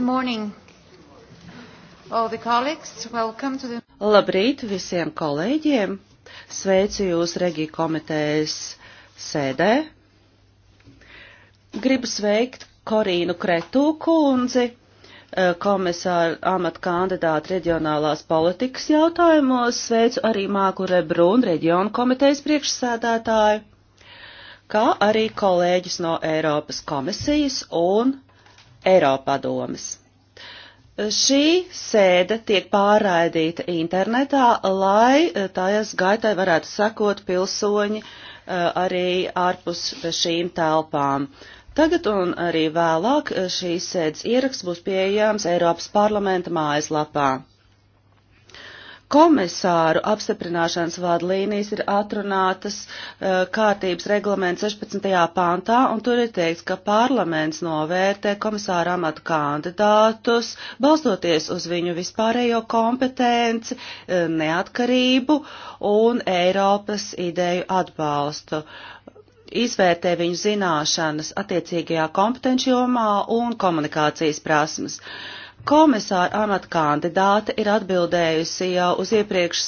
Good morning, all the colleagues. Welcome to the... Labrīt visiem kolēģiem! Sveicu jūs Regija komitejas sēdē. Gribu sveikt Korīnu Kretū kundzi, eh, komisāra amata kandidāta reģionālās politikas jautājumos. Sveicu arī Māku Rebrun, reģionu komitejas priekšsēdētāju kā arī kolēģis no Eiropas komisijas un Eiropadomes. Šī sēde tiek pārraidīta internetā, lai eh, tājas gaitai varētu sekot pilsoņi eh, arī ārpus šīm telpām. Tagad un arī vēlāk eh, šīs sēdes ieraksts būs pieejams Eiropas parlamenta mājaslapā komisāru apstiprināšanas vadlīnijas ir atrunātas uh, kārtības reglaments 16. pantā, un tur ir teikts, ka parlaments novērtē komisāra amatu kandidātus, balstoties uz viņu vispārējo kompetenci, eh, neatkarību un Eiropas ideju atbalstu izvērtē viņu zināšanas attiecīgajā kompetenci jomā un komunikācijas prasmes. Uh, Komisāra amata kandidāte ir atbildējusi jau uz iepriekš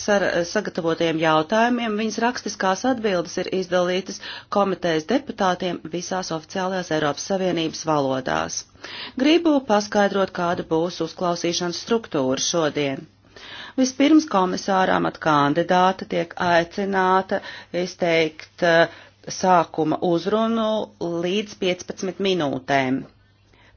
sagatavotiem jautājumiem. Viņas rakstiskās atbildes ir izdalītas komitejas deputātiem visās oficiālajās Eiropas Savienības valodās. Gribu paskaidrot, kāda būs uzklausīšanas struktūra šodien. Vispirms komisāra amata kandidāte tiek aicināta izteikt eh, sākuma uzrunu līdz 15 minūtēm.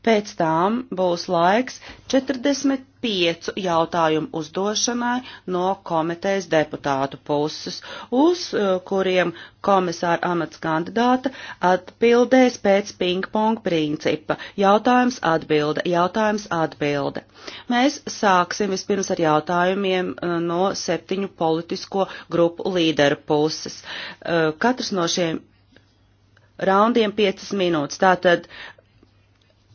Pēc tām būs laiks 45 jautājumu uzdošanai no komitejas deputātu puses, uz uh, kuriem komisāra amats kandidāta atbildēs pēc ping-pong principa. Jautājums atbilde, jautājums atbilde. Mēs sāksim vispirms ar jautājumiem uh, no septiņu politisko grupu līderu puses. Uh, katrs no šiem raundiem 5 minūtes. Tātad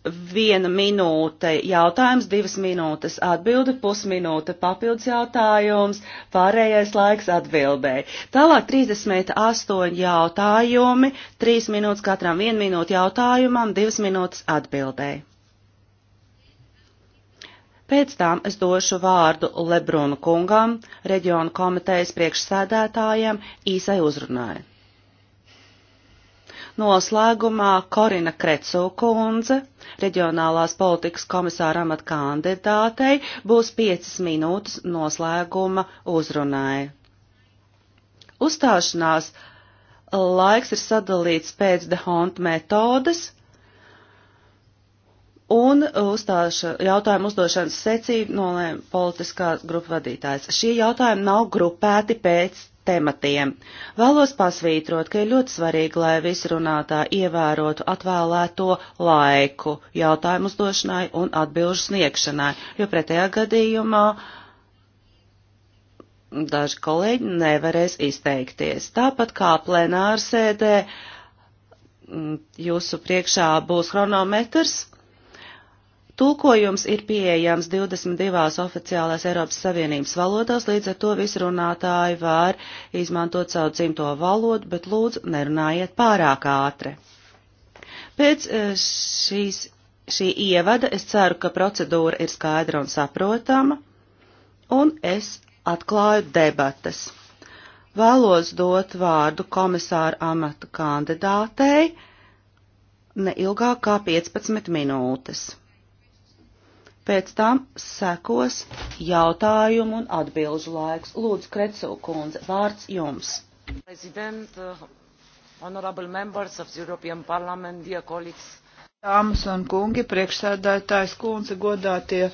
viena minūte jautājums, divas minūtes atbilde, pusminūte papildus jautājums, pārējais laiks atbildēji. Tālāk 38 jautājumi, 3 minūtes katram 1 minūte jautājumam, 2 minūtes atbildēji. Pēc tam es došu vārdu Lebrunu kungam, reģionu komitejas priekšsēdētājiem, īsai uzrunāju. Noslēgumā Korina Kretsu kundze, reģionālās politikas komisāra amat kandidātei, būs piecas minūtes noslēguma uzrunai. Uzstāšanās laiks ir sadalīts pēc dehont metodas, un uzstāša, jautājumu uzdošanas secību nolēma politiskā grupa vadītājs. Šie jautājumi nav grupēti pēc tematiem. Vēlos pasvītrot, ka ir ļoti svarīgi, lai visi runātā ievērotu atvēlēto laiku jautājumu uzdošanai un atbilžu sniegšanai, jo pretējā gadījumā daži kolēģi nevarēs izteikties. Tāpat kā plenārsēdē jūsu priekšā būs chronometrs, Tulkojums ir pieejams 22 oficiālās Eiropas Savienības valodās, līdz ar to visi runātāji var izmantot savu dzimto valodu, bet lūdzu nerunājiet pārāk ātri. Pēc eh, šīs, šī ievada es ceru, ka procedūra ir skaidra un saprotama, un es atklāju debatas. Vēlos dot vārdu komisāra amatu kandidātei neilgāk kā 15 minūtes. Pēc tam sekos jautājumu un atbilžu laiks. Lūdzu, Kretsu kundze, vārds jums. President, honorable members of the European Parliament, dear colleagues. Dāmas un kungi, priekšsēdētājs kundze, godātie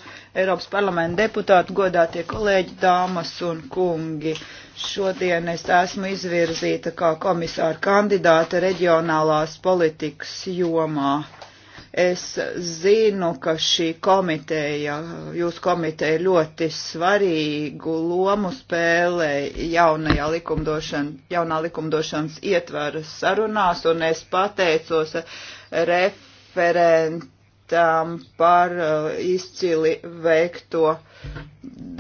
Eiropas parlamenta deputāti, godātie kolēģi, dāmas un kungi. Šodien es esmu izvirzīta kā komisāra kandidāte reģionālās politikas jomā. Es zinu, ka šī komiteja, jūsu komiteja ļoti svarīgu lomu spēlē jaunajā likumdošana, jaunā likumdošanas ietvara sarunās, un es pateicos referentam par uh, izcili veikto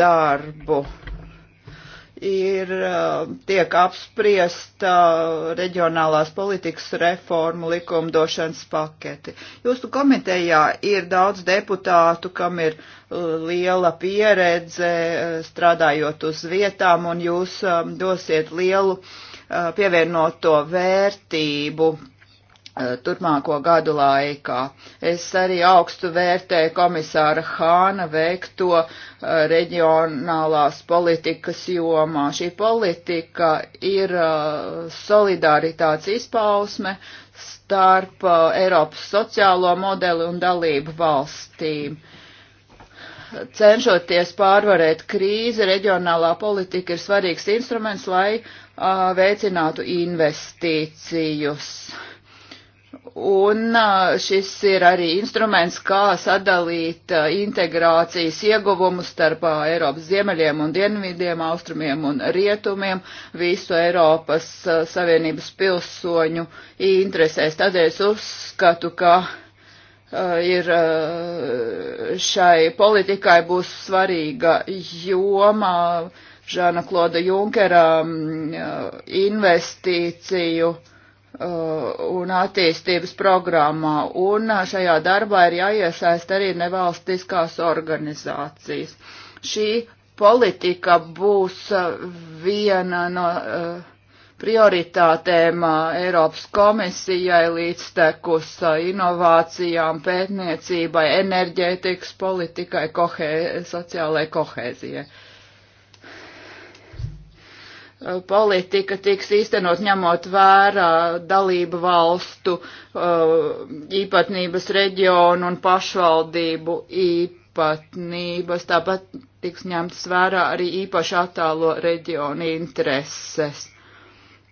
darbu ir, uh, tiek apspriesta reģionālās politikas reformu likumdošanas paketi. Jūsu komitejā ir daudz deputātu, kam ir uh, liela pieredze uh, strādājot uz vietām, un jūs um, dosiet lielu pievienoto vērtību Eh, turpmāko gadu laikā. Es arī augstu vērtēju komisāra Hāna veikto eh, reģionālās politikas jomā. Šī politika ir eh, solidaritātes izpausme starp Eiropas sociālo modeli un dalību valstīm cenšoties pārvarēt krīzi, reģionālā politika ir svarīgs instruments, lai uh, veicinātu investīcijus. Uh, Un šis ir arī instruments, kā sadalīt integrācijas ieguvumus starp Eiropas ziemeļiem un dienvidiem, austrumiem un rietumiem visu Eiropas Savienības pilsoņu interesēs. Tādēļ es uzskatu, ka ir šai politikai būs svarīga joma Žana Kloda Junkera investīciju Uh, un attīstības programmā, un uh, šajā darbā ir jāiesaist arī nevalstiskās organizācijas. Šī politika būs uh, viena no prioritātēm Eiropas komisijai līdztekus inovācijām, pētniecībai, enerģētikas politikai, kohē, sociālai kohēzijai politika tiks īstenot ņemot vērā dalību valstu uh, īpatnības reģionu un pašvaldību īpatnības. Tāpat tiks ņemtas vērā arī īpaši attālo reģionu intereses.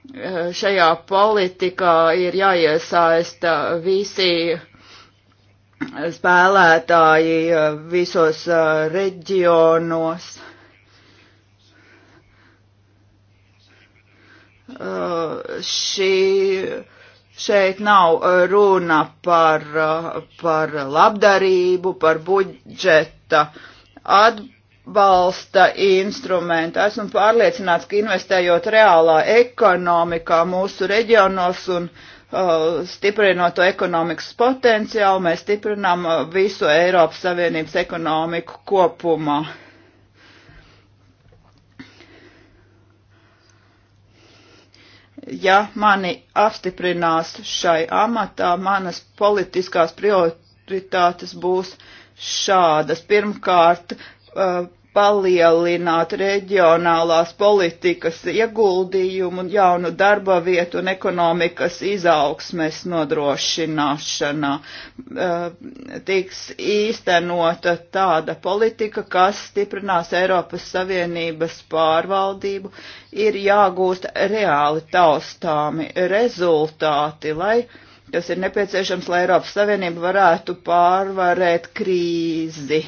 Uh, šajā politikā ir jāiesaista visi spēlētāji uh, visos reģionos. Uh, Eh, šī, šeit nav runa par, eh, par labdarību, par budžeta atbalsta instrumentu. Esmu pārliecināts, ka investējot reālā ekonomikā mūsu reģionos un uh, stiprinot to ekonomikas potenciālu, mēs stiprinām visu Eiropas Savienības ekonomiku kopumā. Uh, ja mani apstiprinās šai amatā, manas politiskās prioritātes būs šādas. Pirmkārt, uh, palielināt reģionālās politikas ieguldījumu, jaunu darba vietu un ekonomikas izaugsmes nodrošināšanā. Eh, tiks īstenota tāda politika, kas stiprinās Eiropas Savienības pārvaldību, ir jāgūst reāli taustāmi rezultāti, lai kas ir nepieciešams, lai Eiropas Savienība varētu pārvarēt krīzi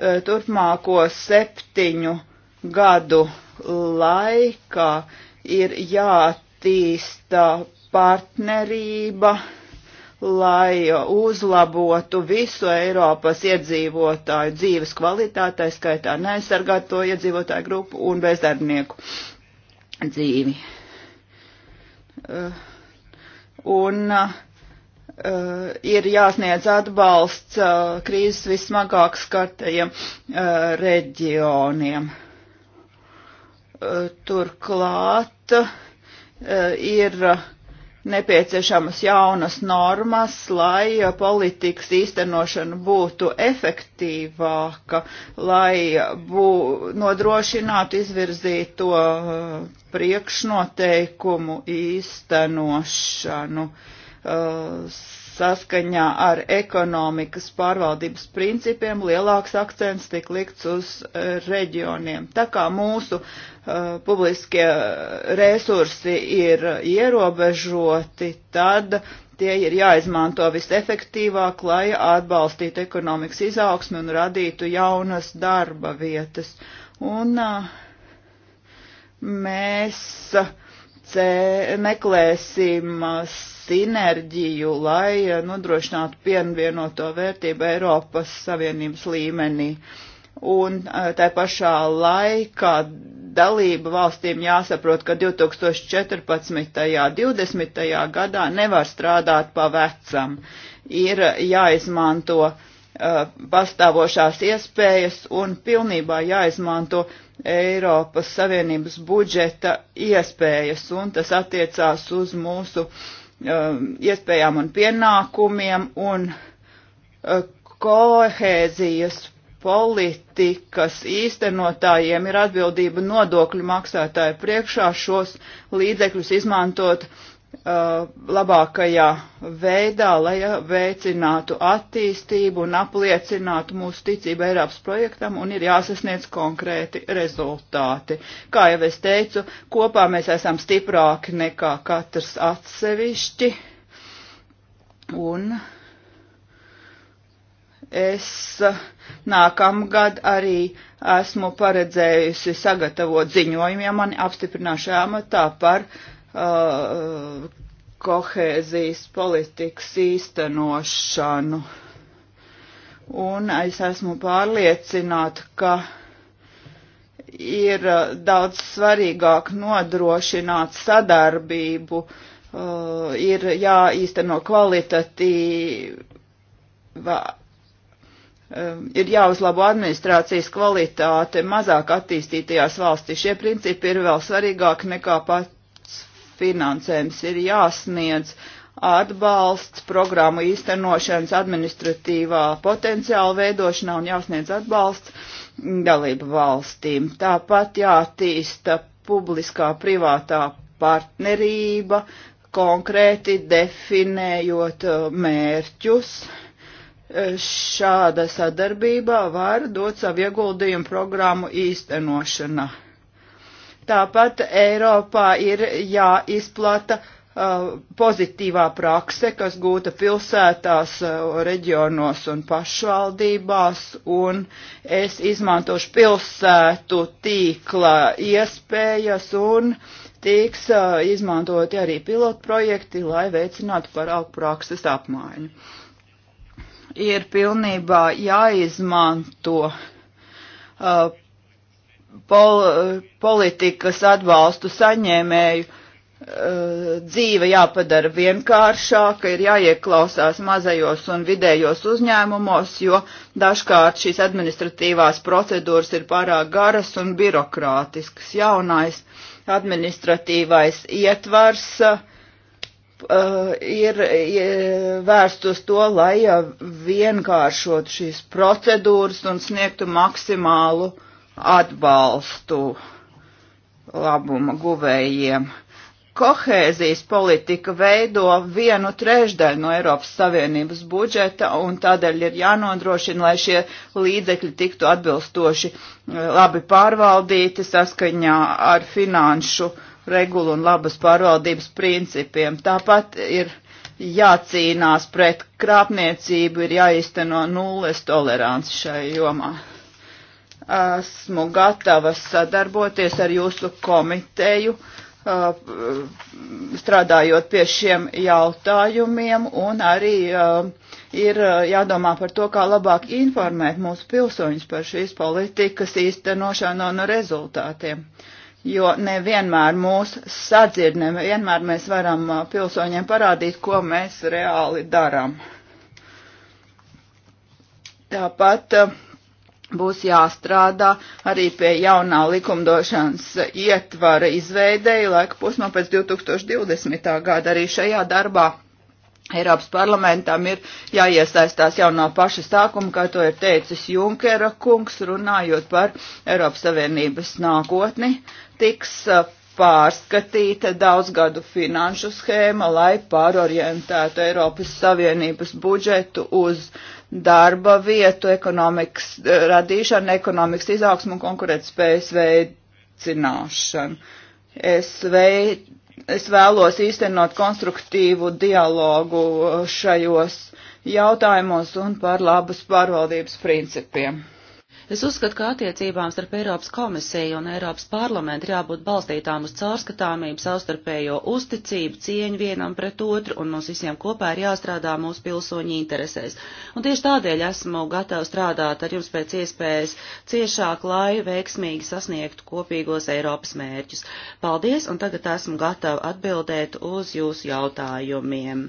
E, turpmāko septiņu gadu laikā ir jātīsta partnerība, lai uzlabotu visu Eiropas iedzīvotāju dzīves kvalitātei, skaitā neaizsargāto iedzīvotāju grupu un bezdarbnieku dzīvi. E, un uh, uh, ir jāsniedz atbalsts uh, krīzes vismagāk skartajiem uh, reģioniem. Uh, turklāt uh, ir nepieciešamas jaunas normas, lai politikas īstenošana būtu efektīvāka, lai bū, nodrošinātu izvirzīto priekšnoteikumu īstenošanu. Uh, Uh, saskaņā ar ekonomikas pārvaldības principiem lielāks akcents tiek likts uz uh, reģioniem. Tā kā mūsu uh, publiskie resursi ir ierobežoti, tad tie ir jāizmanto visefektīvāk, lai atbalstītu ekonomikas izaugsmi un radītu jaunas darba vietas. Un uh, mēs uh, meklēsim uh, sinerģiju, lai uh, nodrošinātu pienvienoto vērtību Eiropas Savienības līmenī. Un uh, tā pašā laikā dalība valstīm jāsaprot, ka 2014. un 2020. gadā nevar strādāt pa vecam. Ir jāizmanto uh, pastāvošās iespējas un pilnībā jāizmanto uh, Eiropas Savienības budžeta iespējas, un tas attiecās uz mūsu um, iespējām un pienākumiem un uh, kohēzijas politikas īstenotājiem ir atbildība nodokļu maksātāju priekšā šos līdzekļus izmantot uh, Uh, labākajā veidā, lai uh, veicinātu attīstību un apliecinātu mūsu ticību Eiropas projektam un ir jāsasniedz konkrēti rezultāti. Kā jau es teicu, kopā mēs esam stiprāki nekā katrs atsevišķi un es uh, nākamgad arī esmu paredzējusi sagatavot ziņojumu, ja mani apstiprināšu amatā par uh, uh, kohēzijas politikas īstenošanu. Un es esmu pārliecināta, ka ir uh, daudz svarīgāk nodrošināt sadarbību, uh, ir jāīsteno kvalitatīva um, ir jāuzlabo administrācijas kvalitāte mazāk attīstītajās valstīs. Šie principi ir vēl svarīgāki nekā pat finansējums ir jāsniedz atbalsts programmu īstenošanas administratīvā potenciāla veidošanā un jāsniedz atbalsts dalību valstīm. Tāpat jātīsta publiskā privātā partnerība, konkrēti definējot uh, mērķus. Uh, šāda sadarbība var dot savu ieguldījumu programmu īstenošanā Tāpat Eiropā ir jāizplata uh, pozitīvā prakse, kas gūta pilsētās, uh, reģionos un pašvaldībās, un es izmantošu pilsētu tīkla iespējas un tiks uh, izmantoti arī pilotprojekti, lai veicinātu paraugu prakses apmaiņu. Ir pilnībā jāizmanto uh, pol, politikas atbalstu saņēmēju uh, dzīve jāpadara vienkāršāka, ir jāieklausās mazajos un vidējos uzņēmumos, jo dažkārt šīs administratīvās procedūras ir pārāk garas un birokrātiskas. Jaunais administratīvais ietvars uh, ir, ir vērst uz to, lai eh, vienkāršotu šīs procedūras un sniegtu maksimālu uh, atbalstu labuma guvējiem. Kohēzijas politika veido vienu trešdaļu no Eiropas Savienības budžeta, un tādēļ ir jānodrošina, lai šie līdzekļi tiktu atbilstoši eh, labi pārvaldīti saskaņā ar finanšu regulu un labas pārvaldības principiem. Tāpat ir jācīnās pret krāpniecību, ir jāizteno nulles tolerants šai jomā esmu gatava sadarboties ar jūsu komiteju, uh, strādājot pie šiem jautājumiem, un arī uh, ir uh, jādomā par to, kā labāk informēt mūsu pilsoņus par šīs politikas īstenošanu un rezultātiem. Jo nevienmēr mūs sadzird, nevienmēr mēs varam pilsoņiem parādīt, ko mēs reāli darām. Tāpat uh, būs jāstrādā arī pie jaunā likumdošanas ietvara izveidēja laika posmā pēc 2020. gada. Arī šajā darbā Eiropas parlamentam ir jāiesaistās jau no paša sākuma, kā to ir teicis Junkera kungs, runājot par Eiropas Savienības nākotni, tiks uh, pārskatīta daudzgadu finanšu schēma, lai pārorientētu Eiropas Savienības budžetu uz uh, darba vietu, ekonomikas eh, radīšanu, ekonomikas izaugsmu un konkurētspējas veicināšanu. Es, vei, es vēlos īstenot konstruktīvu dialogu eh, šajos jautājumos un par labas pārvaldības principiem. Es uzskatu, ka attiecībām starp Eiropas komisiju un Eiropas parlamentu ir jābūt balstītām uz caurskatāmību, savstarpējo uzticību, cieņu vienam pret otru, un mums visiem kopā ir jāstrādā mūsu pilsoņu interesēs. Un tieši tādēļ esmu gatava strādāt ar jums pēc iespējas ciešāk, lai veiksmīgi sasniegtu kopīgos Eiropas mērķus. Paldies, un tagad esmu gatava atbildēt uz jūsu jautājumiem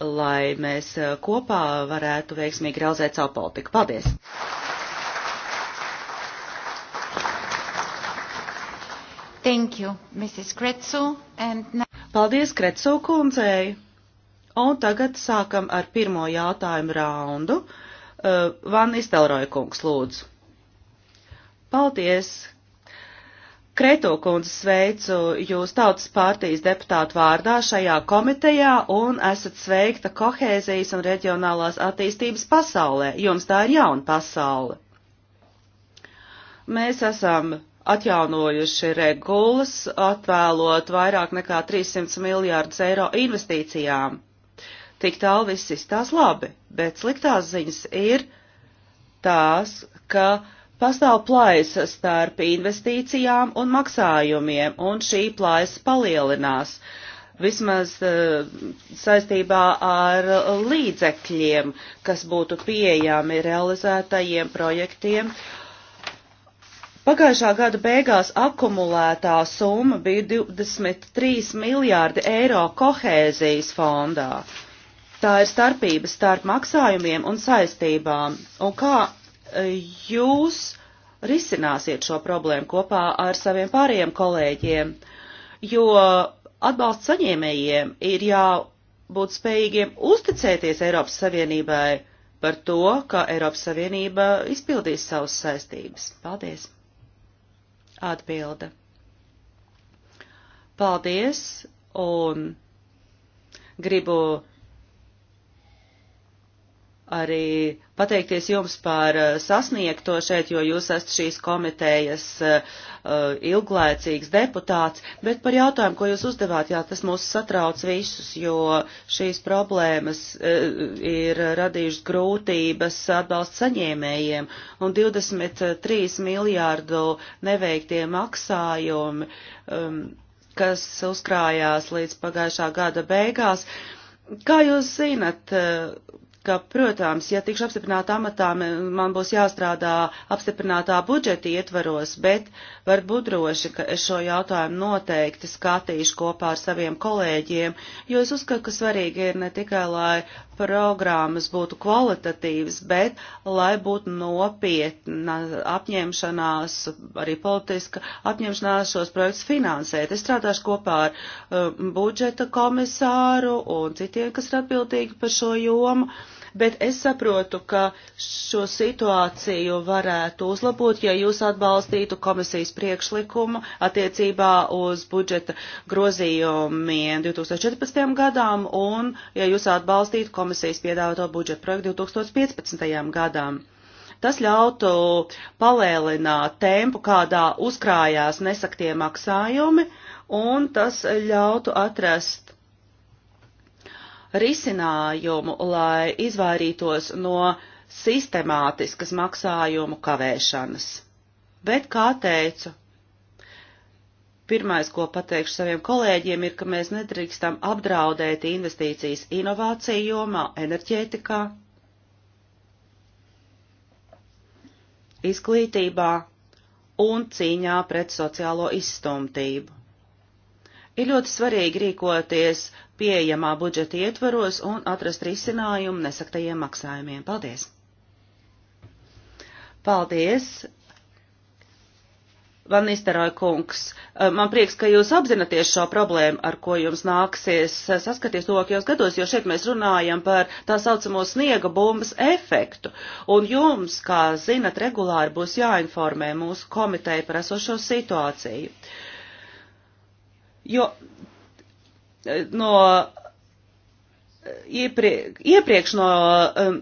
lai mēs eh, kopā varētu veiksmīgi realizēt savu politiku. Paldies! Thank you, Mrs. Kretsu. And... Paldies Kretsu kundzei. Un tagad sākam ar pirmo jautājumu raundu. Uh, Van Istelroja kungs, lūdzu. Paldies. Kreto kundze sveicu jūs tautas partijas deputātu vārdā šajā komitejā un esat sveikta kohēzijas un reģionālās attīstības pasaulē. Jums tā ir jauna pasaule. Mēs esam atjaunojuši regulas, atvēlot vairāk nekā 300 miljārdus eiro investīcijām. Tik tālu viss izstās labi, bet sliktās ziņas ir tās, ka pastāv plaisa starp investīcijām un maksājumiem, un šī plaisa palielinās vismaz uh, saistībā ar līdzekļiem, kas būtu pieejami realizētajiem projektiem Pagājušā gada beigās akumulētā summa bija 23 miljārdi eiro kohēzijas fondā. Tā ir starpība starp maksājumiem un saistībām. Un kā e, jūs risināsiet šo problēmu kopā ar saviem pārējiem kolēģiem? Jo atbalsts saņēmējiem ir jābūt spējīgiem uzticēties Eiropas Savienībai par to, ka Eiropas Savienība izpildīs savas saistības. Paldies! Atbilde. Paldies un gribu arī pateikties jums par eh, sasniegto šeit, jo jūs esat šīs komitejas uh, ilglaicīgs deputāts, bet par jautājumu, ko jūs uzdevāt, jā, tas mūs satrauc visus, jo šīs problēmas uh, ir radījušas grūtības atbalsta saņēmējiem, un 23 miljārdu neveiktie maksājumi, um, kas uzkrājās līdz pagājušā gada beigās. Kā jūs zinat, uh, ka, protams, ja tikšu apstiprināta amatā, man būs jāstrādā apstiprinātā budžeta ietvaros, bet var būt droši, ka es šo jautājumu noteikti skatīšu kopā ar saviem kolēģiem, jo es uzskatu, ka svarīgi ir ne tikai, lai programmas būtu kvalitatīvas, bet lai būtu nopietna apņemšanās, arī politiska apņemšanās šos projektus finansēt. Es strādāšu kopā ar uh, budžeta komisāru un citiem, kas ir atbildīgi par šo jomu. Uh, bet es saprotu, ka šo situāciju varētu uzlabot, ja jūs atbalstītu komisijas priekšlikumu attiecībā uz budžeta grozījumiem 2014. gadām un ja jūs atbalstītu komisijas piedāvāto budžeta projektu 2015. gadām. Tas ļautu palēlināt tempu, kādā uzkrājās nesaktie maksājumi, un tas ļautu atrast risinājumu, lai izvairītos no sistemātiskas maksājumu kavēšanas. Bet, kā teicu, pirmais, ko pateikšu saviem kolēģiem, ir, ka mēs nedrīkstam apdraudēt investīcijas inovāciju jomā, enerģētikā, izglītībā un cīņā pret sociālo izstumtību. Ir ļoti svarīgi rīkoties pieejamā budžeta ietvaros un atrast risinājumu nesaktajiem maksājumiem. Paldies! Paldies! Van Nisteroja kungs, man prieks, ka jūs apzināties šo problēmu, ar ko jums nāksies saskaties tuvākajos gados, jo šeit mēs runājam par tā saucamo sniega bumbas efektu. Un jums, kā zinat, regulāri būs jāinformē mūsu komiteja par esošo situāciju. Uh, jo eh, no eh, iepriek, iepriekš no um,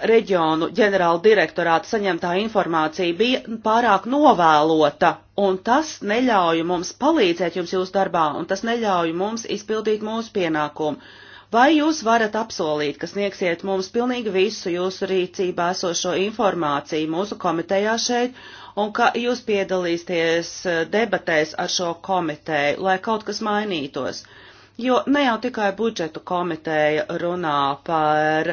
reģionu ģenerāla direktorāta saņemtā informācija bija pārāk novēlota, un tas neļauj mums palīdzēt jums jūsu darbā, un tas neļauj mums izpildīt mūsu pienākumu. Vai jūs varat apsolīt, ka sniegsiet mums pilnīgi visu jūsu rīcībā esošo informāciju mūsu komitejā šeit, un ka jūs piedalīsieties eh, debatēs ar šo komiteju, lai kaut kas mainītos. Jo ne jau tikai budžetu komiteja runā par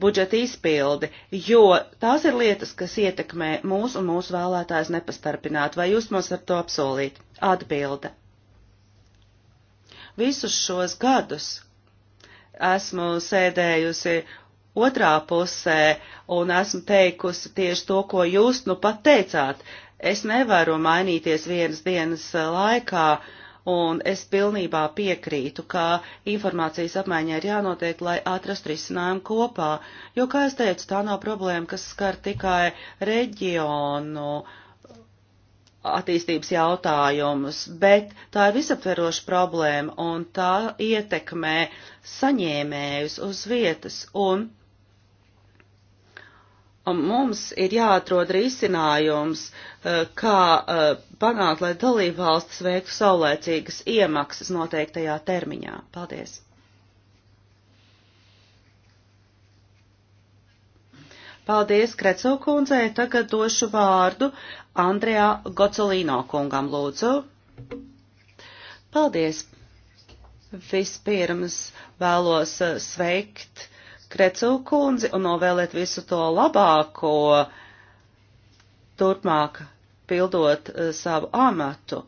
budžeta izpildi, jo tās ir lietas, kas ietekmē mūs un mūsu vēlētājs nepastarpināt. Vai jūs mums ar to apsolīt? Atbilde. Visus šos gadus esmu sēdējusi otrā pusē, un esmu teikusi tieši to, ko jūs nu pat teicāt. Es nevaru mainīties vienas dienas eh, laikā, un es pilnībā piekrītu, ka informācijas apmaiņā ir jānotiek, lai atrastu risinājumu kopā, jo, kā es teicu, tā nav problēma, kas skar tikai reģionu attīstības jautājumus, bet tā ir visaptveroša problēma un tā ietekmē saņēmējus uz vietas un Un mums ir jāatrod risinājums, eh, kā eh, panākt, lai dalībvalstis veiktu saulēcīgas iemaksas noteiktajā termiņā. Paldies! Paldies, Kreco kundzei. Tagad došu vārdu Andrejā Gocolīno kungam, lūdzu. Paldies! Vispirms vēlos eh, sveikt Krecu kundzi un novēlēt visu to labāko turpmāk pildot uh, savu amatu.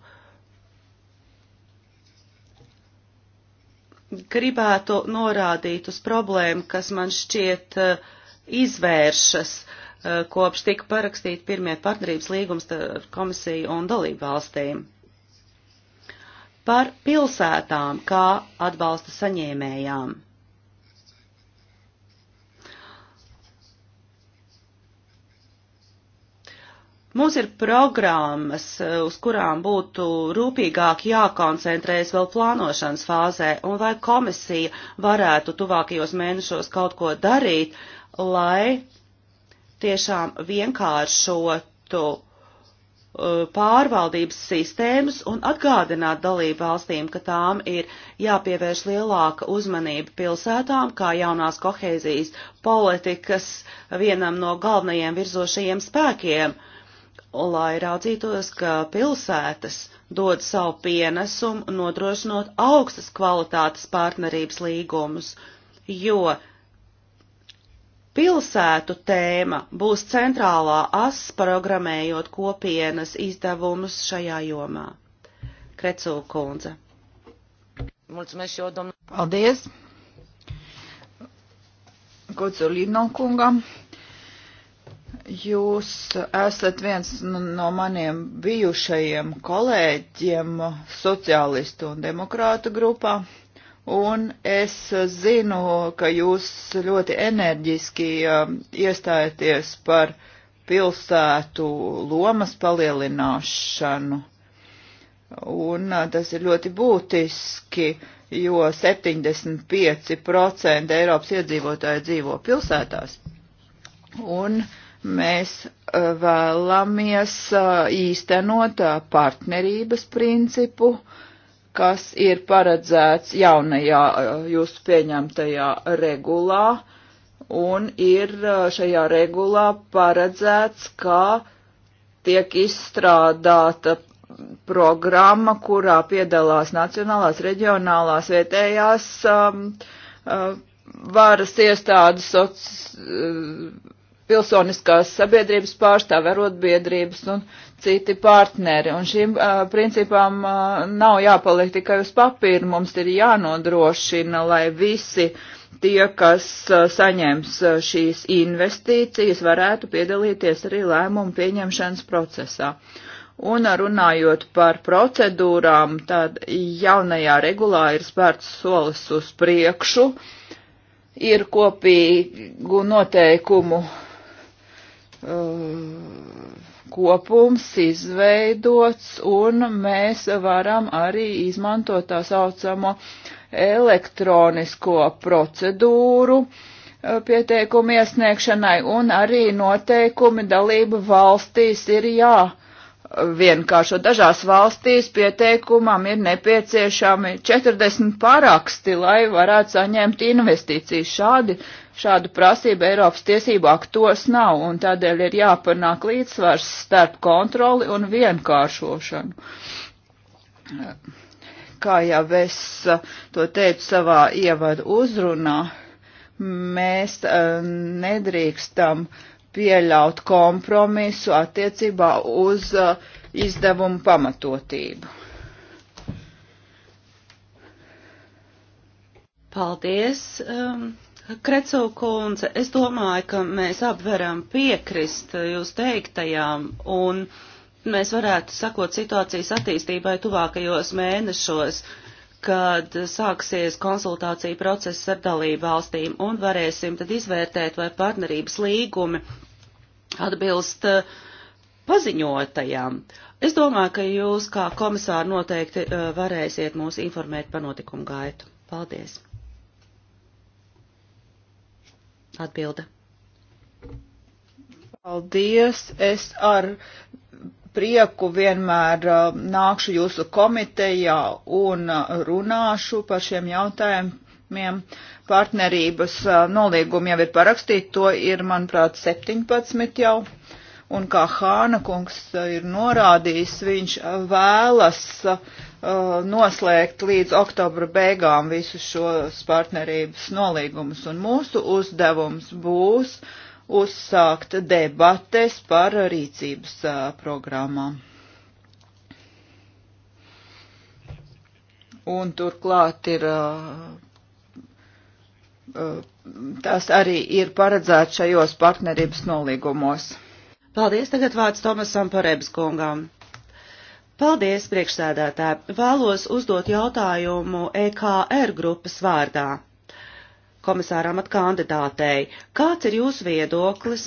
Gribētu norādīt uz problēmu, kas man šķiet uh, izvēršas uh, kopš tika parakstīti pirmie partnerības līgums ar komisiju un dalību valstīm. Par pilsētām kā atbalsta saņēmējām. Mums ir programmas, eh, uz kurām būtu rūpīgāk jākoncentrējas vēl plānošanas fāzē, un vai komisija varētu tuvākajos mēnešos kaut ko darīt, lai tiešām vienkāršotu eh, pārvaldības sistēmas un atgādināt dalību valstīm, ka tām ir jāpievērš lielāka uzmanība pilsētām, kā jaunās kohēzijas politikas vienam no galvenajiem virzošajiem spēkiem. Uh, lai raudzītos, ka pilsētas dod savu pienesumu nodrošinot augstas kvalitātes partnerības līgumus, jo pilsētu tēma būs centrālā as programmējot kopienas izdevumus šajā jomā. Krecū kundze. Mulțumesc și eu, domnul. Paldies. Kocolino kungam. Jūs esat viens no maniem bijušajiem kolēģiem sociālistu un demokrātu grupā, un es zinu, ka jūs ļoti enerģiski um, iestājaties par pilsētu lomas palielināšanu. Un uh, tas ir ļoti būtiski, jo 75% Eiropas iedzīvotāji dzīvo pilsētās. Un uh, Mēs eh, vēlamies eh, īstenot eh, partnerības principu, kas ir paredzēts jaunajā jūsu pieņemtajā regulā, un ir šajā regulā paredzēts, kā tiek izstrādāta programma, kurā piedalās nacionālās, reģionālās, vietējās um, uh, varas iestādes, soc, uh, pilsoniskās sabiedrības pārstāvi, arotbiedrības un citi partneri. Un šīm uh, principām uh, nav jāpaliek tikai uz papīra, mums ir jānodrošina, lai visi tie, kas uh, saņems uh, šīs investīcijas, varētu piedalīties arī lēmumu pieņemšanas procesā. Un runājot par procedūrām, tad jaunajā regulā ir spērts solis uz priekšu, ir kopīgu noteikumu Uh, kopums izveidots un mēs varam arī izmantot tā saucamo elektronisko procedūru uh, pieteikumu iesniegšanai un arī noteikumi dalību valstīs ir jā. Vienkāršo dažās valstīs pieteikumam ir nepieciešami 40 paraksti, lai varētu saņemt investīcijas. Šādi uh, Šādu prasību Eiropas tiesību aktos nav, un tādēļ ir jāpanāk līdzsvars starp kontroli un vienkāršošanu. Kā jau es uh, to teicu savā ievadu uzrunā, mēs uh, nedrīkstam pieļaut kompromisu attiecībā uz uh, izdevumu pamatotību. Paldies! Um, Kreco kundze, es domāju, ka mēs apveram piekrist jūs teiktajām un mēs varētu sakot situācijas attīstībai tuvākajos mēnešos, kad sāksies konsultācija process ar dalību valstīm un varēsim tad izvērtēt, vai partnerības līgumi atbilst eh, paziņotajām. Es domāju, ka jūs kā komisāri noteikti eh, varēsiet mūs informēt par notikumu gaitu. Paldies! Atbilda. Paldies! Es ar prieku vienmēr uh, nākšu jūsu komitejā un uh, runāšu par šiem jautājumiem. Partnerības uh, nolīgumi jau ir parakstīti, to ir, manuprāt, 17 jau. Uh, un kā Hāna kungs ir norādījis, viņš vēlas uh, noslēgt līdz oktobra beigām visus šos partnerības nolīgumus, un mūsu uzdevums būs uzsākt debates par rīcības uh, programmām. Un turklāt ir uh, uh tas arī ir paredzēts šajos partnerības nolīgumos. Paldies tagad vārds Tomasam Parebs kungam. Paldies, priekšsēdētāji. Vēlos uzdot jautājumu EKR grupas vārdā. Komisāram at kandidātei, kāds ir jūsu viedoklis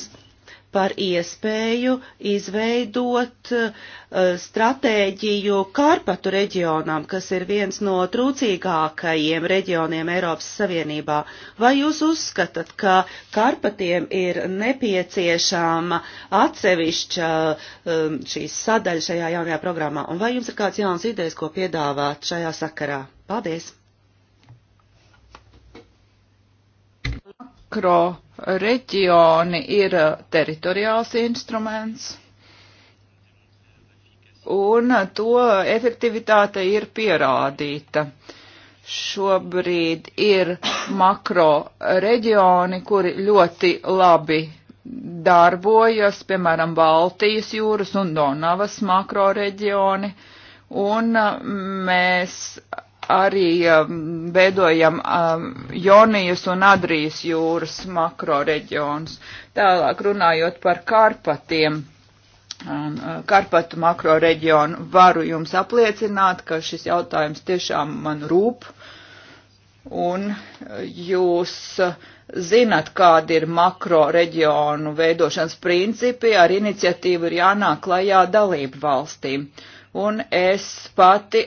par iespēju izveidot uh, stratēģiju Karpatu reģionam, kas ir viens no trūcīgākajiem reģioniem Eiropas Savienībā. Vai jūs uzskatat, ka Karpatiem ir nepieciešama atsevišķa um, eh, šīs sadaļa šajā jaunajā programmā? Un vai jums ir kāds jauns idejas, ko piedāvāt šajā sakarā? Paldies! makro reģioni ir eh, teritoriāls instruments, un to efektivitāte ir pierādīta. Šobrīd ir makro reģioni, kuri ļoti labi darbojas, piemēram, Baltijas jūras un Donavas makro reģioni, un mm, mēs arī um, veidojam um, Jonijas un Adrijas jūras makroreģionus. Tālāk runājot par Karpatiem. Un um, Karpatu makroreģionu varu jums apliecināt, ka šis jautājums tiešām man rūp. Un jūs zinat, kādi ir makroreģionu veidošanas principi, ar iniciatīvu ir jānāk klajā dalību valstīm. Un es pati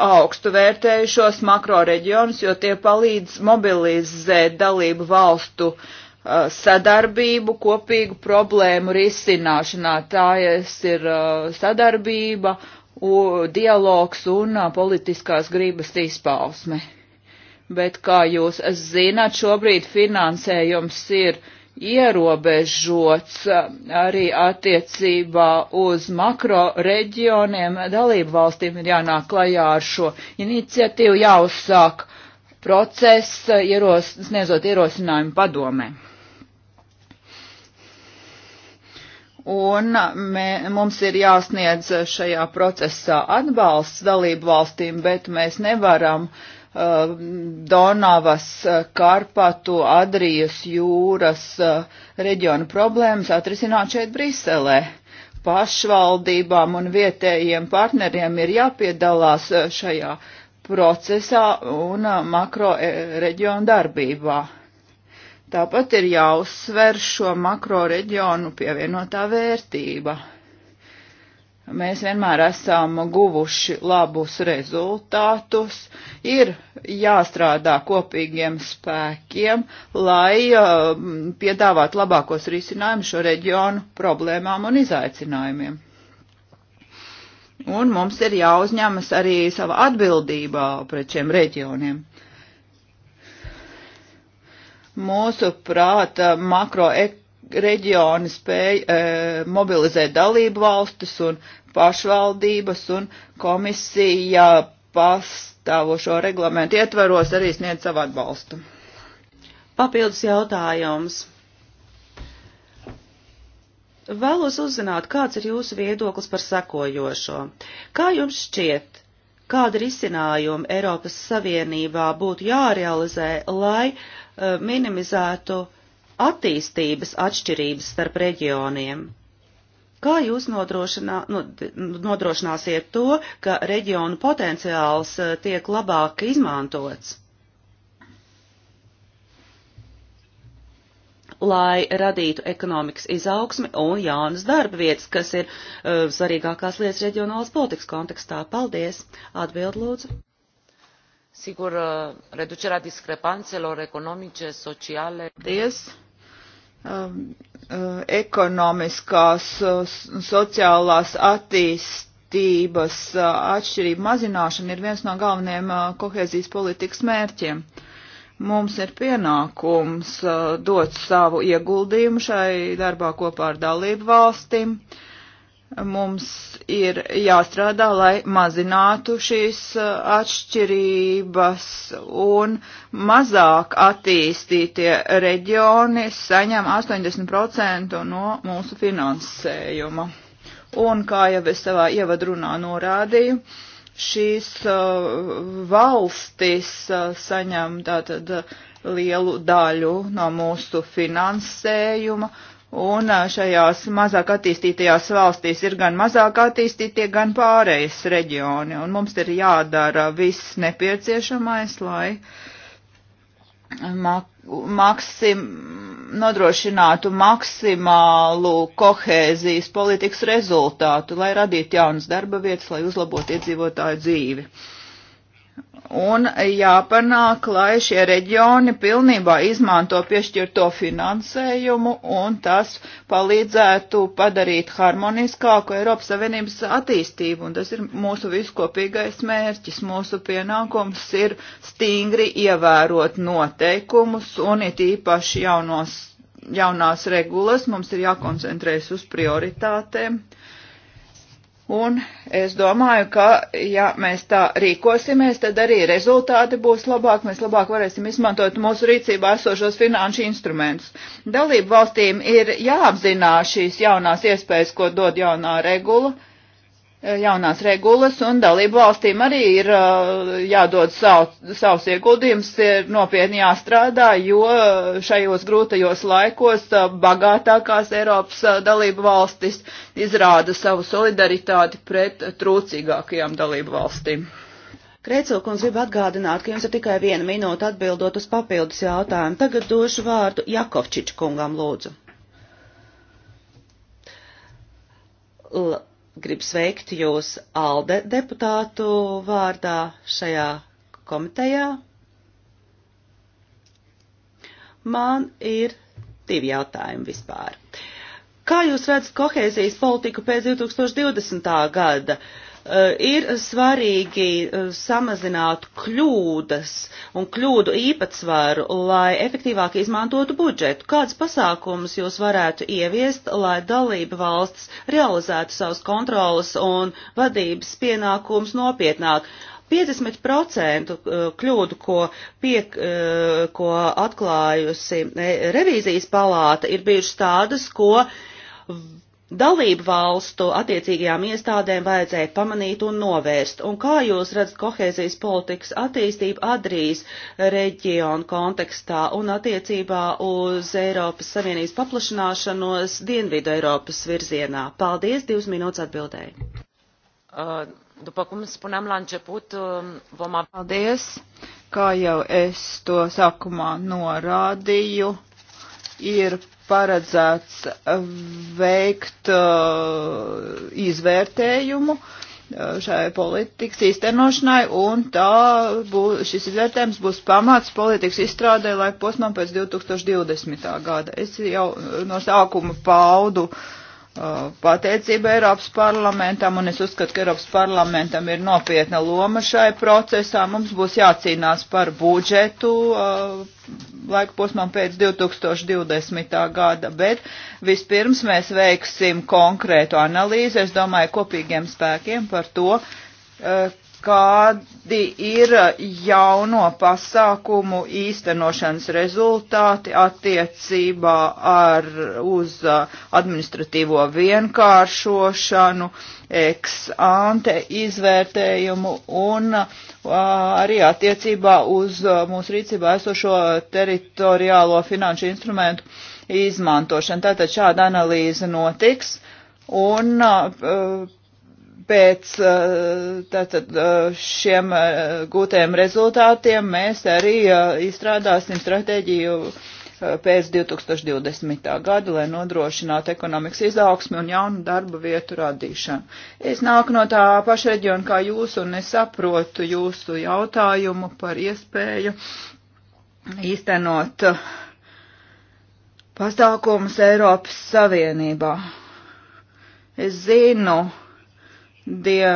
augstu vērtēju šos makroreģionus, jo tie palīdz mobilizēt dalību valstu uh, sadarbību kopīgu problēmu risināšanā. Tā ir uh, sadarbība, u, dialogs un uh, politiskās gribas izpausme. Bet, kā jūs zināt, šobrīd finansējums ir uh, ierobežots arī attiecībā uz makro reģioniem. Dalību valstīm ir jānāk klajā ar šo iniciatīvu, jāuzsāk process, ieros, sniedzot ierosinājumu padomē. Un mē, mums ir jāsniedz šajā procesā atbalsts dalību valstīm, bet mēs nevaram uh, Uh, Donavas, uh, Karpatu, Adrijas jūras uh, reģionu problēmas atrisināt šeit Briselē. Pašvaldībām un vietējiem partneriem ir jāpiedalās šajā procesā un makro e, reģionu darbībā. Tāpat ir jāuzsver šo makro reģionu pievienotā vērtība mēs vienmēr esam guvuši labus rezultātus, ir jāstrādā kopīgiem spēkiem, lai uh, piedāvātu labākos risinājumus šo reģionu problēmām un izaicinājumiem. Un mums ir jāuzņemas arī sava atbildība pret šiem reģioniem mūsu prāta makro reģioni spēja e, eh, mobilizēt dalību valstis un pašvaldības un komisija pastāvošo reglamentu ietvaros arī sniedz savu atbalstu. Papildus jautājums. Vēlos uzzināt, kāds ir jūsu viedoklis par sekojošo. Kā jums šķiet, kāda risinājuma Eiropas Savienībā būtu jārealizē, lai uh, minimizētu attīstības atšķirības starp reģioniem? Kā jūs nodrošinā, nodrošināsiet to, ka reģionu potenciāls eh, tiek labāk izmantots? lai radītu ekonomikas izaugsmi un jaunas darba vietas, kas ir uh, svarīgākās lietas reģionālas politikas kontekstā. Paldies! Atbild lūdzu! Sigur, eh, reducerea discrepanțelor economice, sociale. Paldies! Um, uh, ekonomiskās, uh, sociālās attīstības uh, atšķirība mazināšana ir viens no galvenajiem kohēzijas politikas mērķiem. Mums ir pienākums dot savu ieguldījumu šai darbā kopā ar dalību valstīm. Uh, mums ir jāstrādā, lai mazinātu šīs uh, atšķirības, un mazāk attīstītie reģioni saņem 80% no mūsu finansējuma. Un, kā jau es savā ievadrunā norādīju, šīs uh, valstis uh, saņem tātad lielu daļu no mūsu finansējuma, uh, Un šajās mazāk attīstītajās valstīs ir gan mazāk attīstītie, gan pārējais reģioni. Un mums ir jādara viss nepieciešamais, lai maksim, nodrošinātu maksimālu kohēzijas politikas rezultātu, lai radītu jaunas darba vietas, lai uzlabotu iedzīvotāju dzīvi un jāpanāk, lai šie reģioni pilnībā izmanto piešķirto finansējumu un tas palīdzētu padarīt harmoniskāku Eiropas Savienības attīstību. Un tas ir mūsu viskopīgais mērķis. Mūsu pienākums ir stingri ievērot noteikumus un it īpaši jaunos, jaunās regulas. Mums ir jākoncentrējas uz prioritātēm Un es domāju, ka, ja mēs tā rīkosimies, tad arī rezultāti būs labāk, mēs labāk varēsim izmantot mūsu rīcībā esošos finanšu instrumentus. Dalību valstīm ir jāapzinā šīs jaunās iespējas, ko dod jaunā regula, uh, Eh, jaunās regulas, un dalību valstīm arī ir eh, jādod sav, savs ieguldījums, ir nopietni jāstrādā, jo eh, šajos grūtajos laikos bagātākās Eiropas dalību valstis izrāda savu solidaritāti pret trūcīgākajām dalību valstīm. Krēcelkundze grib atgādināt, ka jums ir tikai viena minūte atbildot uz papildus jautājumu. Tagad došu vārdu Jakovčiču kungam lūdzu. L Gribu sveikt jūs ALDE deputātu vārdā šajā komitejā. Man ir divi jautājumi vispār. Kā jūs redzat kohēzijas politiku pēc 2020. gada? Uh, Eh, ir svarīgi eh, samazināt kļūdas un kļūdu īpatsvaru, lai efektīvāk izmantotu budžetu. Kāds pasākums jūs varētu ieviest, lai dalība valsts realizētu savus kontrolas un vadības pienākums nopietnāk? 50% eh, kļūdu, ko, pie, ko atklājusi revīzijas palāta, ir bijušas tādas, ko dalību valstu attiecīgajām iestādēm vajadzēja pamanīt un novērst, un kā jūs redzat kohēzijas politikas attīstību adrīs reģionu kontekstā un attiecībā uz Eiropas Savienības paplašanāšanos Dienvidu Eiropas virzienā? Paldies, divas minūtes atbildēji. Uh, după cum spuneam la început, uh, vom avea... Paldies, kā jau es to sākumā norādīju, ir paredzēts veikt uh, izvērtējumu uh, šai politikas īstenošanai, un tā būs, šis izvērtējums būs pamats politikas izstrādē laika posmām pēc 2020. gada. Es jau no sākuma paudu uh, pateicība Eiropas parlamentam, un es uzskatu, ka Eiropas parlamentam ir nopietna loma šai procesā. Mums būs jācīnās par budžetu uh, laika posmam pēc 2020. gada, bet vispirms mēs veiksim konkrētu analīzi, es domāju, kopīgiem spēkiem par to, uh, kādi ir jauno pasākumu īstenošanas rezultāti attiecībā ar, uz administratīvo vienkāršošanu, ex-ante izvērtējumu un arī attiecībā uz mūsu rīcībā esošo teritoriālo finanšu instrumentu izmantošanu. Tātad šāda analīze notiks un uh, pēc eh, tātad, eh, šiem eh, gūtajiem rezultātiem mēs arī izstrādāsim stratēģiju pēc 2020. gada, lai nodrošinātu ekonomikas izaugsmi un jaunu darba vietu radīšanu. Es nāku no tā paša reģiona kā jūs un es saprotu jūsu jautājumu par iespēju īstenot pasākumus Eiropas Savienībā. Es zinu, die,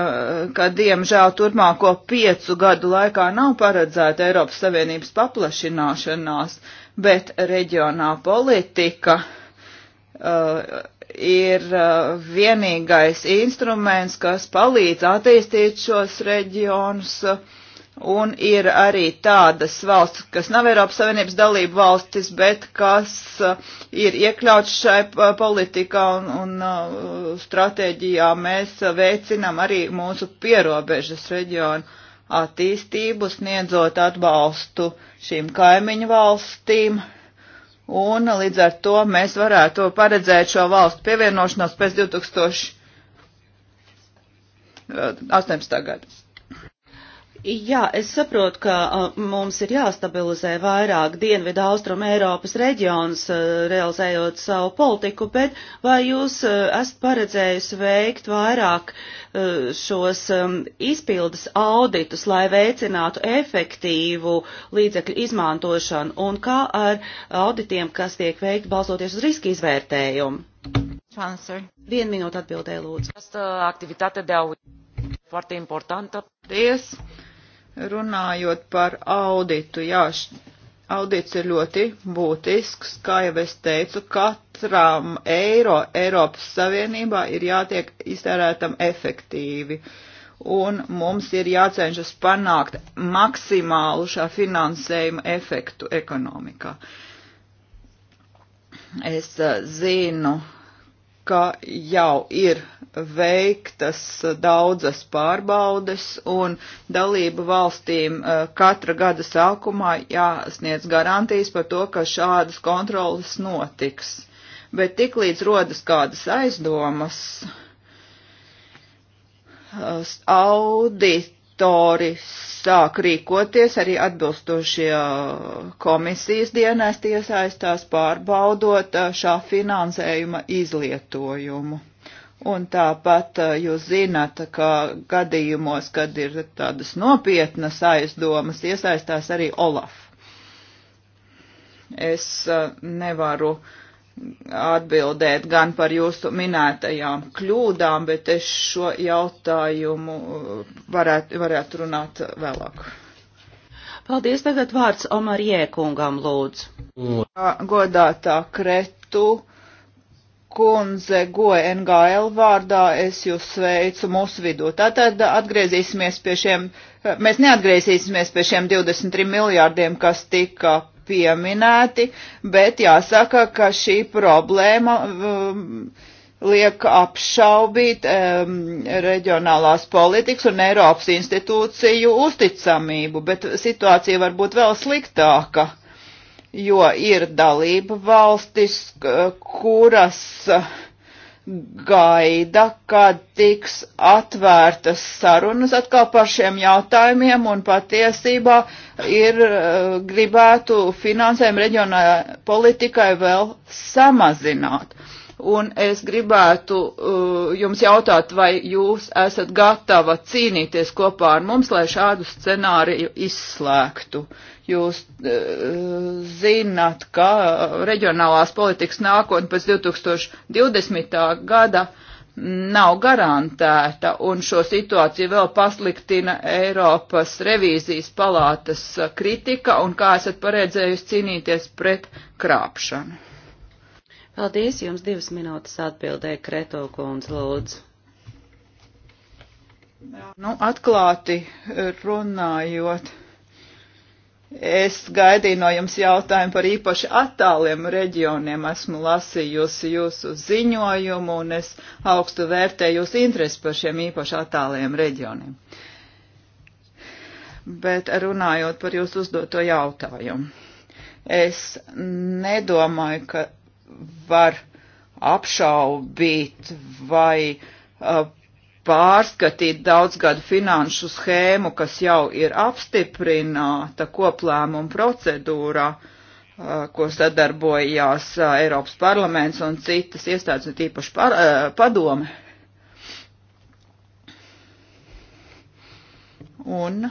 ka diemžēl turpmāko piecu gadu laikā nav paredzēta Eiropas Savienības paplašināšanās, bet reģionā politika uh, ir uh, vienīgais instruments, kas palīdz attīstīt šos reģionus. Uh, Un ir arī tādas valsts, kas nav Eiropas Savienības dalība valstis, bet kas uh, ir iekļauts šai uh, politikā un, un uh, stratēģijā. Mēs veicinām arī mūsu pierobežas reģionu attīstību, sniedzot atbalstu šīm kaimiņu valstīm. Un līdz ar to mēs varētu paredzēt šo valstu pievienošanos pēc 2018. gada. Jā, es saprotu, ka mums ir jāstabilizē vairāk Dienvidu Austrum Eiropas reģions, realizējot savu politiku, bet vai jūs esat paredzējusi veikt vairāk šos izpildes auditus, lai veicinātu efektīvu līdzekļu izmantošanu un kā ar auditiem, kas tiek veikti balstoties uz riska izvērtējumu? Chancellor. Vienu minūtu atbildēju, lūdzu. Asta aktivitāte de audit e foarte importantă. Paldies! Runājot par auditu, jā, audits ir ļoti būtisks, kā jau es teicu, katram eiro Eiropas Savienībā ir jātiek iztērētam efektīvi. Un mums ir jācenšas panākt maksimālu šā finansējuma efektu ekonomikā. Es eh, zinu, ka jau ir veiktas daudzas pārbaudes un dalību valstīm eh, katra gada sākumā jāsniedz garantijas par to, ka šādas kontrolas notiks. Bet tiklīdz rodas kādas aizdomas, eh, audit auditori sāk rīkoties, arī atbilstošie uh, komisijas dienesti iesaistās pārbaudot uh, šā finansējuma izlietojumu. Un tāpat uh, jūs zināt, ka gadījumos, kad ir tādas nopietnas aizdomas, iesaistās arī Olaf. Es nevaru uh, atbildēt gan par jūsu minētajām kļūdām, bet es šo jautājumu uh, varētu, varētu runāt vēlāk. Paldies, tagad vārds Omarie kungam lūdzu. Godātā Kretu kundze GoNGL vārdā es jūs sveicu mūsu vidū. Tātad atgriezīsimies pie šiem, mēs neatgriezīsimies pie šiem 23 miljārdiem, kas tika pieminēti, bet jāsaka, ka šī problēma um, liek apšaubīt um, reģionālās politikas un Eiropas institūciju uzticamību, bet situācija var būt vēl sliktāka, jo ir dalība valstis, kuras uh, gaida, kad tiks atvērtas sarunas atkal par šiem jautājumiem un patiesībā ir eh, gribētu finansējumu reģionālajai politikai vēl samazināt. Uh, un es gribētu uh, jums jautāt, vai jūs esat gatava cīnīties kopā ar mums, lai šādu scenāriju izslēgtu. Jūs uh, zināt, ka reģionālās politikas nākotne pēc 2020. gada nav garantēta, un šo situāciju vēl pasliktina Eiropas revīzijas palātas kritika, un kā esat paredzējusi cīnīties pret krāpšanu. Paldies, jums divas minūtes atbildēja Kreto kundze, lūdzu. Nu, atklāti runājot, es gaidīju no jums jautājumu par īpaši attāliem reģioniem. Esmu lasījusi jūsu ziņojumu un es augstu vērtēju jūsu interesi par šiem īpaši attāliem reģioniem. Bet runājot par jūsu uzdoto jautājumu, es nedomāju, ka var apšaubīt vai uh, pārskatīt daudzgadu finanšu schēmu, kas jau ir apstiprināta koplēmuma procedūrā, uh, ko sadarbojās uh, Eiropas parlaments un citas iestādes, un tīpaši par, uh, padome. Un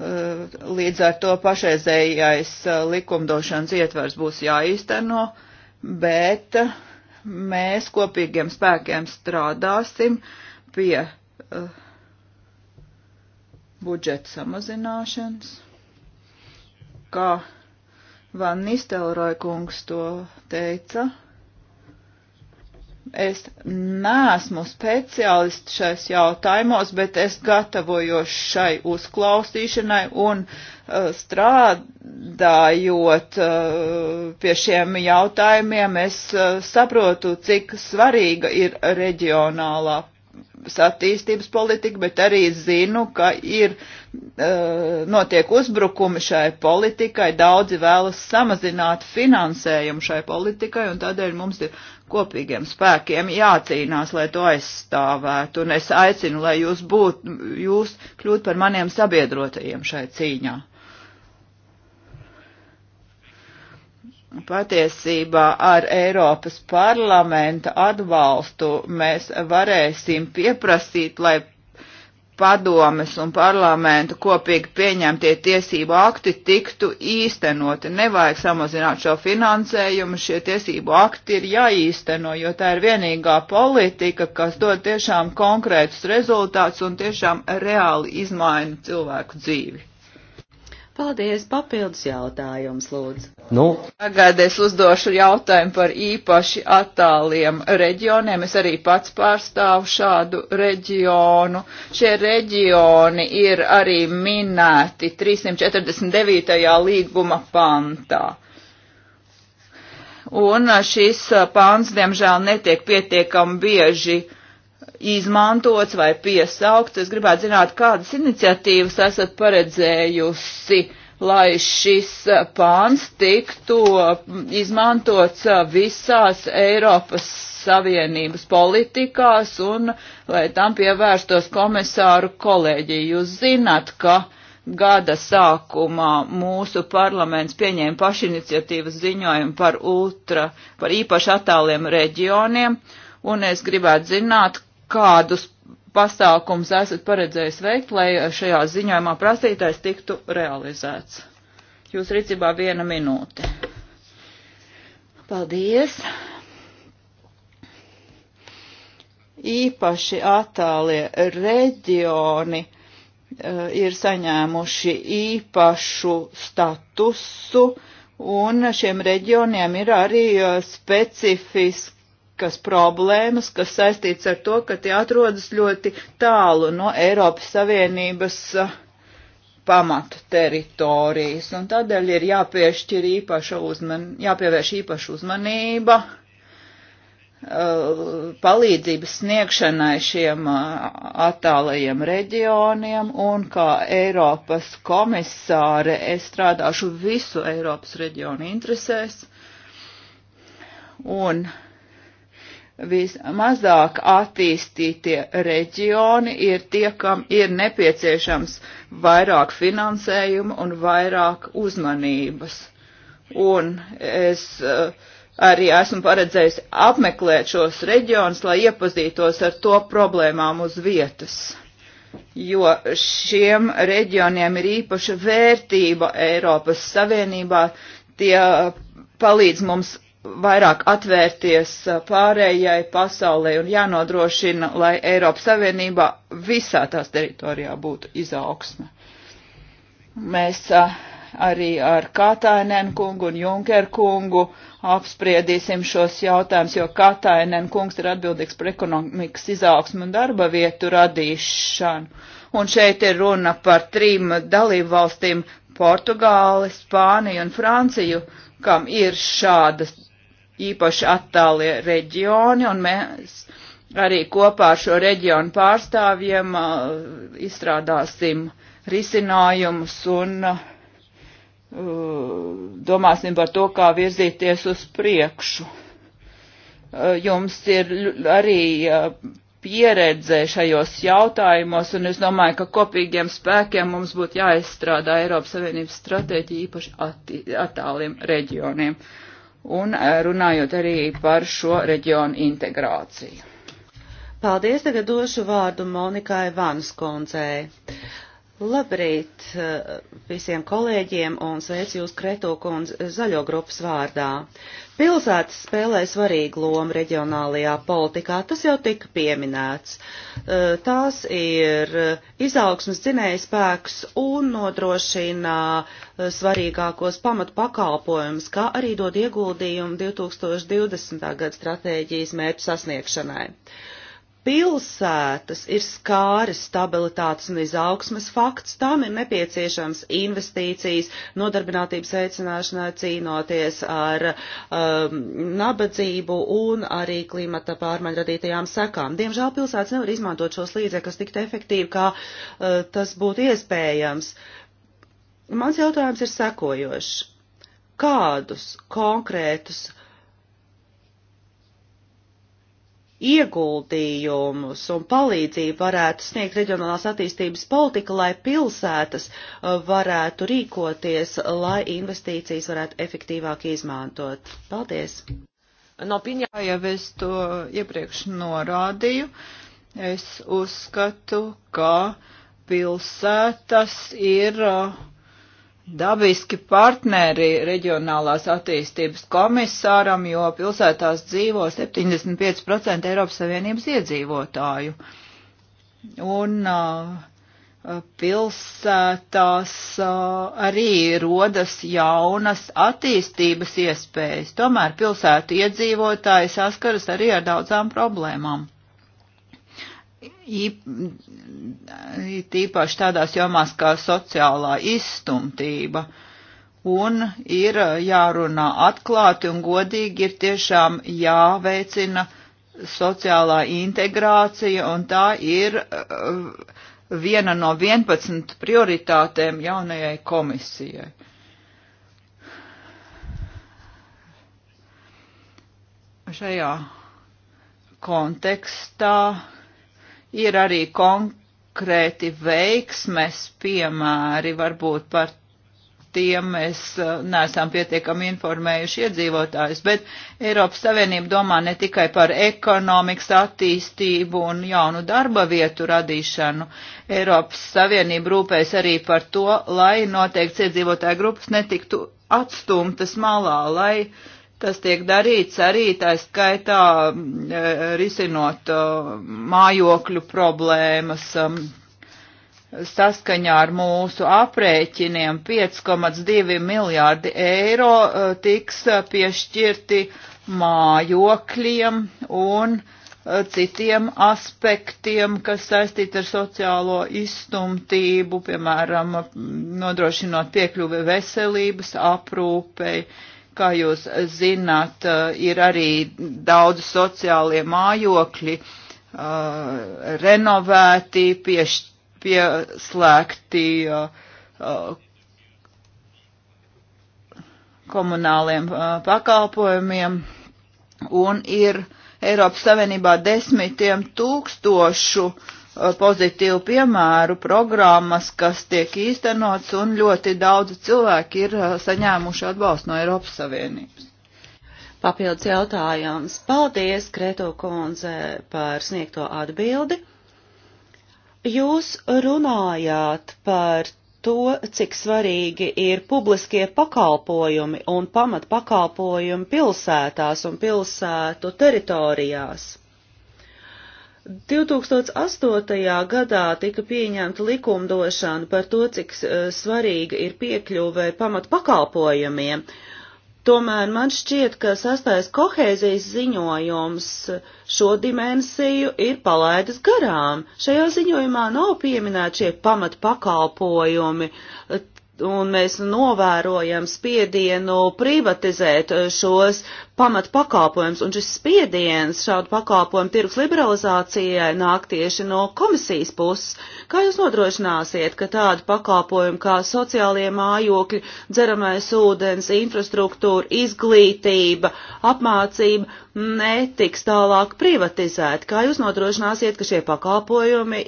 Eh, līdz ar to pašreizējais eh, likumdošanas ietvers būs jāīsteno, bet mēs kopīgiem spēkiem strādāsim pie eh, budžeta samazināšanas, kā Van Nistelroja kungs to teica. Es neesmu speciālists šais jautājumos, bet es gatavojos šai uzklausīšanai un uh, strādājot uh, pie šiem jautājumiem, es uh, saprotu, cik svarīga ir reģionālā attīstības politika, bet arī zinu, ka ir uh, notiek uzbrukumi šai politikai, daudzi vēlas samazināt finansējumu šai politikai, un tādēļ mums ir kopīgiem spēkiem jācīnās, lai to aizstāvētu, un es aicinu, lai jūs būtu, jūs kļūt par maniem sabiedrotajiem šai cīņā. Patiesībā ar Eiropas parlamenta atbalstu mēs varēsim pieprasīt, lai padomes un parlamentu kopīgi pieņemtie tiesību akti tiktu īstenoti. Nevajag samazināt šo finansējumu, šie tiesību akti ir jāīsteno, jo tā ir vienīgā politika, kas dod tiešām konkrētus rezultātus un tiešām reāli izmaina cilvēku dzīvi. Paldies, papildus jautājums, lūdzu. Nu. Tagad es uzdošu jautājumu par īpaši attāliem reģioniem. Es arī pats pārstāvu šādu reģionu. Šie reģioni ir arī minēti 349. līguma pantā. Un šis pants, diemžēl, netiek pietiekami bieži izmantots vai piesaukts. Es gribētu zināt, kādas iniciatīvas esat paredzējusi, lai šis pāns tiktu izmantots visās Eiropas Savienības politikās un lai tam pievērstos komisāru kolēģi. Jūs zināt, ka gada sākumā mūsu parlaments pieņēma pašiniciatīvas ziņojumu par ultra, par īpaši attāliem reģioniem, un es gribētu zināt, kādus pasākums esat paredzējis veikt, lai šajā ziņojumā prasītais tiktu realizēts. Jūs rīcībā viena minūte. Paldies! Īpaši attālie reģioni eh, ir saņēmuši īpašu statusu, un šiem reģioniem ir arī eh, specifiski politiskas problēmas, kas saistīts ar to, ka tie atrodas ļoti tālu no Eiropas Savienības uh, pamatu teritorijas, un tādēļ ir jāpiešķir īpaša uzman, jāpievērš īpaša uzmanība uh, palīdzības sniegšanai šiem uh, attālajiem reģioniem, un kā Eiropas komisāre es strādāšu visu Eiropas reģionu interesēs, un uh, vismazāk attīstītie reģioni ir tie, kam ir nepieciešams vairāk finansējuma un vairāk uzmanības. Un es eh, arī esmu paredzējis apmeklēt šos reģionus, lai iepazītos ar to problēmām uz vietas, jo šiem reģioniem ir īpaša vērtība Eiropas Savienībā, tie palīdz mums vairāk atvērties uh, pārējai pasaulē un jānodrošina, lai Eiropas Savienībā visā tās teritorijā būtu izaugsme. Mēs uh, arī ar Katainen kungu un Junker kungu apspriedīsim šos jautājumus, jo Katainen kungs ir atbildīgs par ekonomikas izaugsmu un darba vietu radīšanu. Un šeit ir runa par trim dalību valstīm - Portugāli, Spāniju un Franciju, kam ir šādas īpaši attālie reģioni, un mēs arī kopā ar šo reģionu pārstāvjiem uh, izstrādāsim risinājumus un uh, domāsim par to, kā virzīties uz priekšu. Uh, jums ir arī pieredze šajos jautājumos, un es domāju, ka kopīgiem spēkiem mums būtu jāizstrādā Eiropas Savienības stratēģija īpaši attāliem reģioniem. Uh, un eh, runājot arī par šo reģionu integrāciju. Paldies, tagad došu vārdu Monikai Vanskundzei. Labrīt eh, visiem kolēģiem un sveicu jūs Kreto kundze zaļo grupas vārdā. Pilsētas spēlē svarīgu lomu reģionālajā politikā, tas jau tika pieminēts. Eh, tās ir izaugsmas dzinējas spēks un nodrošina eh, svarīgākos pamatpakalpojumus, kā arī dod ieguldījumu 2020. gada stratēģijas mērķu sasniegšanai pilsētas ir skāris stabilitātes un izaugsmes fakts, tām ir nepieciešams investīcijas, nodarbinātības veicināšanā cīnoties ar um, nabadzību un arī klimata pārmaiņu radītajām sekām. Diemžēl pilsētas nevar izmantot šos līdzekļus tik efektīvi, kā uh, tas būtu iespējams. Mans jautājums ir sekojošs. Kādus konkrētus ieguldījumus un palīdzību varētu sniegt reģionālās attīstības politika, lai pilsētas uh, varētu rīkoties, lai investīcijas varētu efektīvāk izmantot. Paldies! No piņā jau es to iepriekš norādīju. Es uzskatu, ka pilsētas ir uh, dabiski partneri reģionālās attīstības komisāram, jo pilsētās dzīvo 75% Eiropas Savienības iedzīvotāju. Un pilsētās arī rodas jaunas attīstības iespējas. Tomēr pilsētu iedzīvotāji saskaras arī ar daudzām problēmām īpaši tādās jomās kā sociālā izstumtība. Un ir jārunā atklāti un godīgi ir tiešām jāveicina sociālā integrācija, un tā ir uh, viena no 11 prioritātēm jaunajai komisijai. Šajā kontekstā Ir arī konkrēti veiksmes piemēri, varbūt par tiem mēs uh, neesam pietiekami informējuši iedzīvotājus, bet Eiropas Savienība domā ne tikai par ekonomikas attīstību un jaunu darba vietu radīšanu. Eiropas Savienība rūpēs arī par to, lai noteikts iedzīvotāju grupas netiktu atstumtas malā, lai Tas tiek darīts arī tā skaitā e, risinot mājokļu problēmas saskaņā ar mūsu aprēķiniem 5,2 miljārdi eiro e, tiks e, piešķirti mājokļiem un citiem aspektiem, kas saistīti ar sociālo izstumtību, piemēram, nodrošinot piekļuvi veselības aprūpei, Kā jūs zināt, eh, ir arī daudz sociālie mājokļi uh, renovēti, pieš, pieslēgti uh, komunāliem uh, pakalpojumiem un ir Eiropas Savienībā desmitiem tūkstošu uh, Uh, pozitīvu piemēru programmas, kas tiek īstenots, un ļoti daudz cilvēki ir uh, saņēmuši atbalstu no Eiropas Savienības. Papildus jautājums. Paldies, Kreto kundze, par sniegto atbildi. Jūs runājāt par to, cik svarīgi ir publiskie pakalpojumi un pamatpakalpojumi pilsētās un pilsētu teritorijās. 2008. gadā tika pieņemta likumdošana par to, cik eh, svarīga ir piekļuve pamat pakalpojumiem. Tomēr man šķiet, ka sastais kohēzijas ziņojums šo dimensiju ir palaidis garām. Šajā ziņojumā nav pieminēti šie pamat pakalpojumi, un mēs novērojam spiedienu privatizēt eh, šos pamatpakāpojums, un šis spiediens šādu pakāpojumu tirgus liberalizācijai nāk tieši no komisijas puses. Kā jūs nodrošināsiet, ka tādu pakāpojumu kā sociālie mājokļi, dzeramais ūdens, infrastruktūra, izglītība, apmācība netiks tālāk privatizēti? Kā jūs nodrošināsiet, ka šie pakalpojumi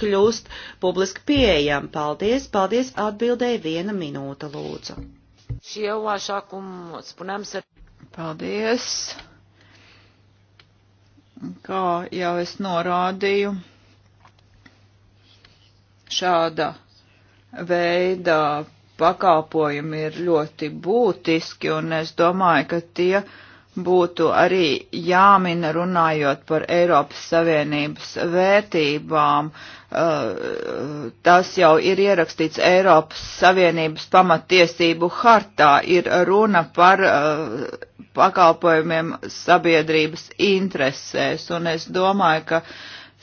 kļūst publiski pieejami? Paldies, paldies, atbildēja viena minūte, lūdzu. Paldies. Kā jau es norādīju, šāda veida pakalpojumi ir ļoti būtiski, un es domāju, ka tie būtu arī jāmina runājot par Eiropas Savienības vērtībām. Uh, tas jau ir ierakstīts Eiropas Savienības pamatiesību hartā, ir runa par uh, pakalpojumiem sabiedrības interesēs, un es domāju, ka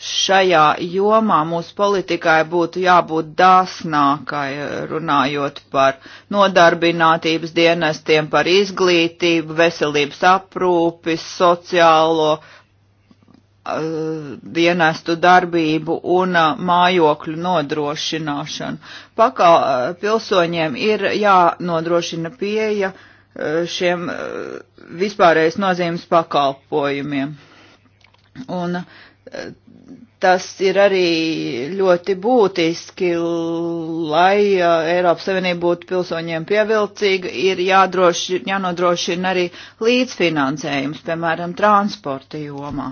šajā jomā mūsu politikai būtu jābūt dāsnākai, runājot par nodarbinātības dienestiem, par izglītību, veselības aprūpi, sociālo dienestu darbību un mājokļu nodrošināšanu. Pakā pilsoņiem ir jānodrošina pieeja šiem vispārējais nozīmes pakalpojumiem. Un tas ir arī ļoti būtiski, lai Eiropas Savienība būtu pilsoņiem pievilcīga, ir jādroši, jānodrošina arī līdzfinansējums, piemēram, transporta jomā.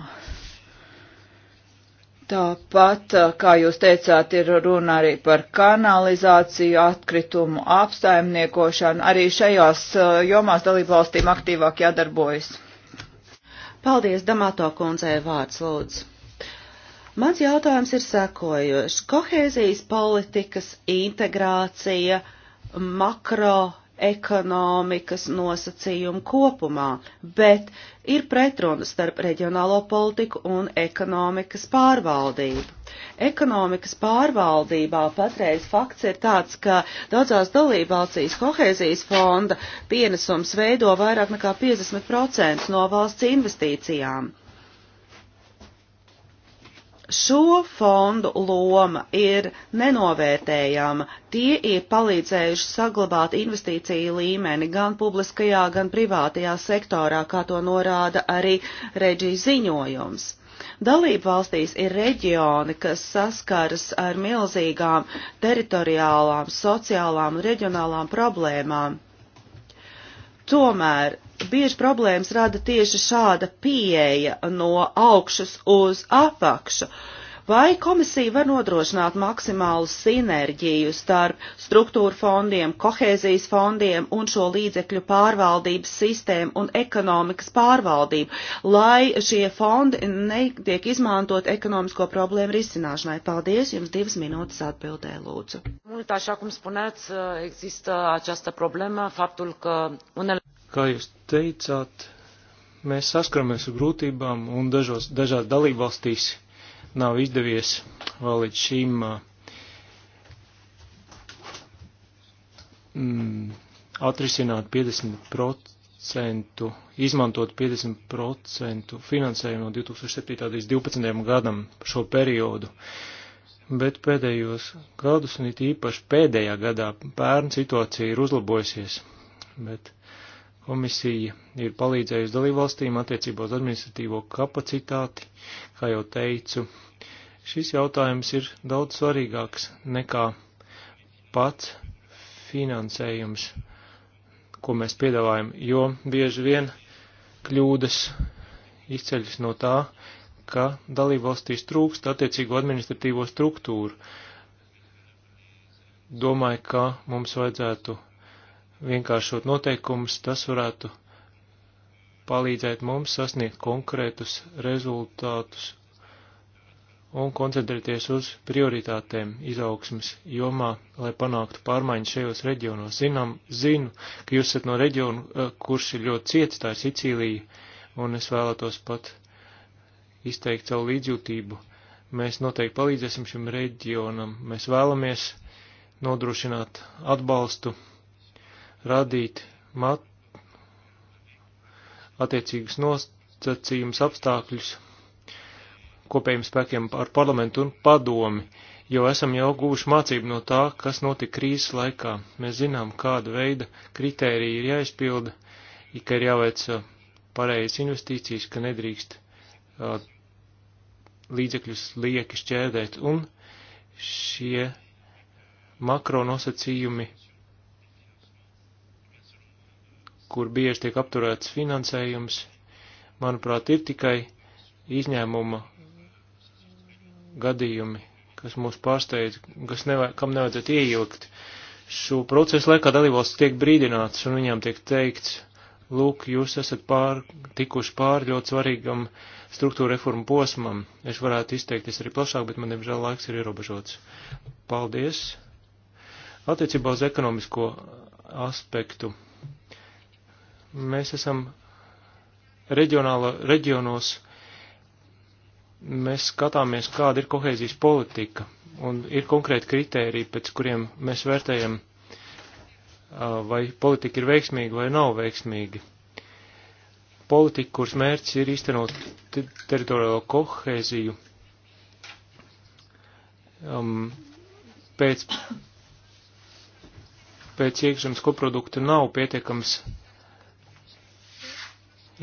Tāpat, kā jūs teicāt, ir runa arī par kanalizāciju, atkritumu apsaimniekošanu. Arī šajās jomās dalībvalstīm aktīvāk jādarbojas. Paldies, Damato kundzei, vārds lūdzu. Mans jautājums ir sekojošs. Kohēzijas politikas integrācija makro ekonomikas nosacījumu kopumā, bet ir pretruna starp reģionālo politiku un ekonomikas pārvaldību. Ekonomikas pārvaldībā patreiz fakts ir tāds, ka daudzās dalībvalstīs kohēzijas fonda pienesums veido vairāk nekā 50% no valsts investīcijām. Šo fondu loma ir nenovērtējama. Tie ir palīdzējuši saglabāt investīciju līmeni gan publiskajā, gan privātajā sektorā, kā to norāda arī reģija ziņojums. Dalību valstīs ir reģioni, kas saskaras ar milzīgām teritoriālām, sociālām un reģionālām problēmām. Tomēr bieži problēmas rada tieši šāda pieeja no augšas uz apakšu. Vai komisija var nodrošināt maksimālu sinerģiju starp struktūra fondiem, kohēzijas fondiem un šo līdzekļu pārvaldības sistēmu un ekonomikas pārvaldību, lai šie fondi netiek izmantot ekonomisko problēmu risināšanai? Paldies, jums divas minūtes atbildē, lūdzu. Mult, așa cum spuneați, există această problemă, faptul că unele... Kā jūs teicāt, mēs saskaramies ar grūtībām un dažos, dažās dalībvalstīs nav izdevies vēl līdz šīm mm, atrisināt 50%, izmantot 50% finansējumu no 2007. līdz 2012. gadam šo periodu. Bet pēdējos gadus, un it īpaši pēdējā gadā, pērn situācija ir uzlabojusies. Bet Komisija ir palīdzējusi dalībvalstīm attiecībā uz administratīvo kapacitāti, kā jau teicu. Šis jautājums ir daudz svarīgāks nekā pats finansējums, ko mēs piedāvājam, jo bieži vien kļūdas izceļas no tā, ka dalībvalstīs trūkst attiecīgo administratīvo struktūru. Domāju, ka mums vajadzētu vienkāršot noteikumus, tas varētu palīdzēt mums sasniegt konkrētus rezultātus un koncentrēties uz prioritātēm izaugsmas jomā, lai panāktu pārmaiņas šajos reģionos. Zinām, zinu, ka jūs esat no reģiona, eh, kurš ir ļoti ciets, tā ir Sicīlija, un es vēlētos pat izteikt savu līdzjūtību. Mēs noteikti palīdzēsim šim reģionam, mēs vēlamies nodrošināt atbalstu radīt mat, attiecīgus nosacījumus, apstākļus kopējiem spēkiem ar parlamentu un padomi, jo esam jau guvuši mācību no tā, kas notika krīzes laikā. Mēs zinām, kāda veida kritērija ir jāizpilda, ka ir jāveic uh, pareizas investīcijas, ka nedrīkst uh, līdzekļus lieki šķērdēt, un šie makro nosacījumi kur bieži tiek apturēts finansējums, manuprāt, ir tikai izņēmuma gadījumi, kas mūs pārsteidz, kas nevajag, kam nevajadzētu ieilgt. Šo procesu laikā dalībvalsts tiek brīdināts un viņām tiek teikts, lūk, jūs esat pār, tikuši pāri ļoti svarīgam struktūra reformu posmam. Es varētu izteikties arī plašāk, bet man, diemžēl, laiks ir ierobežots. Paldies! Attiecībā uz ekonomisko aspektu Mēs esam reģionāla, reģionos, mēs skatāmies, kāda ir kohēzijas politika, un ir konkrēti kritēriji, pēc kuriem mēs vērtējam, vai politika ir veiksmīga vai nav veiksmīga. Politika, kuras mērķis ir īstenot teritoriālo kohēziju, um, pēc, pēc iekšzemes koprodukta nav pietiekams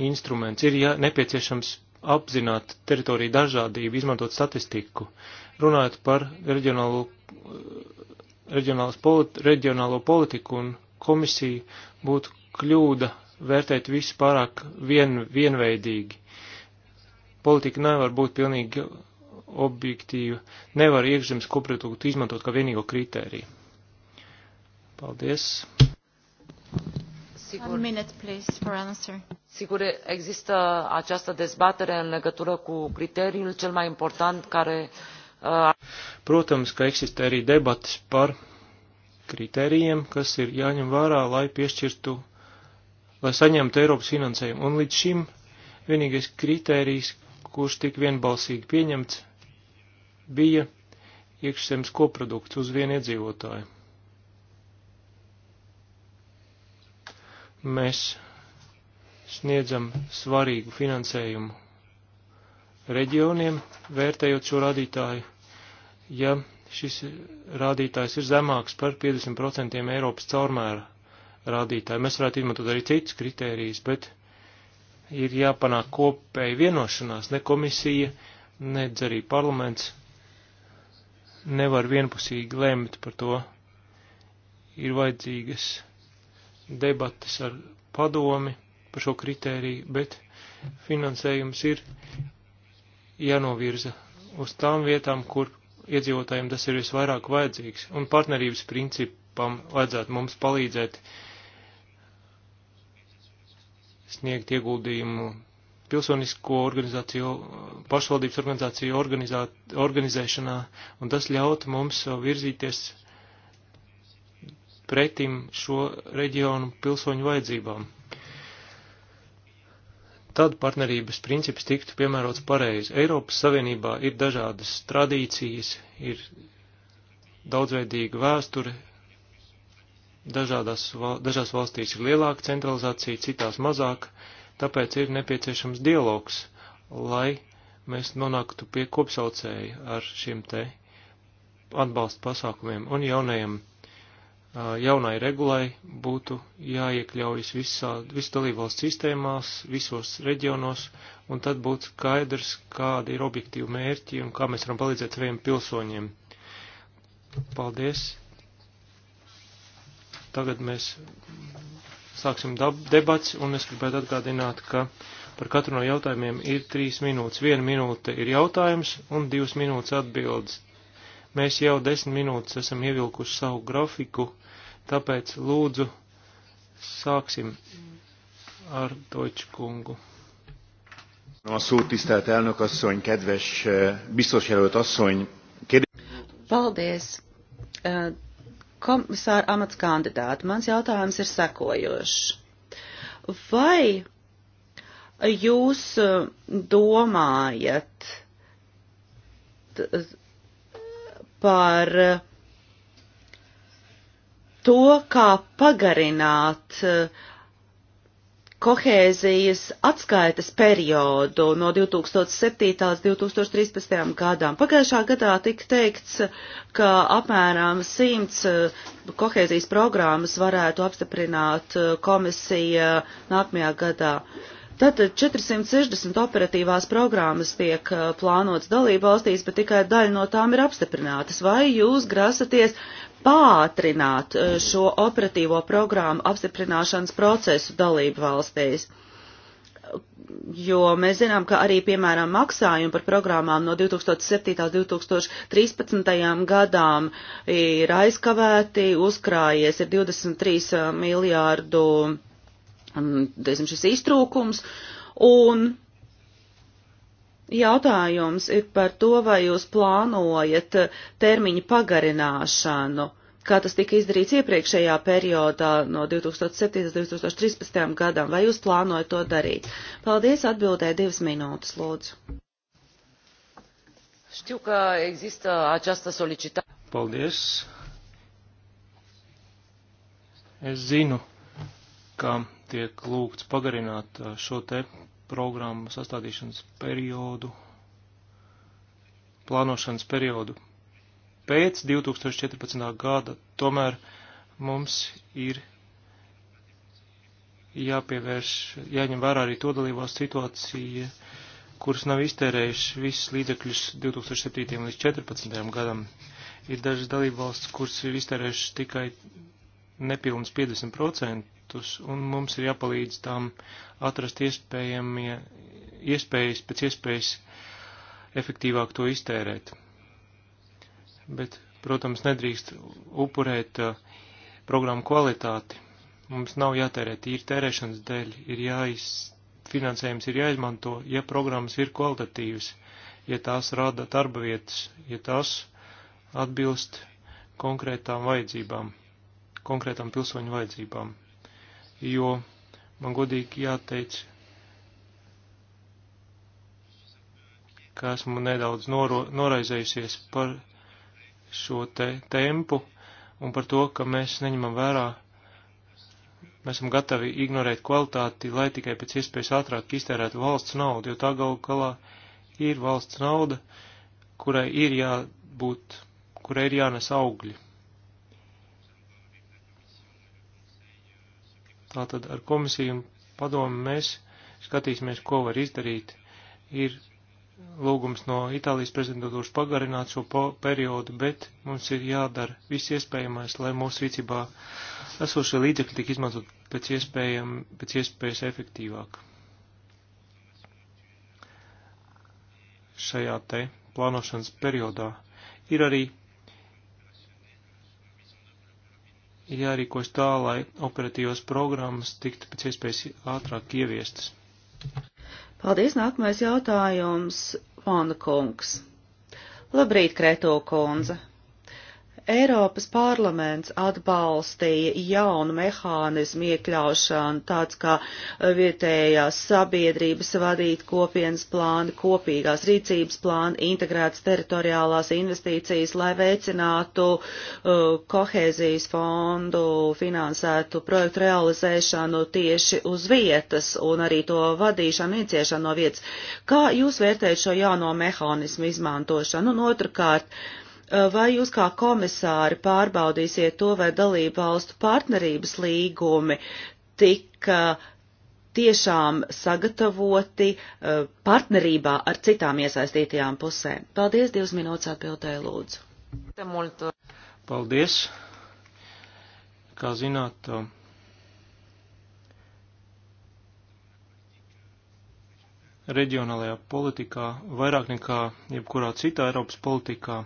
instruments. Ir ja, nepieciešams apzināt teritoriju dažādību, izmantot statistiku. Runājot par reģionālo, politi, reģionālo politiku un komisiju, būtu kļūda vērtēt visu pārāk vien, vienveidīgi. Politika nevar būt pilnīgi objektīva, nevar iekšzemes koproduktu izmantot kā vienīgo kritēriju. Paldies! Sigur, One minute, please, for answer. sigur există această dezbatere în legătură cu criteriul cel mai important care. Uh... Protams, ka eksistē arī debatas par kritērijiem, kas ir jāņem vērā, lai piešķirtu, lai saņemtu Eiropas finansējumu. Un līdz šim vienīgais kritērijs, kurš tik vienbalsīgi pieņemts, bija iekšzemes koprodukts uz vienu iedzīvotāju. Mēs sniedzam svarīgu finansējumu reģioniem, vērtējot šo rādītāju. Ja šis rādītājs ir zemāks par 50% Eiropas caurmēra rādītāju, mēs varētu izmantot arī citus kritērijus, bet ir jāpanāk kopēja vienošanās, ne komisija, nedz arī parlaments nevar vienpusīgi lemt par to. Ir vajadzīgas debatas ar padomi par šo kritēriju, bet finansējums ir jānovirza uz tām vietām, kur iedzīvotājiem tas ir visvairāk vajadzīgs. Un partnerības principam vajadzētu mums palīdzēt sniegt ieguldījumu pilsonisko organizāciju, pašvaldības organizāciju organizēt, organizēšanā, un tas ļaut mums virzīties pretim šo reģionu pilsoņu vajadzībām. Tad partnerības princips tiktu piemērots pareizi. Eiropas Savienībā ir dažādas tradīcijas, ir daudzveidīga vēsture, dažādās, dažās valstīs ir lielāka centralizācija, citās mazāk, tāpēc ir nepieciešams dialogs, lai mēs nonāktu pie kopsaucēja ar šiem te atbalsta pasākumiem un jaunajiem jaunai regulai būtu jāiekļaujas visā, visu dalībvalsts sistēmās, visos reģionos, un tad būtu skaidrs, kādi ir objektīvi mērķi un kā mēs varam palīdzēt saviem pilsoņiem. Paldies! Tagad mēs sāksim debats, un es gribētu atgādināt, ka par katru no jautājumiem ir trīs minūtes. Viena minūte ir jautājums un divas minūtes atbildes. Mēs jau desmit minūtes esam ievilkuši savu grafiku Tāpēc lūdzu sāksim ar Deutsche kungu. A szót tisztelt elnök asszony, kedves eh, biztos jelölt asszony. Kérdés... Paldies. Eh, Komisāra amats kandidāti, mans jautājums ir sekojošs. Vai jūs eh, domājat par to, kā pagarināt eh, kohēzijas atskaites periodu no 2007. līdz 2013. gadām. Pagājušā gadā tika teikts, ka apmēram 100 eh, kohēzijas programmas varētu apstiprināt eh, komisija nākamajā gadā. Tātad 460 operatīvās programmas tiek plānotas dalība valstīs, bet tikai daļa no tām ir apstiprinātas. Vai jūs grasaties pātrināt eh, šo operatīvo programmu apstiprināšanas procesu dalību valstīs. Jo mēs zinām, ka arī, piemēram, maksājumi par programmām no 2007. līdz 2013. gadām ir aizkavēti, uzkrājies ir 23 eh, miljārdu, mm, teiksim, šis iztrūkums, un Jautājums ir par to, vai jūs plānojat termiņu pagarināšanu, kā tas tika izdarīts iepriekšējā periodā no 2007. līdz 2013. gadam, vai jūs plānojat to darīt? Paldies, atbildē divas minūtes, lūdzu. Știu că există această solicitare. Paldies. Es zinu, ka tiek lūgts pagarināt uh, šo te programmu sastādīšanas periodu, plānošanas periodu pēc 2014. gada, tomēr mums ir jāpievērš, jāņem vērā arī to dalībās situācija, kuras nav iztērējuši visus līdzekļus 2007. līdz 2014. gadam. Ir dažas dalībvalsts, kuras ir iztērējuši tikai nepilnus 50% produktus, un mums ir jāpalīdz tām atrast iespējamie, iespējas, pēc iespējas efektīvāk to iztērēt. Bet, protams, nedrīkst upurēt uh, programmu kvalitāti. Mums nav jātērē tīri tērēšanas dēļ, ir jāiz, finansējums ir jāizmanto, ja programmas ir kvalitatīvas, ja tās rada darba vietas, ja tās atbilst konkrētām vajadzībām, konkrētām pilsoņu vajadzībām jo man godīgi jāteic, ka esmu nedaudz noro, noraizējusies par šo te tempu un par to, ka mēs neņemam vērā, mēs esam gatavi ignorēt kvalitāti, lai tikai pēc iespējas ātrāk iztērētu valsts naudu, jo tā galu galā ir valsts nauda, kurai ir jābūt, kurai ir jānes augļi. Tātad ar komisiju un padomu mēs skatīsimies, ko var izdarīt. Ir lūgums no Itālijas prezidentūras pagarināt šo periodu, bet mums ir jādara viss iespējamais, lai mūsu rīcībā esošie līdzekļi tik izmantot pēc, iespējam, pēc iespējas efektīvāk. Šajā te plānošanas periodā ir arī ir jārīkojas tā, lai operatīvos programmas tiktu pēc iespējas ātrāk ieviestas. Paldies, nākamais jautājums, Vāna kungs. Labrīt, Kreto kundze. Eiropas parlaments atbalstīja jaunu mehānismu iekļaušanu, tāds kā uh, vietējās sabiedrības vadīt kopienas plāni, kopīgās rīcības plāni, integrētas teritoriālās investīcijas, lai veicinātu uh, kohēzijas fondu finansētu projektu realizēšanu tieši uz vietas un arī to vadīšanu, ieciešanu no vietas. Kā jūs vērtējat šo jauno mehānismu izmantošanu? Un otrkārt, uh, Eh, vai jūs kā komisāri pārbaudīsiet to, vai dalību valstu partnerības līgumi tika tiešām sagatavoti eh, partnerībā ar citām iesaistītajām pusēm? Paldies, divas minūtes atbildēju lūdzu. Paldies. Kā zināt, eh, reģionālajā politikā vairāk nekā jebkurā citā Eiropas politikā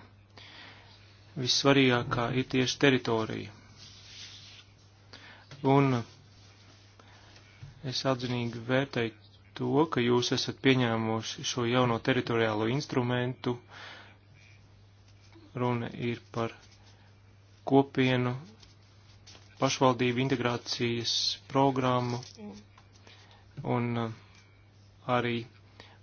vissvarīgākā ir tieši teritorija. Un es atzinīgi vērtēju to, ka jūs esat pieņēmuši šo jauno teritoriālo instrumentu. Runa ir par kopienu pašvaldību integrācijas programmu un uh, arī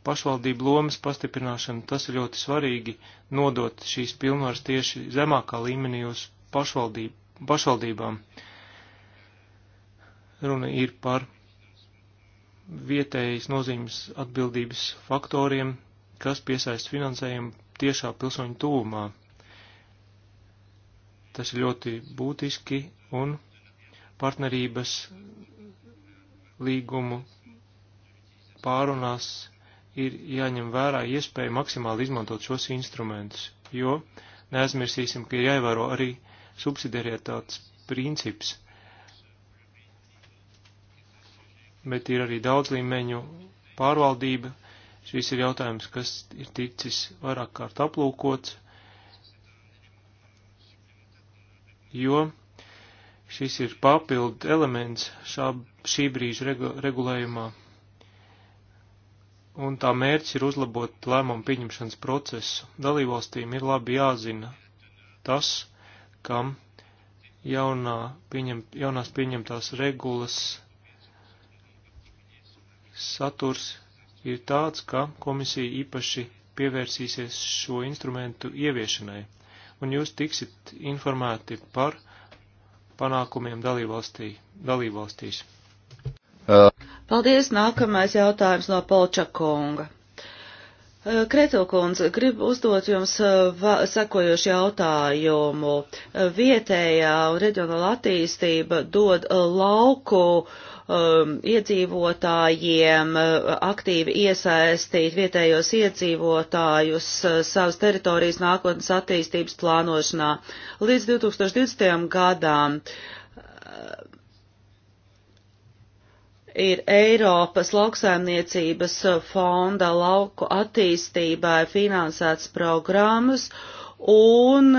pašvaldību lomas pastiprināšana, tas ir ļoti svarīgi nodot šīs pilnvaras tieši zemākā līmenī uz pašvaldību, pašvaldībām. Runa ir par vietējas nozīmes atbildības faktoriem, kas piesaist finansējumu tiešā pilsoņu tūmā. Tas ir ļoti būtiski un partnerības līgumu pārunās ir jāņem vērā iespēja maksimāli izmantot šos instrumentus, jo neaizmirsīsim, ka ir jāievēro arī subsidiarietāts princips. Bet ir arī daudz līmeņu pārvaldība. Šis ir jautājums, kas ir ticis vairāk kārt aplūkots, jo šis ir papildu elements šā, šī brīža regulējumā un tā mērķis ir uzlabot lēmumu pieņemšanas procesu. Dalībvalstīm ir labi jāzina tas, kam jaunā pieņem, jaunās pieņemtās regulas saturs ir tāds, ka komisija īpaši pievērsīsies šo instrumentu ieviešanai, un jūs tiksit informēti par panākumiem dalībvalstī, dalībvalstīs. Uh. Paldies, nākamais jautājums no Polčakonga. Eh, Kretilkundze, gribu uzdot jums eh, sekojošu jautājumu. Eh, vietējā un reģionāla attīstība dod lauku um, iedzīvotājiem aktīvi iesaistīt vietējos iedzīvotājus savas teritorijas nākotnes attīstības plānošanā. Līdz 2020. gadām uh, ir Eiropas lauksaimniecības fonda lauku attīstībai finansēts programmas un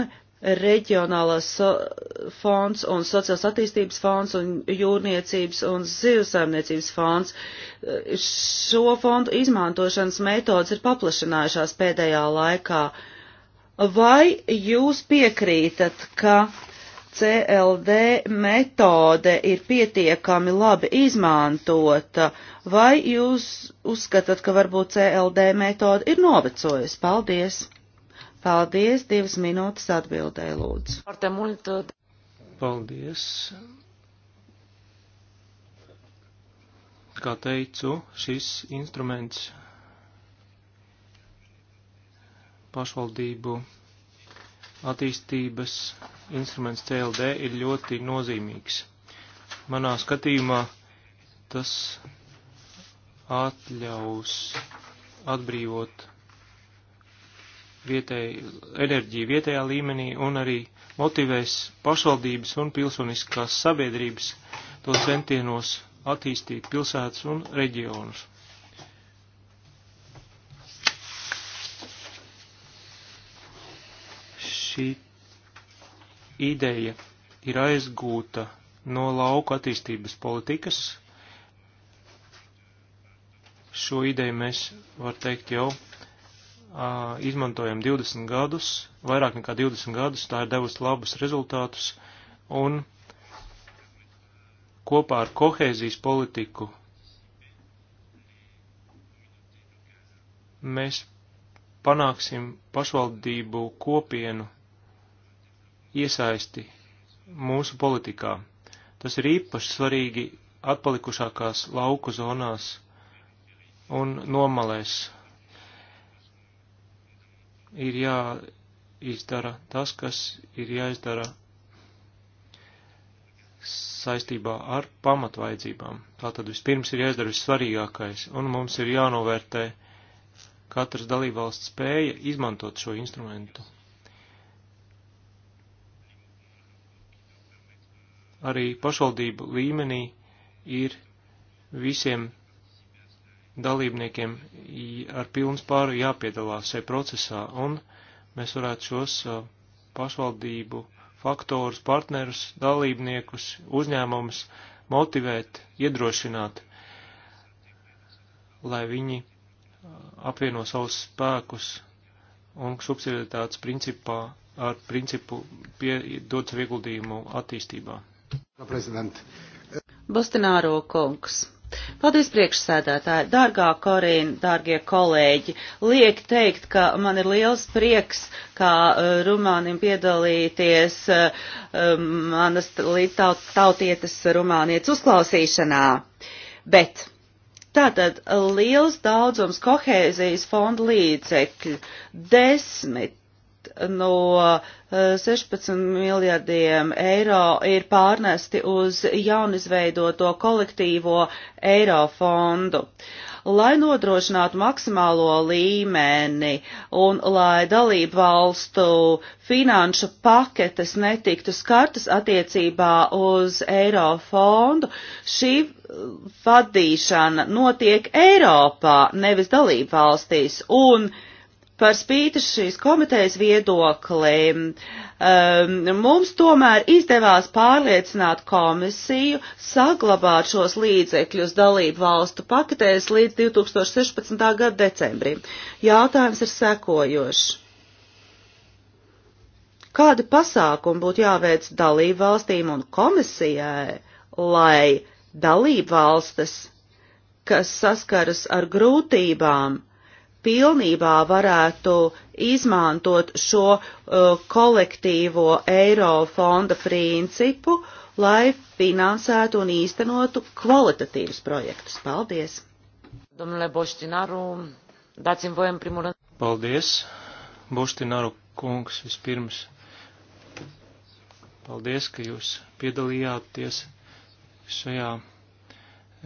reģionālās so fonds un sociālās attīstības fonds un jūrniecības un zivsaimniecības fonds. Šo fondu izmantošanas metodas ir paplašinājušās pēdējā laikā. Vai jūs piekrītat, ka CLD metode ir pietiekami labi izmantota, vai jūs uzskatāt, ka varbūt CLD metode ir novecojusi? Paldies! Paldies, divas minūtes atbildēja lūdzu. Paldies! Kā teicu, šis instruments pašvaldību attīstības instruments CLD ir ļoti nozīmīgs. Manā skatījumā tas atļaus atbrīvot vietēji, enerģiju vietējā līmenī un arī motivēs pašvaldības un pilsoniskās sabiedrības to centienos attīstīt pilsētas un reģionus. šī ideja ir aizgūta no lauku attīstības politikas. Šo ideju mēs, var teikt, jau uh, izmantojam 20 gadus, vairāk nekā 20 gadus, tā ir devusi labus rezultātus, un kopā ar kohēzijas politiku mēs panāksim pašvaldību kopienu iesaisti mūsu politikā. Tas ir īpaši svarīgi atpalikušākās lauku zonās un nomalēs. Ir jāizdara tas, kas ir jāizdara saistībā ar pamatvaidzībām. Tātad vispirms ir jāizdara vissvarīgākais, un mums ir jānovērtē katras dalībvalsts spēja izmantot šo instrumentu. arī pašvaldību līmenī ir visiem dalībniekiem ar pilnas pāru jāpiedalās šajā procesā, un mēs varētu šos pašvaldību faktorus, partnerus, dalībniekus, uzņēmumus motivēt, iedrošināt, lai viņi apvieno savus spēkus un subsidiaritātes principā ar principu piedod savu ieguldījumu attīstībā. Bostināro kungs. Paldies priekšsēdētāji, dārgā Korīna, dārgie kolēģi. Liek teikt, ka man ir liels prieks, kā uh, Rumānim piedalīties uh, um, manas līdztautietes Rumānietes uzklausīšanā. Bet tātad liels daudzums kohēzijas fonda līdzekļu, desmit no 16 eh, miljardiem eiro ir pārnesti uz jaunizveidoto kolektīvo eiro fondu. Lai nodrošinātu maksimālo līmeni un lai dalību valstu finanšu paketes netiktu skartas attiecībā uz eiro fondu, šī eh, vadīšana notiek Eiropā, nevis dalību valstīs. Un uh, par spīti šīs komitejas viedoklim, um, mums tomēr izdevās pārliecināt komisiju saglabāt šos līdzekļus dalību valstu paketēs līdz 2016. gada decembrim. Jautājums ir sekojošs. Kādi pasākumi būtu jāveic dalību valstīm un komisijai, lai dalību valstis, kas saskaras ar grūtībām, pilnībā varētu izmantot šo uh, kolektīvo eiro fonda principu, lai finansētu un īstenotu kvalitatīvus projektus. Paldies! Domnule Boštināru, dați-mi voie în primul rând. Paldies, Boštināru kungs, vispirms. Paldies, ka jūs piedalījāties šajā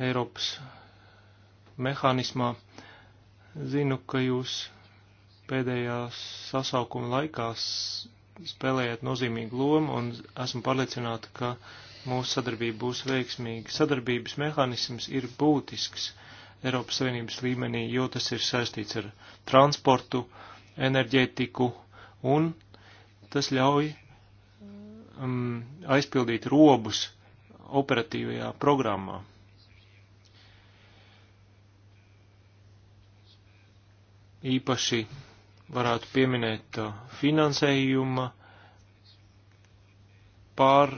Eiropas mehānismā Zinu, ka jūs pēdējā sasaukuma laikā spēlējat nozīmīgu lomu un esmu pārliecināta, ka mūsu sadarbība būs veiksmīga. Sadarbības mehānisms ir būtisks Eiropas Savienības līmenī, jo tas ir saistīts ar transportu, enerģētiku un tas ļauj um, aizpildīt robus operatīvajā programmā. īpaši varētu pieminēt uh, finansējuma pār,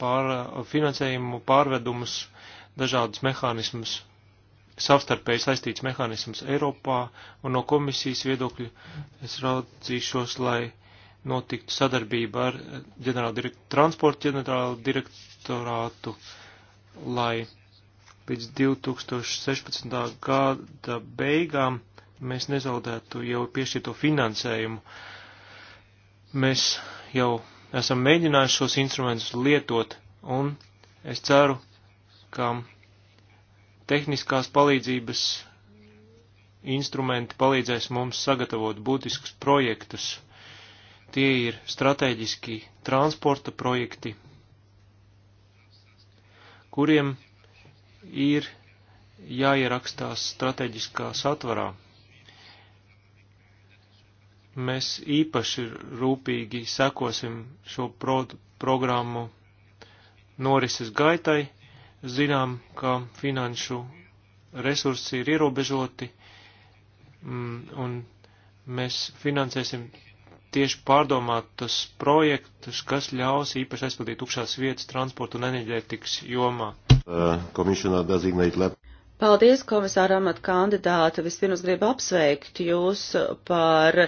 pār, uh, finansējumu pārvedumus, dažādus mehānismus, savstarpēji saistīts mehānismus Eiropā, un no komisijas viedokļa es raudzīšos, lai notiktu sadarbība ar ģenerāla direkt, transporta ģenerāla direktorātu, lai līdz 2016. gada beigām mēs nezaudētu jau piešķirto finansējumu. Mēs jau esam mēģinājuši šos instrumentus lietot, un es ceru, ka tehniskās palīdzības instrumenti palīdzēs mums sagatavot būtiskus projektus. Tie ir strateģiski transporta projekti, kuriem ir jāierakstās strateģiskā satvarā. Mēs īpaši rūpīgi sekosim šo pro programmu norises gaitai, zinām, ka finanšu resursi ir ierobežoti, mm, un mēs finansēsim tieši pārdomātus projektus, kas ļaus īpaši aizpildīt tukšās vietas transporta un enerģētikas jomā. Uh, Paldies, komisāra amata kandidāta. Vispirms gribu apsveikt jūs par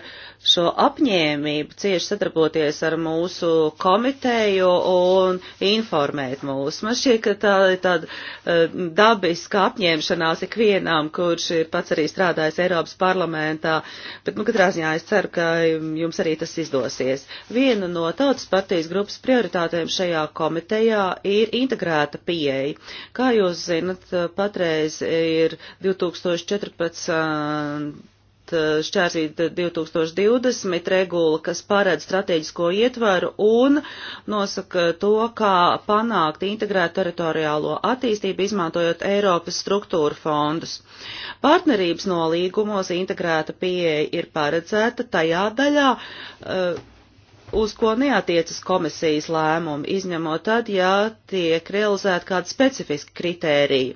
šo apņēmību cieši sadarboties ar mūsu komiteju un informēt mūs. Man šķiet, ka tā ir tāda e, dabiska apņēmšanās ikvienam, kurš ir pats arī strādājis Eiropas parlamentā, bet, nu, katrā ziņā es ceru, ka jums arī tas izdosies. Viena no tautas partijas grupas prioritātēm šajā komitejā ir integrēta pieeja. Kā jūs zinat, patreiz ir 2014 šķērsīt 2020 regula, kas paredz strateģisko ietvaru un nosaka to, kā panākt integrēt teritoriālo attīstību, izmantojot Eiropas struktūra fondus. Partnerības nolīgumos integrēta pieeja ir paredzēta tajā daļā, eh, uz ko neatiecas komisijas lēmumi, izņemot tad, ja tiek realizēta kāda specifiska kritērija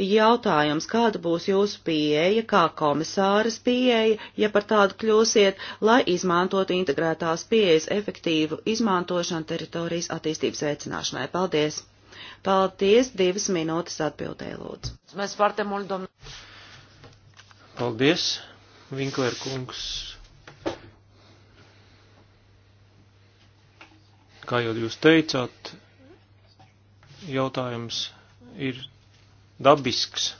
jautājums, kāda būs jūsu pieeja, kā komisāras pieeja, ja par tādu kļūsiet, lai izmantotu integrētās pieejas efektīvu izmantošanu teritorijas attīstības veicināšanai. Paldies! Paldies! Divas minūtes atbildēja lūdzu. Mēs pārte muldom. Paldies, Vinklēr kungs. Kā jau jūs teicāt, jautājums ir dabisks.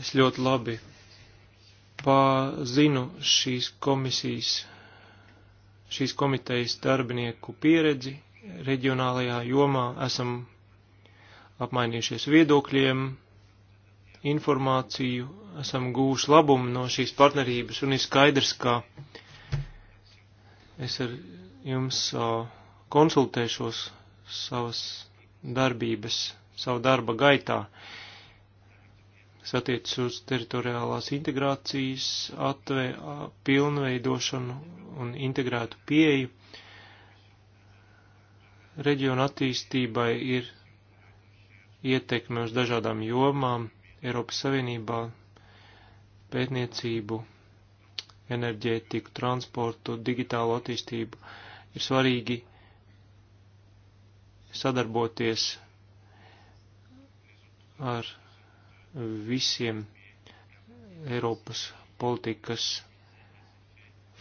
Es ļoti labi pazinu šīs komisijas, šīs komitejas darbinieku pieredzi reģionālajā jomā. Esam apmainījušies viedokļiem, informāciju, esam gūši labumu no šīs partnerības un ir skaidrs, ka es ar jums. Uh, konsultēšos savas darbības, savu darba gaitā. Es attiecu uz teritoriālās integrācijas atvē, pilnveidošanu un integrētu pieeju. Reģiona attīstībai ir ietekme uz dažādām jomām Eiropas Savienībā - pētniecību, enerģētiku, transportu, digitālo attīstību. Ir svarīgi sadarboties ar visiem Eiropas politikas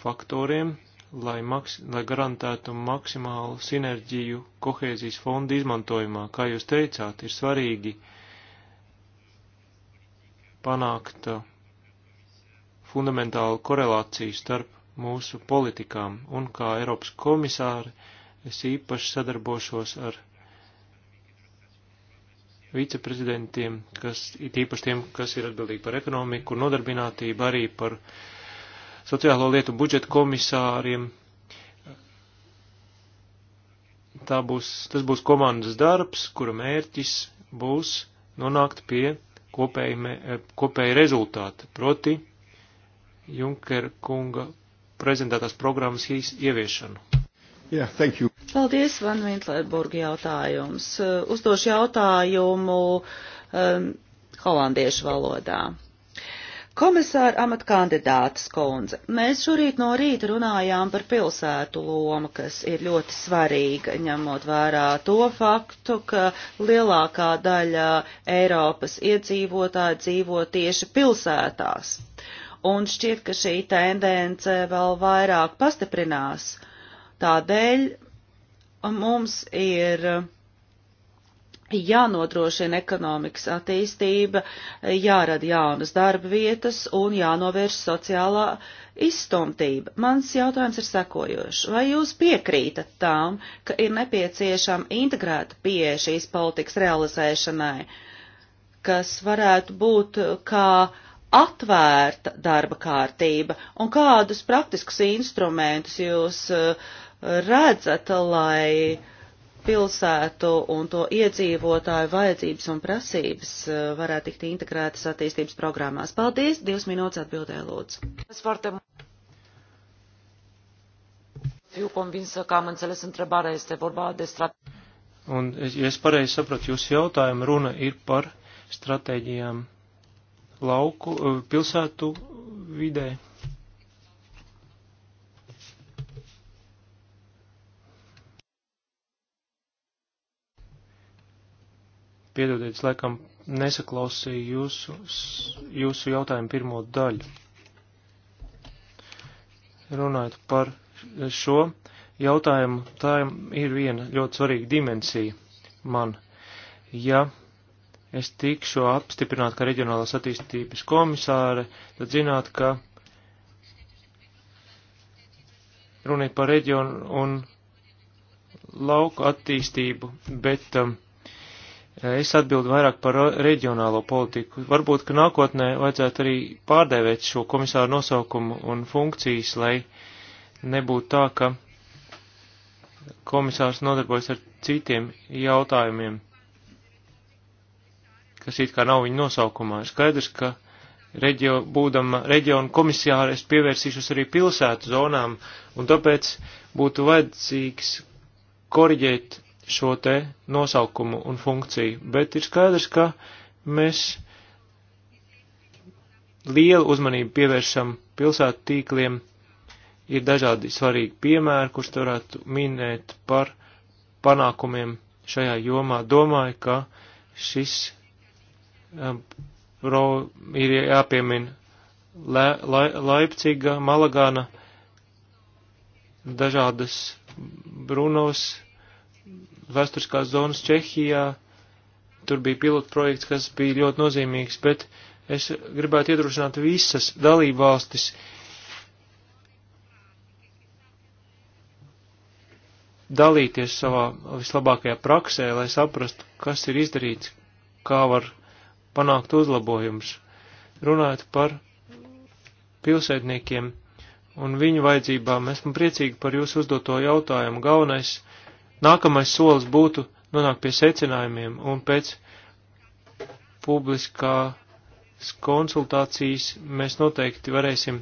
faktoriem, lai, maks, lai garantētu maksimālu sinerģiju kohēzijas fonda izmantojumā. Kā jūs teicāt, ir svarīgi panākt fundamentālu korelāciju starp mūsu politikām un kā Eiropas komisāri Es īpaši sadarbošos ar viceprezidentiem, kas ir īpaši tiem, kas ir atbildīgi par ekonomiku, nodarbinātību, arī par sociālo lietu budžeta komisāriem. Tā būs, tas būs komandas darbs, kura mērķis būs nonākt pie kopēja, kopēja rezultāta, proti Junker kunga prezentētās programmas ieviešanu. Yeah, Paldies, Van Vintlerburgi jautājums. Uh, uzdošu jautājumu um, holandiešu valodā. Komisāra amata kandidātas kundze, mēs šorīt no rīta runājām par pilsētu lomu, kas ir ļoti svarīga, ņemot vērā to faktu, ka lielākā daļa Eiropas iedzīvotāji dzīvo tieši pilsētās. Un šķiet, ka šī tendence vēl vairāk pastiprinās. Tādēļ mums ir eh, jānodrošina ekonomikas attīstība, jārada jaunas darba vietas un jānovērš sociālā izstumtība. Mans jautājums ir sekojošs. Vai jūs piekrītat tām, ka ir nepieciešama integrēta pieeja šīs politikas realizēšanai, kas varētu būt eh, kā atvērta darba kārtība un kādus praktiskus instrumentus jūs uh, redzat, lai pilsētu un to iedzīvotāju vajadzības un prasības eh, varētu tikt integrētas attīstības programmās? Paldies, divas minūtes atbildē lūdzu. Fiu convinsă că am înțeles întrebarea, este vorba de strategie. Un, ja es pareizi sapratu jūsu jautājumu, runa ir par stratēģijām lauku, eh, pilsētu vidē. Piedodiet, es laikam nesaklausīju jūsu, jūsu jautājumu pirmo daļu. Runājot par šo jautājumu, tā ir viena ļoti svarīga dimensija man. Ja es tikšu apstiprināt kā reģionālās attīstības komisāre, tad zināt, ka runa ir par reģionu un lauku attīstību, bet um, Es atbildu vairāk par reģionālo politiku. Varbūt, ka nākotnē vajadzētu arī pārdēvēt šo komisāru nosaukumu un funkcijas, lai nebūtu tā, ka komisārs nodarbojas ar citiem jautājumiem, kas it kā nav viņa nosaukumā. Ir skaidrs, ka reģio, būdama reģionu komisāra es pievērsīšos arī pilsētu zonām, un tāpēc būtu vajadzīgs koriģēt šo te nosaukumu un funkciju, bet ir skaidrs, ka mēs lielu uzmanību pievēršam pilsētu tīkliem, ir dažādi svarīgi piemēri, kurus varētu minēt par panākumiem šajā jomā. Domāju, ka šis um, ro, ir jāpiemina Le, La, Laipciga, Malagāna, dažādas Brunos, vēsturiskās zonas Čehijā. Tur bija pilotu projekts, kas bija ļoti nozīmīgs, bet es gribētu iedrošināt visas dalībvalstis dalīties savā vislabākajā praksē, lai saprastu, kas ir izdarīts, kā var panākt uzlabojumus. Runājot par pilsētniekiem un viņu vajadzībām, esmu priecīgi par jūsu uzdoto jautājumu. Galvenais nākamais solis būtu nonākt pie secinājumiem un pēc publiskās konsultācijas mēs noteikti varēsim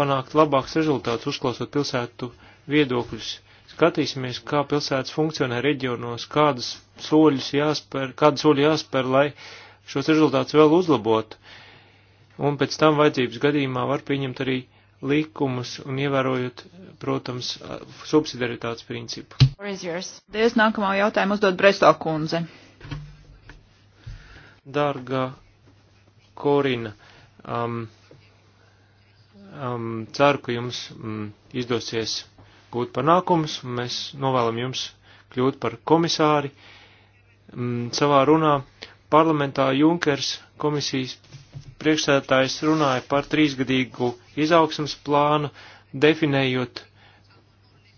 panākt labāks rezultāts, uzklausot pilsētu viedokļus. Skatīsimies, kā pilsētas funkcionē reģionos, kādas soļus jāspēr, kādu soļu jāspēr, lai šos rezultātus vēl uzlabotu. Un pēc tam vajadzības gadījumā var pieņemt arī likumus un ievērojot, protams, subsidiaritātes principu. Paldies, nākamā jautājuma uzdod Bresto kundze. Dārgā Korina, um, um, ceru, ka jums um, izdosies gūt panākumus, un mēs novēlam jums kļūt par komisāri. Um, savā runā parlamentā Junkers komisijas priekšsēdētājs runāja par trīsgadīgu izaugsmas plānu, definējot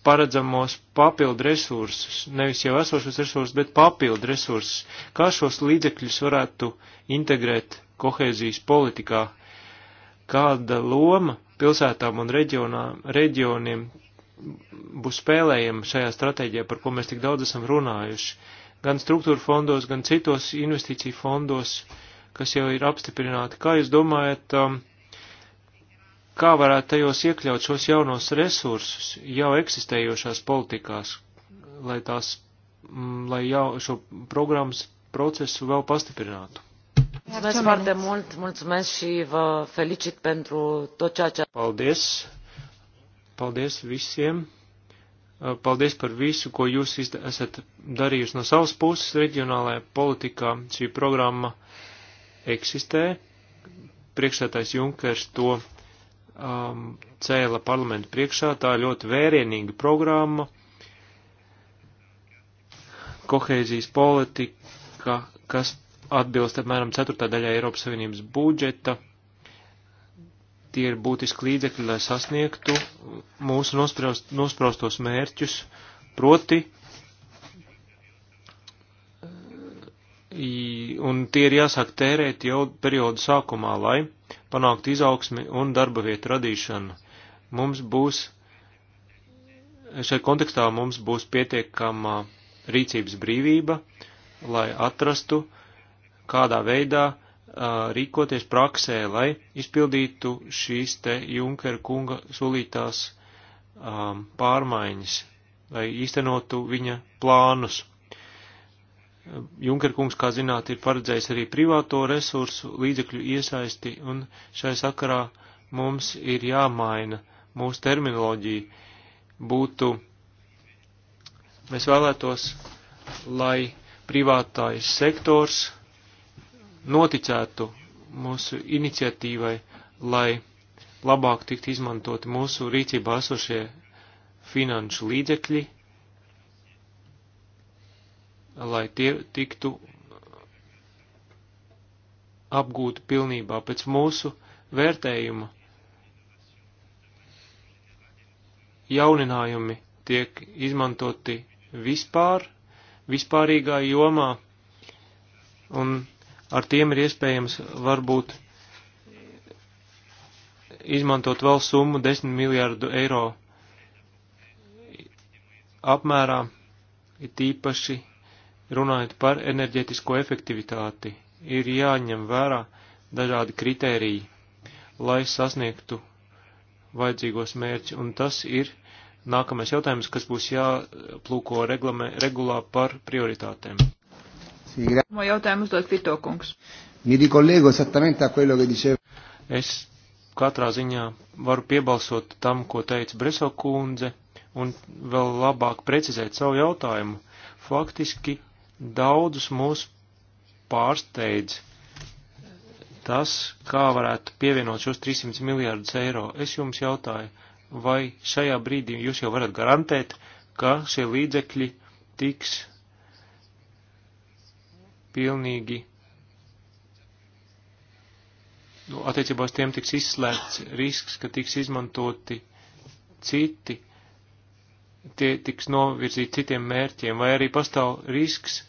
paredzamos papildu resursus, nevis jau esošos resursus, bet papildu resursus, kā šos līdzekļus varētu integrēt kohēzijas politikā, kāda loma pilsētām un reģionā, reģioniem būs spēlējama šajā stratēģijā, par ko mēs tik daudz esam runājuši, gan struktūra fondos, gan citos investīciju fondos, kas jau ir apstiprināti. Kā jūs domājat, um, kā varētu tajos iekļaut šos jaunos resursus jau eksistējošās politikās, lai tās, mm, lai jau šo programmas procesu vēl pastiprinātu. Mulțumesc foarte mult, mulțumesc și vă felicit pentru tot ceea ce... Paldies, paldies visiem, uh, paldies par visu, ko jūs esat darījusi no savas puses reģionālajā politikā. Šī programma eksistē, priekšsētājs Junkers to um, cēla parlamentu priekšā. Tā ir ļoti vērienīga programma. Kohēzijas politika, kas atbilst apmēram ceturtadaļai Eiropas Savienības budžeta. Tie ir būtiski līdzekļi, lai sasniegtu mūsu nospraust, nospraustos mērķus, proti, un tie ir jāsāk tērēt jau periodu sākumā, lai panākt izaugsmi un darba vietu radīšanu. Mums būs, šai kontekstā mums būs pietiekama rīcības brīvība, lai atrastu, kādā veidā uh, rīkoties praksē, lai izpildītu šīs te Junkera kunga solītās um, pārmaiņas, lai īstenotu viņa plānus. Junker kungs, kā zināt, ir paredzējis arī privāto resursu līdzekļu iesaisti, un šai sakarā mums ir jāmaina mūsu terminoloģija. Būtu, mēs vēlētos, lai privātais sektors noticētu mūsu iniciatīvai, lai labāk tikt izmantoti mūsu rīcībā esošie finanšu līdzekļi lai tie tiktu apgūti pilnībā pēc mūsu vērtējuma. Jauninājumi tiek izmantoti vispār, vispārīgā jomā, un ar tiem ir iespējams varbūt izmantot vēl summu 10 miljārdu eiro apmērā, ir tīpaši runājot par enerģetisko efektivitāti, ir jāņem vērā dažādi kritēriji, lai sasniegtu vajadzīgos mērķi, un tas ir nākamais jautājums, kas būs jāplūko reglame, regulā par prioritātēm. Pirmo jautājumu uzdod Pitokungs. Es katrā ziņā varu piebalsot tam, ko teica Breso kundze, un vēl labāk precizēt savu jautājumu. Faktiski Daudzus mūs pārsteidz tas, kā varētu pievienot šos 300 miljārdus eiro. Es jums jautāju, vai šajā brīdī jūs jau varat garantēt, ka šie līdzekļi tiks pilnīgi, nu, attiecībā uz tiem tiks izslēgts risks, ka tiks izmantoti citi, tie tiks novirzīti citiem mērķiem, vai arī pastāv risks,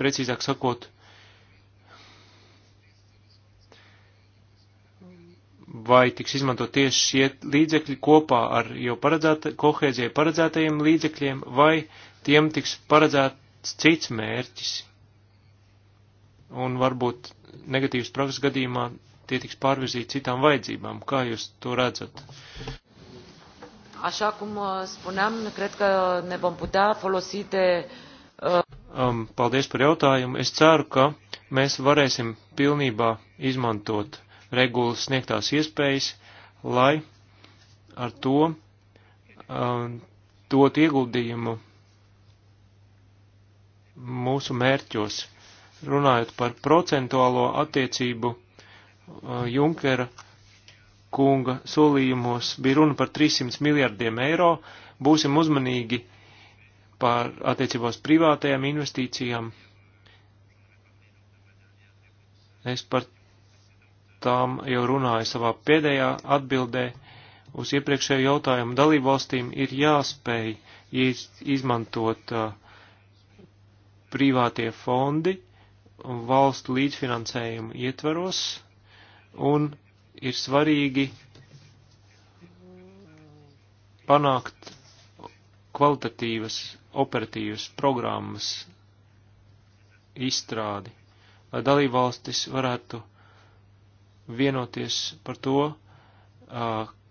precīzāk sakot, vai tiks izmantot tieši šie līdzekļi kopā ar jau paredzēta, kohēzijai paredzētajiem līdzekļiem, vai tiem tiks paredzēts cits mērķis. Un varbūt negatīvas prakses gadījumā tie tiks pārvirzīti citām vajadzībām. Kā jūs to redzat? Așa cum uh, spuneam, cred că ne vom putea folosi de uh, um, paldies par jautājumu. Es ceru, ka mēs varēsim pilnībā izmantot regulas sniegtās iespējas, lai ar to um, dot ieguldījumu mūsu mērķos. Runājot par procentuālo attiecību uh, Junkera kunga solījumos, bija runa par 300 miljardiem eiro. Būsim uzmanīgi par attiecībos privātajām investīcijām. Es par tām jau runāju savā pēdējā atbildē uz iepriekšēju jautājumu. Dalībvalstīm ir jāspēj izmantot uh, privātie fondi valstu līdzfinansējumu ietvaros un ir svarīgi panākt kvalitatīvas operatīvas programmas izstrādi, lai dalībvalstis varētu vienoties par to,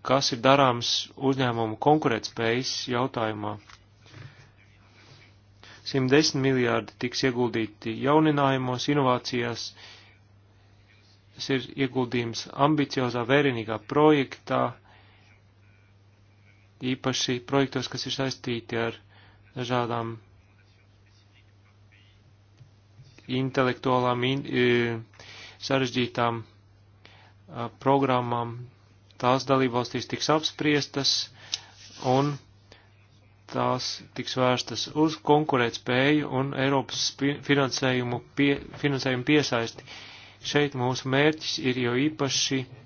kas ir darāms uzņēmumu konkurētspējas jautājumā. 110 miljārdi tiks ieguldīti jauninājumos, inovācijās, tas ir ieguldījums ambiciozā, vērienīgā projektā, īpaši projektos, kas ir saistīti ar dažādām intelektuālām in, e, sarežģītām programmām. Tās dalībvalstīs tiks apspriestas un tās tiks vērstas uz konkurētspēju un Eiropas finansējumu, pie, finansējumu piesaisti. Šeit mūsu mērķis ir jau īpaši uh,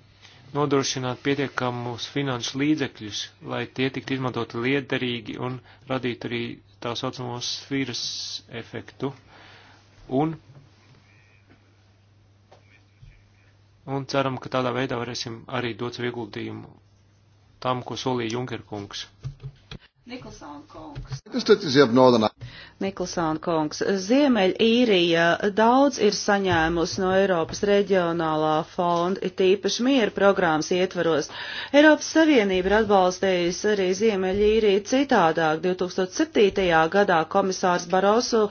nodrošināt pietiekamus finanšu līdzekļus, lai tie tiktu izmantoti liederīgi un radītu arī tā saucamo sfīras efektu. Un, un ceram, ka tādā veidā varēsim arī dot savu ieguldījumu tam, ko solīja Junker kungs. Nikolsāna kungs. Niklsāna kungs, Ziemeļīrija daudz ir saņēmusi no Eiropas reģionālā fonda, it īpaši miera programmas ietvaros. Eiropas Savienība ir atbalstījusi arī Ziemeļīriju citādāk. 2007. gadā komisārs Barosu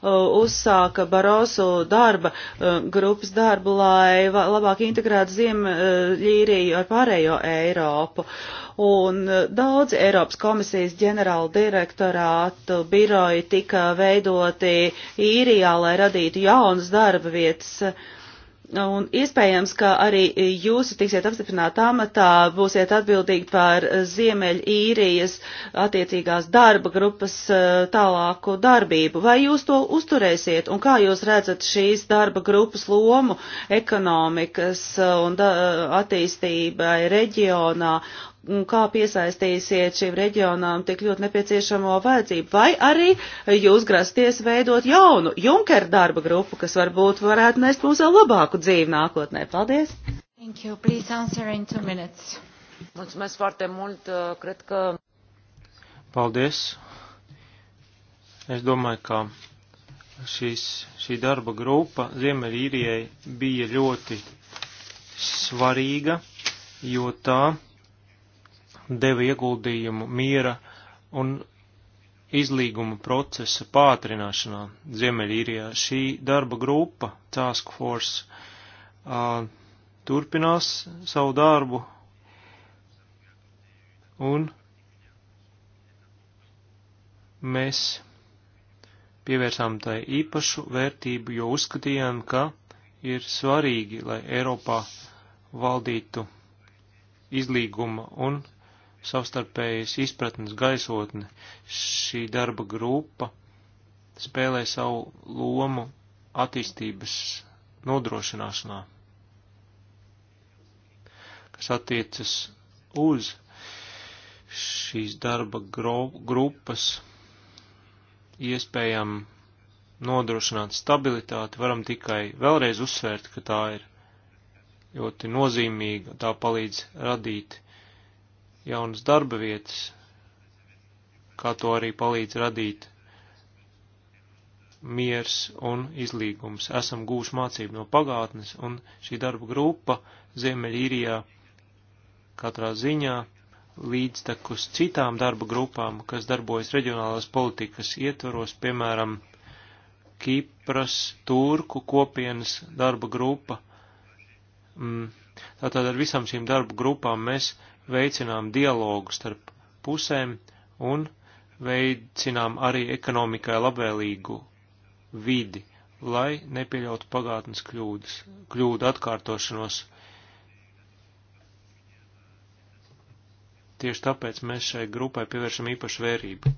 Uh, uzsāka Baroso darba uh, grupas darbu, lai labāk integrētu Ziemļīriju uh, ar pārējo Eiropu. Un daudz Eiropas komisijas ģenerāla direktorātu biroji tika veidoti īrijā, lai radītu jaunas darba vietas Un iespējams, ka arī jūs tiksiet apstiprināta amatā, būsiet atbildīgi par Ziemeļīrijas attiecīgās darba grupas eh, tālāku darbību. Vai jūs to uzturēsiet un kā jūs redzat šīs darba grupas lomu ekonomikas eh, un attīstībai reģionā kā piesaistīsiet šīm reģionām tik ļoti nepieciešamo vajadzību, vai arī jūs grasties veidot jaunu Junker darba grupu, kas varbūt varētu nest mums vēl labāku dzīvi nākotnē. Paldies! Thank you. Please answer in two minutes. Mulțumesc foarte mult. Cred că... Paldies. Es domāju, ka šis, šī darba grupa Ziemeļīrijai bija ļoti svarīga, jo tā deva ieguldījumu miera un izlīguma procesa pātrināšanā Ziemeļīrijā. Šī darba grupa, Task Force, uh, turpinās savu darbu un mēs pievērsām tai īpašu vērtību, jo uzskatījām, ka ir svarīgi, lai Eiropā valdītu izlīguma un savstarpējas izpratnes gaisotne. Šī darba grupa spēlē savu lomu attīstības nodrošināšanā, kas attiecas uz šīs darba grupas iespējām nodrošināt stabilitāti, varam tikai vēlreiz uzsvērt, ka tā ir ļoti nozīmīga, tā palīdz radīt jaunas darba vietas, kā to arī palīdz radīt miers un izlīgums. Esam gūši mācību no pagātnes, un šī darba grupa Ziemeļīrijā katrā ziņā līdztekus citām darba grupām, kas darbojas reģionālās politikas ietvaros, piemēram, Kipras, Turku kopienas darba grupa. Mm. Tātad ar visām šīm darba grupām mēs veicinām dialogu starp pusēm un veicinām arī ekonomikai labvēlīgu vidi, lai nepieļautu pagātnes kļūdas, kļūdu atkārtošanos. Tieši tāpēc mēs šai grupai pievēršam īpašu vērību.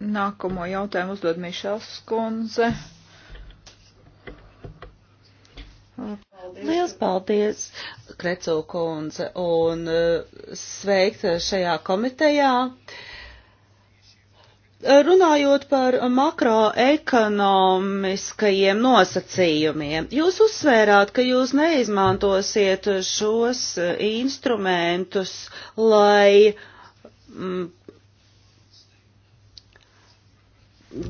Nākamo jautājumu uzdod Mišels Kunze. Paldies. Liels paldies, Krecu kundze, un eh, sveikt šajā komitejā. Runājot par makroekonomiskajiem nosacījumiem, jūs uzsvērāt, ka jūs neizmantosiet šos eh, instrumentus, lai mm,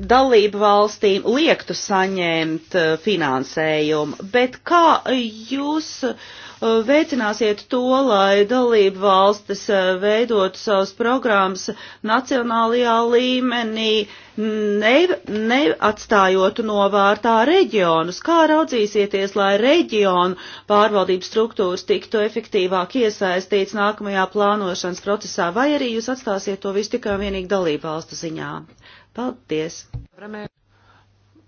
dalību valstīm liektu saņemt eh, finansējumu, bet kā jūs eh, veicināsiet to, lai dalību valstis eh, veidotu savas programmas nacionālajā līmenī, ne, neatstājot novārtā reģionus? Kā raudzīsieties, lai reģionu pārvaldības struktūras tiktu efektīvāk iesaistīts nākamajā plānošanas procesā, vai arī jūs atstāsiet to visu tikai un vienīgi dalību valstu ziņā? Paldies!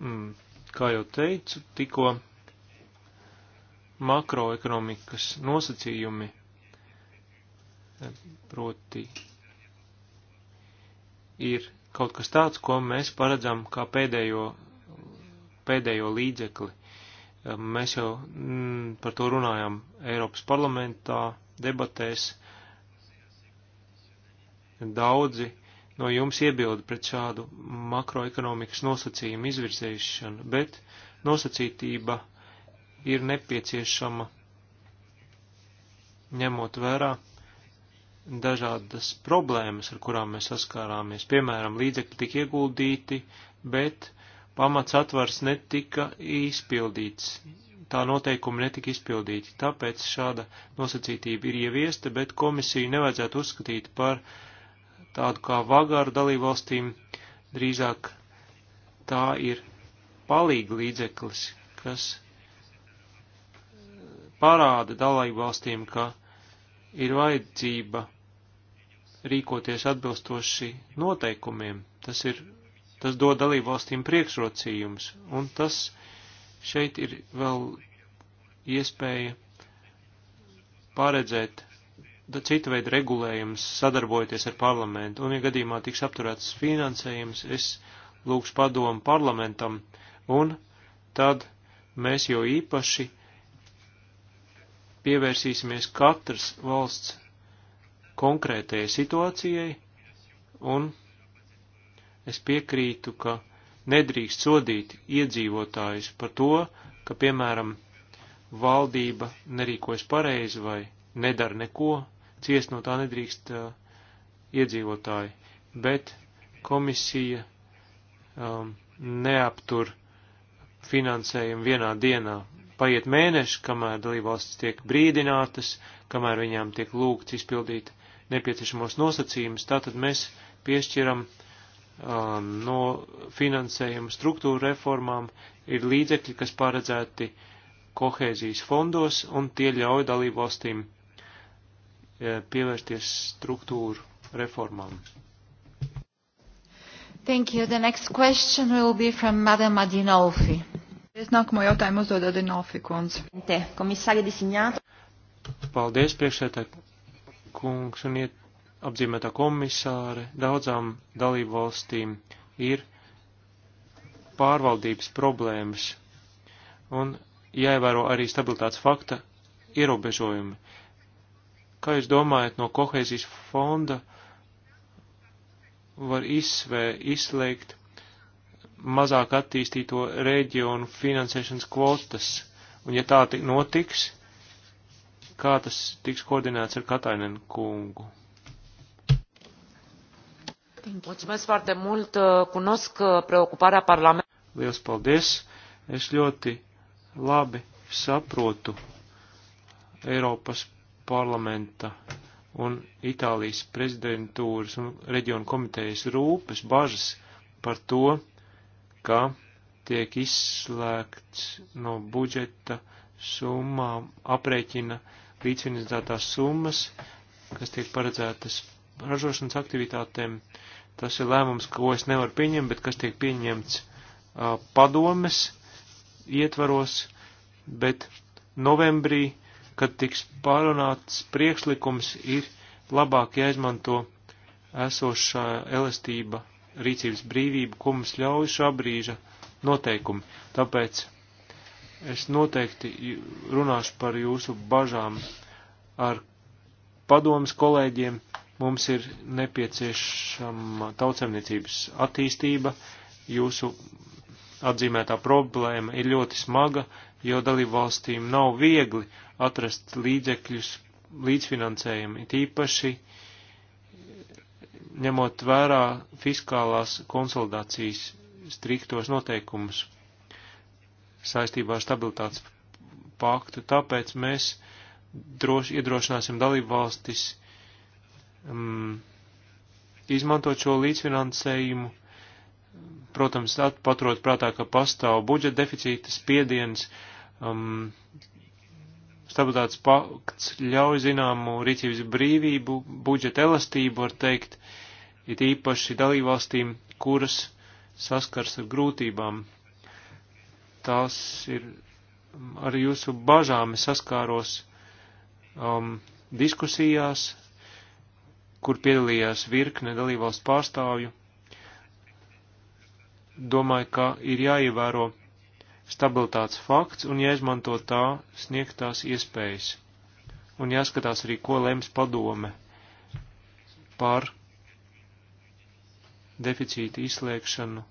Mm, kā jau teicu, tikko makroekonomikas nosacījumi, proti, ir kaut kas tāds, ko mēs paredzam kā pēdējo, pēdējo līdzekli. Mēs jau mm, par to runājam Eiropas parlamentā, debatēs. Daudzi no jums iebildu pret šādu makroekonomikas nosacījumu izvirzēšanu, bet nosacītība ir nepieciešama ņemot vērā dažādas problēmas, ar kurām mēs saskārāmies. Piemēram, līdzekļi tika ieguldīti, bet pamats atvars netika izpildīts. Tā noteikumi netika izpildīti, tāpēc šāda nosacītība ir ieviesta, bet komisiju nevajadzētu uzskatīt par uh, tādu kā vagāru dalībvalstīm, drīzāk tā ir palīga līdzeklis, kas eh, parāda dalībvalstīm, ka ir vajadzība rīkoties atbilstoši noteikumiem. Tas ir, tas dod dalībvalstīm priekšrocījums, un tas šeit ir vēl iespēja paredzēt cita veida regulējums sadarbojoties ar parlamentu, un, ja gadījumā tiks apturēts finansējums, es lūgšu padomu parlamentam, un tad mēs jau īpaši pievērsīsimies katras valsts konkrētajai situācijai, un es piekrītu, ka nedrīkst sodīt iedzīvotājus par to, ka, piemēram, valdība nerīkojas pareizi vai nedara neko, ciest no tā nedrīkst uh, iedzīvotāji, bet komisija um, neaptur finansējumu vienā dienā. Paiet mēneši, kamēr dalībvalstis tiek brīdinātas, kamēr viņām tiek lūgts izpildīt nepieciešamos nosacījumus, tātad mēs piešķiram uh, no finansējuma struktūra reformām ir līdzekļi, kas paredzēti kohēzijas fondos, un tie ļauj dalībvalstīm Eh, pievērsties struktūru reformām. Thank you. The next question will be from Madam Adinolfi. Es nākamo jautājumu uzdod Adinolfi kundze. Te, komisāri disiņāt. Paldies, priekšētā kungs un iet apzīmētā komisāre. Daudzām dalību valstīm ir pārvaldības problēmas un jāievēro arī stabilitātes fakta ierobežojumi. Kā jūs domājat, no kohēzijas fonda var izsvē, izslēgt mazāk attīstīto reģionu finansēšanas kvotas? Un ja tā tik notiks, kā tas tiks koordinēts ar Katainen kungu? Mulțumesc foarte mult, cunosc preocuparea Parlamentului. Liels paldies! Es ļoti labi saprotu Eiropas parlamenta un Itālijas prezidentūras un reģionu komitejas rūpes bažas par to, ka tiek izslēgts no budžeta summām aprēķina līdzfinansētās summas, kas tiek paredzētas ražošanas aktivitātēm. Tas ir lēmums, ko es nevaru pieņemt, bet kas tiek pieņemts uh, padomes ietvaros, bet novembrī kad tiks pārunāts priekšlikums, ir labāk jāizmanto esošā elastība, rīcības brīvība, ko mums ļauj šā brīža noteikumi. Tāpēc es noteikti runāšu par jūsu bažām ar padomas kolēģiem. Mums ir nepieciešama tautsemniecības attīstība. Jūsu atzīmētā problēma ir ļoti smaga, jo dalībvalstīm nav viegli atrast līdzekļus līdzfinansējumi, tīpaši ņemot vērā fiskālās konsolidācijas striktos noteikumus saistībā ar stabilitātes paktu. Tāpēc mēs droši iedrošināsim dalību valstis um, izmantot šo līdzfinansējumu. Protams, paturot prātā, ka pastāv budžeta deficīta spiediens, um, Stabilitātes pakts ļauj zināmu rīcības brīvību, budžeta elastību, var teikt, it īpaši dalībvalstīm, kuras saskars ar grūtībām. Tās ir ar jūsu bažām saskāros um, diskusijās, kur piedalījās virkne dalībvalstu pārstāvju. Domāju, ka ir jāievēro stabilitātes fakts un jāizmanto tā sniegtās iespējas. Un jāskatās arī, ko lems padome par deficīta izslēgšanu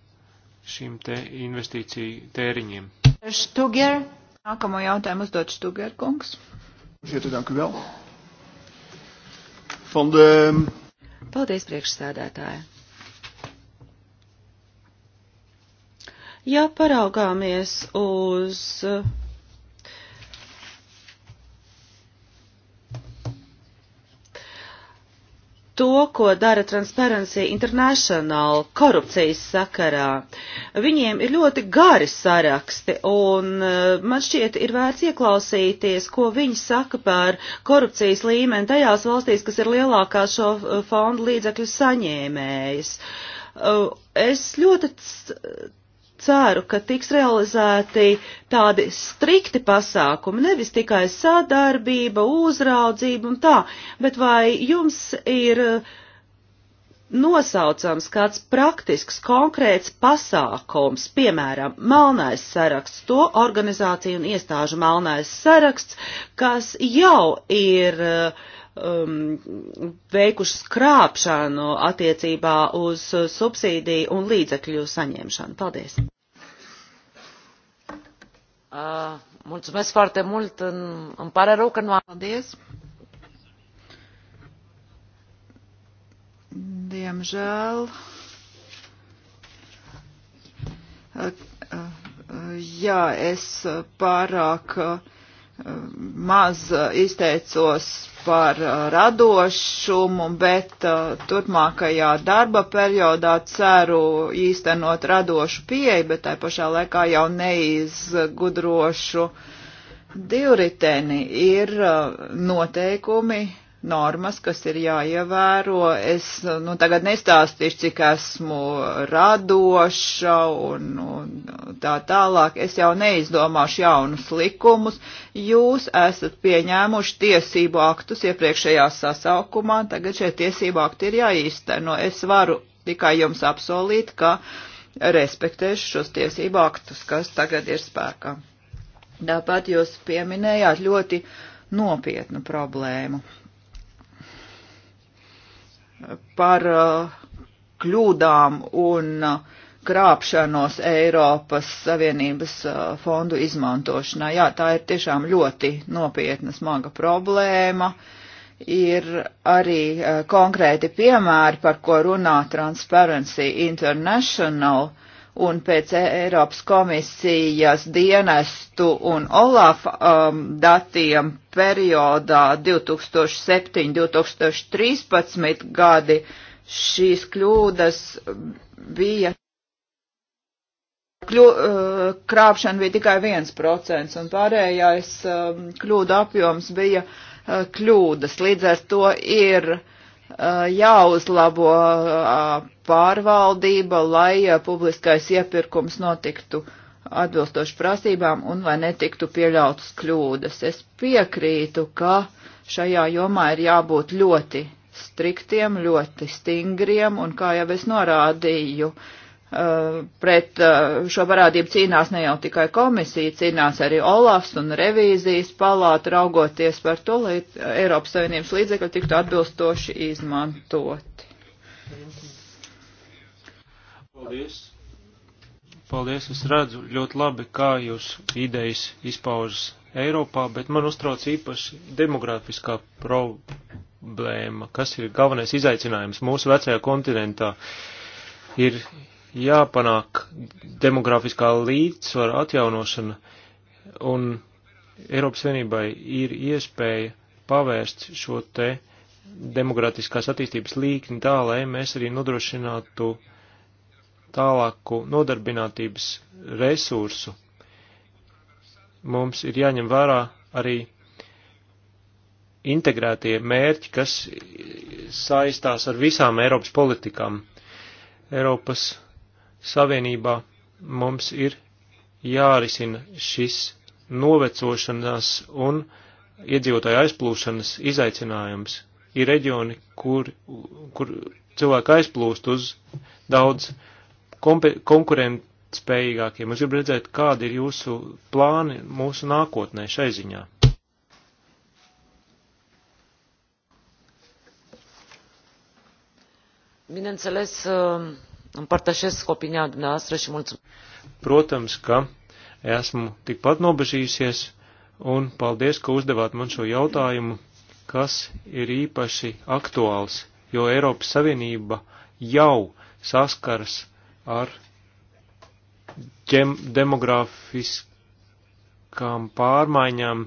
šīm te investīciju tēriņiem. Štuger, nākamo jautājumu uzdot Štuger kungs. Paldies, priekšsēdētāji. Ja paraugāmies uz uh, to, ko dara Transparency International korupcijas sakarā. Viņiem ir ļoti gari saraksti, un uh, man šķiet ir vērts ieklausīties, ko viņi saka par korupcijas līmeni tajās valstīs, kas ir lielākā šo uh, fondu līdzekļu saņēmējas. Es ļoti ceru, ka tiks realizēti tādi strikti pasākumi, nevis tikai sadarbība, uzraudzība un tā, bet vai jums ir eh, nosaucams kāds praktisks, konkrēts pasākums, piemēram, melnais saraksts, to organizāciju un iestāžu melnais saraksts, kas jau ir uh, um, veikušas krāpšanu attiecībā uz subsīdiju un līdzekļu saņemšanu. Paldies! Uh, mulțumesc foarte mult. Îmi pare rău că nu am... Paldies! Diemžēl. Uh, uh, uh jā, es uh, pārāk. Uh, maz eh, izteicos par eh, radošumu, bet eh, turpmākajā darba periodā ceru īstenot radošu pieeju, bet tai pašā laikā jau neizgudrošu divriteni ir noteikumi, normas, kas ir jāievēro. Es nu, tagad nestāstīšu, cik esmu radoša un, un tā tālāk. Es jau neizdomāšu jaunus likumus. Jūs esat pieņēmuši tiesību aktus iepriekšējā sasaukumā, tagad šie tiesību akti ir jāīsteno. Es varu tikai jums apsolīt, ka respektēšu šos tiesību aktus, kas tagad ir spēkā. Tāpat jūs pieminējāt ļoti nopietnu problēmu par uh, kļūdām un uh, krāpšanos Eiropas Savienības uh, fondu izmantošanā. Jā, tā ir tiešām ļoti nopietna smaga problēma. Ir arī konkrēti piemēri, par ko runā Transparency International un pēc e- Eiropas komisijas dienestu un OLAF um, datiem periodā 2007-2013 gadi šīs kļūdas bija. Kļu, uh, krāpšana bija tikai 1%, un pārējais um, kļūda apjoms bija uh, kļūdas. Līdz ar to ir uh, Eh, jāuzlabo eh, pārvaldība, lai eh, publiskais iepirkums notiktu atbilstoši prasībām un lai netiktu pieļautas kļūdas. Es piekrītu, ka šajā jomā ir jābūt ļoti striktiem, ļoti stingriem, un kā jau es norādīju, uh, Eh, pret eh, šo parādību cīnās ne jau tikai komisija, cīnās arī Olafs un revīzijas palāta raugoties par to, lai eh, Eiropas Savienības līdzekļi tiktu atbilstoši izmantoti. Paldies! Paldies, es redzu ļoti labi, kā jūs idejas izpaužas Eiropā, bet man uztrauc īpaši demografiskā problēma, kas ir galvenais izaicinājums mūsu vecajā kontinentā. Ir jāpanāk demografiskā līdzsvara atjaunošana, un Eiropas vienībai ir iespēja pavērst šo te demokratiskās attīstības līkni tā, lai mēs arī nodrošinātu tālāku nodarbinātības resursu. Mums ir jāņem vērā arī integrētie mērķi, kas saistās ar visām Eiropas politikām. Eiropas Savienībā mums ir jārisina šis novecošanās un iedzīvotāju aizplūšanas izaicinājums. Ir reģioni, kur, kur cilvēki aizplūst uz daudz konkurentspējīgākiem. Es gribu redzēt, kādi ir jūsu plāni mūsu nākotnē šai ziņā. Bineînțeles, uh Împărtășesc opinia dumneavoastră și mulțumesc. Protams, ka esmu tikpat nobežījusies un paldies, ka uzdevāt man šo jautājumu, kas ir īpaši aktuāls, jo Eiropas Savienība jau saskars ar demografiskām pārmaiņām,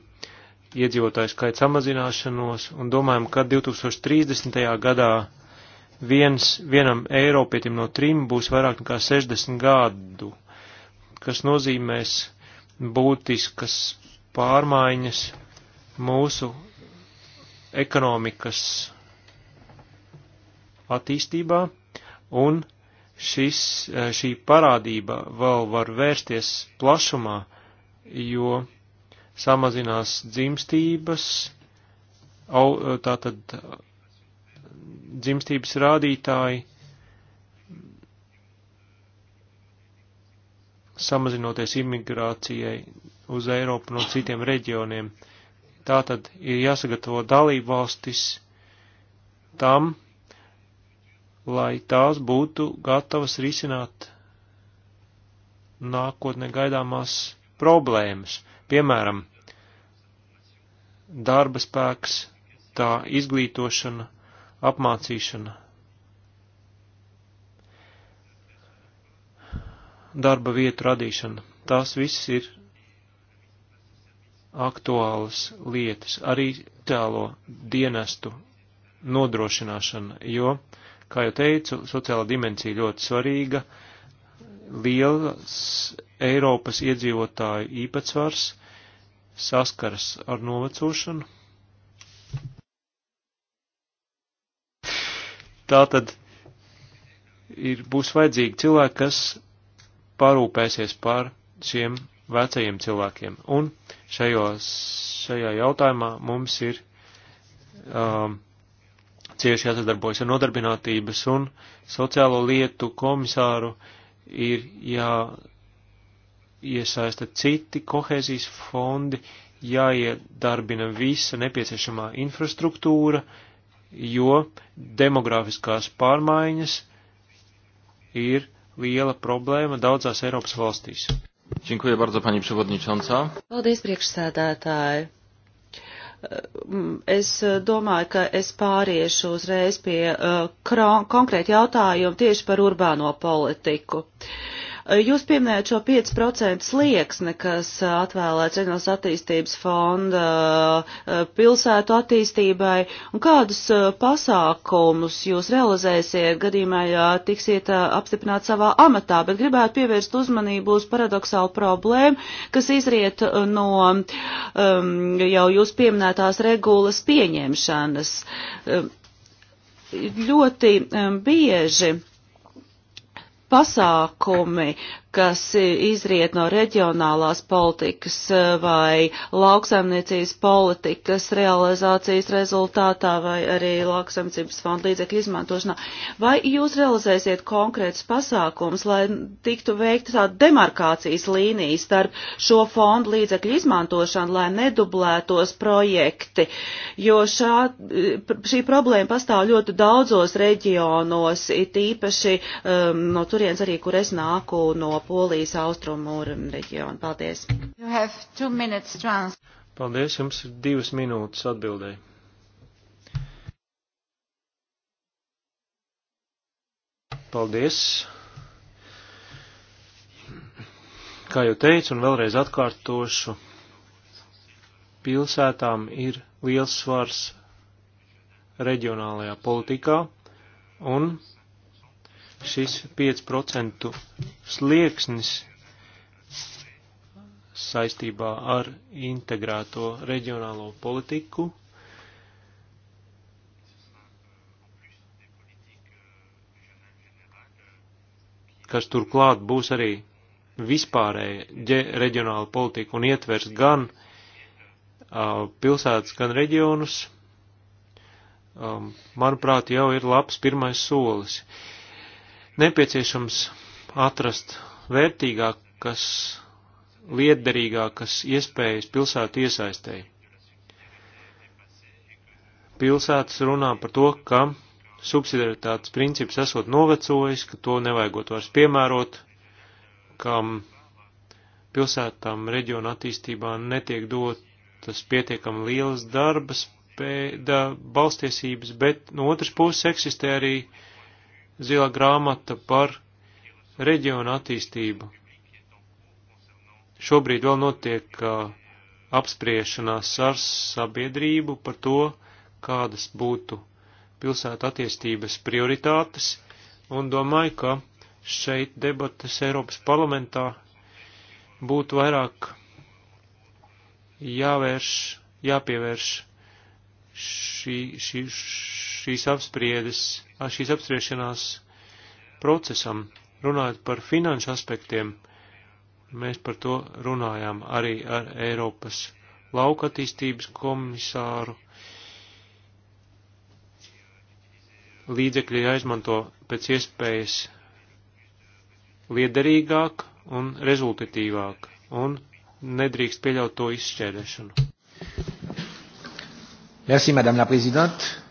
iedzīvotāju skaits samazināšanos un domājam, ka 2030. gadā viens, vienam Eiropietim no trim būs vairāk nekā 60 gadu, kas nozīmēs būtiskas pārmaiņas mūsu ekonomikas attīstībā, un šis, šī parādība vēl var vērsties plašumā, jo samazinās dzimstības, au, tātad dzimstības rādītāji, samazinoties imigrācijai uz Eiropu no citiem reģioniem. Tātad ir jāsagatavo dalību valstis tam, lai tās būtu gatavas risināt nākotnē gaidāmās problēmas. Piemēram, darba spēks, tā izglītošana, apmācīšana, darba vietu radīšana. Tās viss ir aktuālas lietas, arī tēlo dienestu nodrošināšana, jo, kā jau teicu, sociāla dimensija ļoti svarīga, liels Eiropas iedzīvotāju īpatsvars saskaras ar novecošanu, Tā tad ir, būs vajadzīgi cilvēki, kas parūpēsies par šiem vecajiem cilvēkiem. Un šajos, šajā jautājumā mums ir um, cieši jāsadarbojas ar nodarbinātības un sociālo lietu komisāru, ir jāiesaista citi kohēzijas fondi, jāiedarbina visa nepieciešamā infrastruktūra, uh, jo demografiskās pārmaiņas ir liela problēma daudzās Eiropas valstīs. Dziękuję bardzo, pani przewodnicząca. Paldies, priekšsēdētāji. Es domāju, ka es pāriešu uzreiz pie uh, eh, konkrēta jautājuma tieši par urbāno politiku. Uh, Jūs pieminējat šo 5% slieksni, kas atvēlēts Reģionos attīstības fonda pilsētu attīstībai, un kādus pasākumus jūs realizēsiet gadījumā, ja tiksiet apstiprināt savā amatā, bet gribētu pievērst uzmanību uz paradoxālu problēmu, kas izriet no um, jau jūs pieminētās regulas pieņemšanas. Um, ļoti um, bieži pasākumi, kas izriet no reģionālās politikas e, vai lauksaimniecības politikas realizācijas rezultātā vai arī lauksaimniecības fonda līdzekļu izmantošanā. Vai jūs realizēsiet konkrētus pasākums, lai tiktu veikta tāda demarkācijas līnija starp šo fondu līdzekļu izmantošanu, lai nedublētos projekti, jo šā, e, šī problēma pastāv ļoti daudzos reģionos, it īpaši um, no turienes arī, kur es nāku no Polijas austrumūra reģiona. Paldies! Paldies, jums ir divas minūtes atbildēji. Paldies! Kā jau teicu, un vēlreiz atkārtošu, pilsētām ir liels svars reģionālajā politikā, un šis 5% slieksnis saistībā ar integrēto reģionālo politiku kas turklāt būs arī vispārēja reģionāla politika un ietvers gan uh, pilsētas, gan reģionus, um, manuprāt, jau ir labs pirmais solis. Uh, nepieciešams atrast vērtīgākas, liederīgākas iespējas pilsētu iesaistēji. Pilsētas runā par to, ka subsidiaritātes princips esot novecojis, ka to nevajagot vairs piemērot, kam pilsētām reģionu attīstībā netiek dotas pietiekami lielas darbas, da, balstiesības, bet no otras puses eksistē arī uh, zilā grāmata par reģionu attīstību. Šobrīd vēl notiek uh, apspriešanās ar sabiedrību par to, kādas būtu pilsēta attīstības prioritātes, un domāju, ka šeit debatas Eiropas parlamentā būtu vairāk jāvērš, jāpievērš šī, šī, šīs apspriedes šīs apspriešanās procesam. Runājot par finanšu aspektiem, mēs par to runājām arī ar Eiropas lauka attīstības komisāru. Līdzekļi jāizmanto pēc iespējas liederīgāk un rezultatīvāk, un nedrīkst pieļaut to izšķērdešanu. Merci, Madame la Présidente.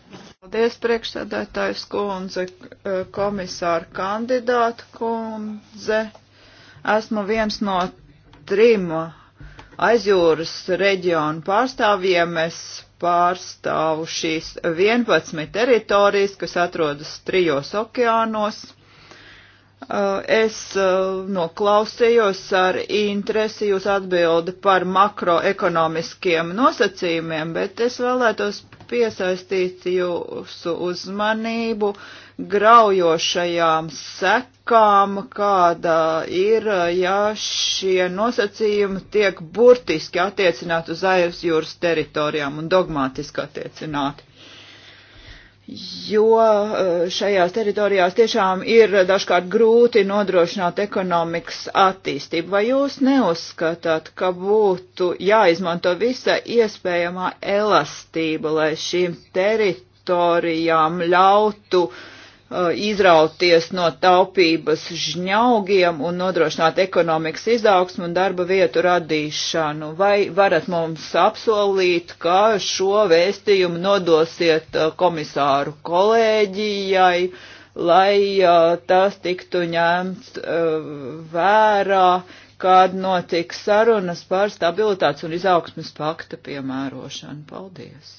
Paldies, priekšsēdētājs kundze, eh, komisāra kandidāta kundze. Esmu viens no trim aizjūras reģionu pārstāvjiem. Es pārstāvu šīs 11 teritorijas, kas atrodas trijos okeānos. Eh, es eh, noklausījos ar interesi jūs atbildi par makroekonomiskiem nosacījumiem, bet es vēlētos piesaistīt jūsu uzmanību graujošajām sekām, kāda ir, ja šie nosacījumi tiek burtiski attiecināti uz ASV jūras teritorijām un dogmātiski attiecināti jo eh, šajās teritorijās tiešām ir dažkārt grūti nodrošināt ekonomikas attīstību. Vai jūs neuzskatāt, ka būtu jāizmanto visa iespējamā elastība, lai šīm teritorijām ļautu uh, Uh, izrauties no taupības žņaugiem un nodrošināt ekonomikas izaugsmu un darba vietu radīšanu. Vai varat mums apsolīt, ka šo vēstījumu nodosiet uh, komisāru kolēģijai, lai uh, tas tiktu ņemts vērā, kad notiks sarunas par stabilitātes un izaugsmas pakta piemērošanu? Paldies!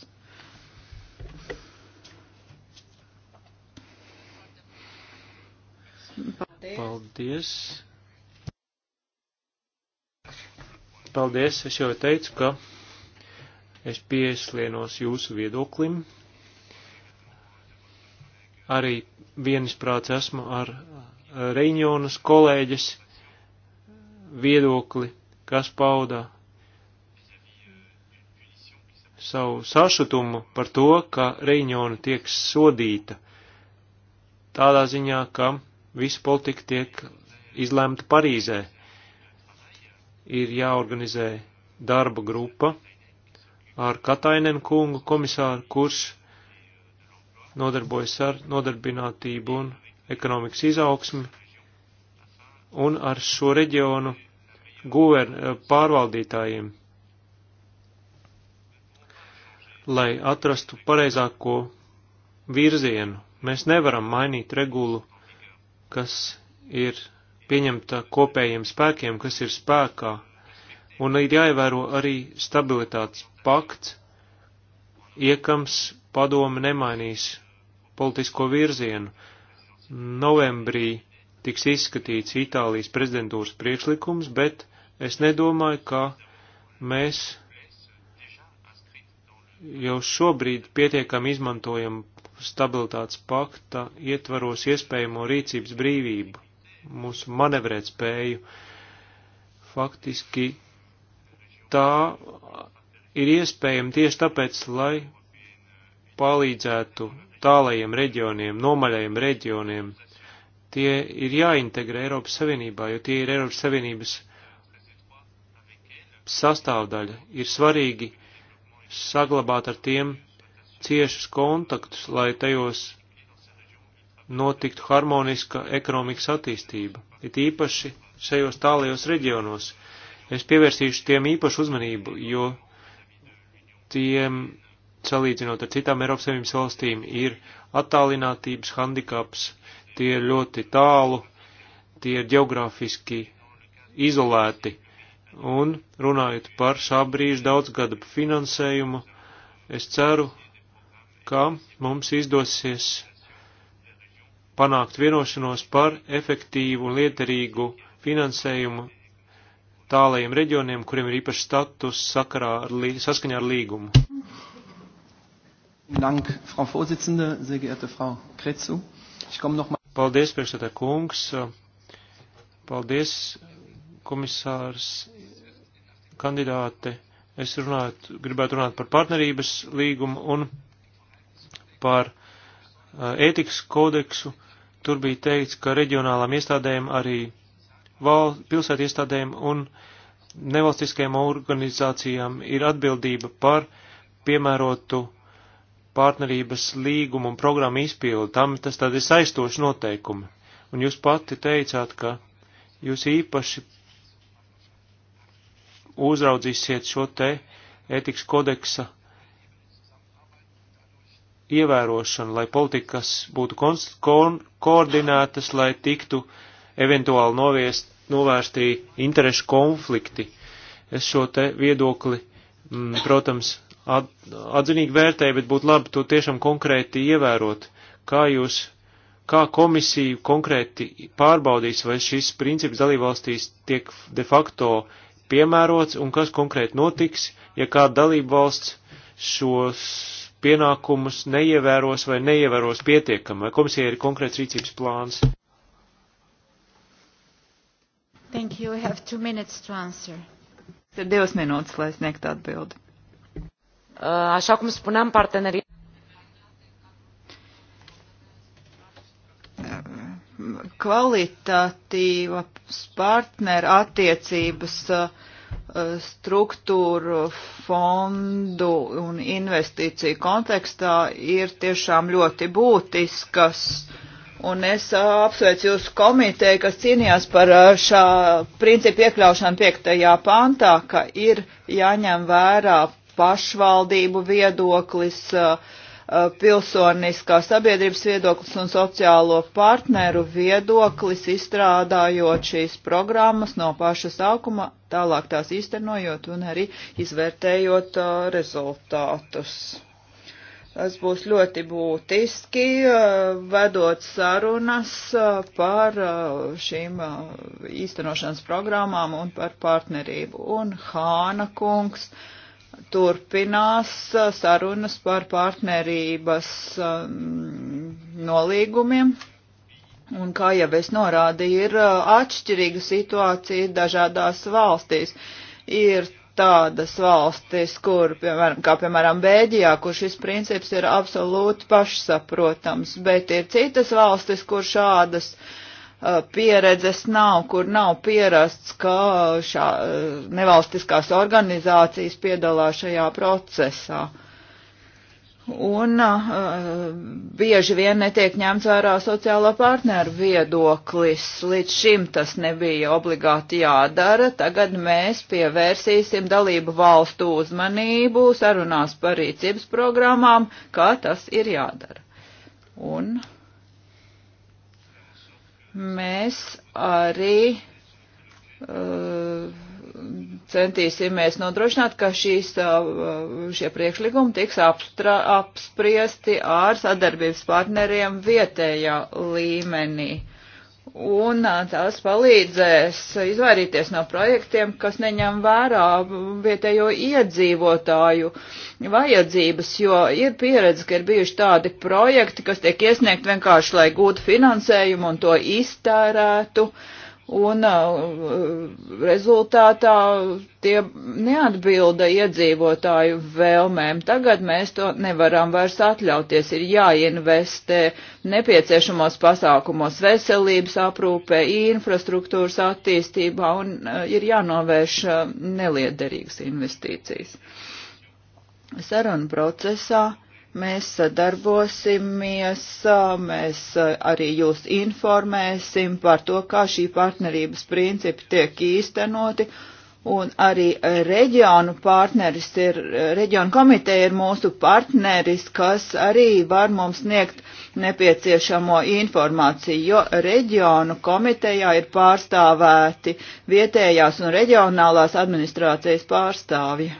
Paldies. Paldies. Paldies. Es jau teicu, ka es pieslienos jūsu viedoklim. Arī vienisprāts esmu ar Reņonas kolēģis viedokli, kas pauda savu sašutumu par to, ka Reņona tiek sodīta tādā ziņā, ka Visu politiku tiek izlēmta Parīzē. Ir jāorganizē darba grupa ar Katainen kungu komisāru, kurš nodarbojas ar nodarbinātību un ekonomikas izaugsmi, un ar šo reģionu guver, eh, pārvaldītājiem, lai atrastu pareizāko virzienu. Mēs nevaram mainīt regulu kas ir pieņemta kopējiem spēkiem, kas ir spēkā, un ir jāievēro arī stabilitātes pakts, iekams padome nemainīs politisko virzienu. Novembrī tiks izskatīts Itālijas prezidentūras priekšlikums, bet es nedomāju, ka mēs jau šobrīd pietiekami izmantojam stabilitātes pakta ietvaros iespējamo rīcības brīvību, mūsu manevrēt spēju. Faktiski tā ir iespējama tieši tāpēc, lai palīdzētu tālajiem reģioniem, nomaļajiem reģioniem. Tie ir jāintegrē Eiropas Savienībā, jo tie ir Eiropas Savienības sastāvdaļa. Ir svarīgi saglabāt ar tiem ciešus kontaktus, lai tajos notiktu harmoniska ekonomikas attīstība, it īpaši šajos tālajos reģionos. Es pievērsīšu tiem īpašu uzmanību, jo tiem, salīdzinot ar citām Eiropas Savienības valstīm, ir attālinātības handikaps, tie ir ļoti tālu, tie ir geogrāfiski izolēti. Un runājot par šā brīža daudzgada finansējumu, es ceru, ka mums izdosies panākt vienošanos par efektīvu, lietarīgu finansējumu tālajiem reģioniem, kuriem ir īpašs status sakarā ar lī, saskaņā ar līgumu. Dank, Frau Vorsitzende, sehr geehrte Frau Kretzu. Ich komme noch mal. Paldies, priekšstādā kungs. Paldies, komisārs, kandidāte. Es runāt, gribētu runāt par partnerības līgumu un par uh, ētikas kodeksu, tur bija teikts, ka reģionālām iestādēm arī val, pilsēt iestādēm un nevalstiskajām organizācijām ir atbildība par piemērotu partnerības līgumu un programmu izpildu. Tam tas tad ir saistoši noteikumi. Un jūs pati teicāt, ka jūs īpaši uzraudzīsiet šo te ētikas kodeksa ievērošanu, lai politikas būtu ko koordinētas, lai tiktu eventuāli noviest, novērstī interešu konflikti. Es šo te viedokli, m, mm, protams, at, atzinīgi vērtēju, bet būtu labi to tiešām konkrēti ievērot. Kā jūs, kā komisija konkrēti pārbaudīs, vai šis princips dalībvalstīs tiek de facto piemērots un kas konkrēti notiks, ja kāda dalībvalsts šos pienākumus neievēros vai neievēros pietiekami, vai komisija ir konkrēts rīcības plāns? Thank you. We have two minutes to answer. Ir divas minūtes, lai sniegtu atbildi. Uh, așa cum spuneam, partenerii. Kvalitatīvas partneru attiecības uh, Eh, struktūru fondu un investīciju kontekstā ir tiešām ļoti būtiskas. Un es eh, apsveicu jūsu komiteju, kas cīnījās par eh, šā principu iekļaušanu piektajā pantā, ka ir jāņem vērā pašvaldību viedoklis, pilsoniskā sabiedrības viedoklis un sociālo partneru viedoklis, izstrādājot šīs programmas no paša sākuma tālāk tās īstenojot un arī izvērtējot rezultātus. Tas būs ļoti būtiski, vedot sarunas par šīm īstenošanas programmām un par partnerību. Un Hāna kungs turpinās sarunas par partnerības nolīgumiem Un kā jau es norādīju, ir uh, atšķirīga situācija dažādās valstīs. Ir tādas valstis, kur, piemēram, kā piemēram Bēģijā, kur šis princips ir absolūti pašsaprotams, bet ir citas valstis, kur šādas uh, pieredzes nav, kur nav pierasts, ka uh, šā, uh, nevalstiskās organizācijas piedalās šajā procesā. Uh, un uh, bieži vien netiek ņemts vērā sociālo partneru viedoklis. Līdz šim tas nebija obligāti jādara. Tagad mēs pievērsīsim dalību valstu uzmanību sarunās par rīcības programmām, kā tas ir jādara. Un mēs arī uh, centīsimies nodrošināt, ka šīs, uh, šie priekšlikumi tiks apstra, apspriesti ar sadarbības partneriem vietējā līmenī. Un uh, tās palīdzēs izvairīties no projektiem, kas neņem vērā vietējo iedzīvotāju vajadzības, jo ir pieredze, ka ir bijuši tādi projekti, kas tiek iesniegt vienkārši, lai gūtu finansējumu un to iztērētu. Uh, un uh, uh, rezultātā tie neatbilda iedzīvotāju vēlmēm. Tagad mēs to nevaram vairs atļauties. Ir jāinvestē nepieciešamos pasākumos veselības aprūpē, infrastruktūras attīstībā un uh, ir jānovērš uh, neliederīgas investīcijas. Saruna procesā Mēs sadarbosimies, mēs arī jūs informēsim par to, kā šī partnerības principi tiek īstenoti, un arī reģionu partneris ir, reģionu komiteja ir mūsu partneris, kas arī var mums sniegt nepieciešamo informāciju, jo reģionu komitejā ir pārstāvēti vietējās un reģionālās administrācijas pārstāvji.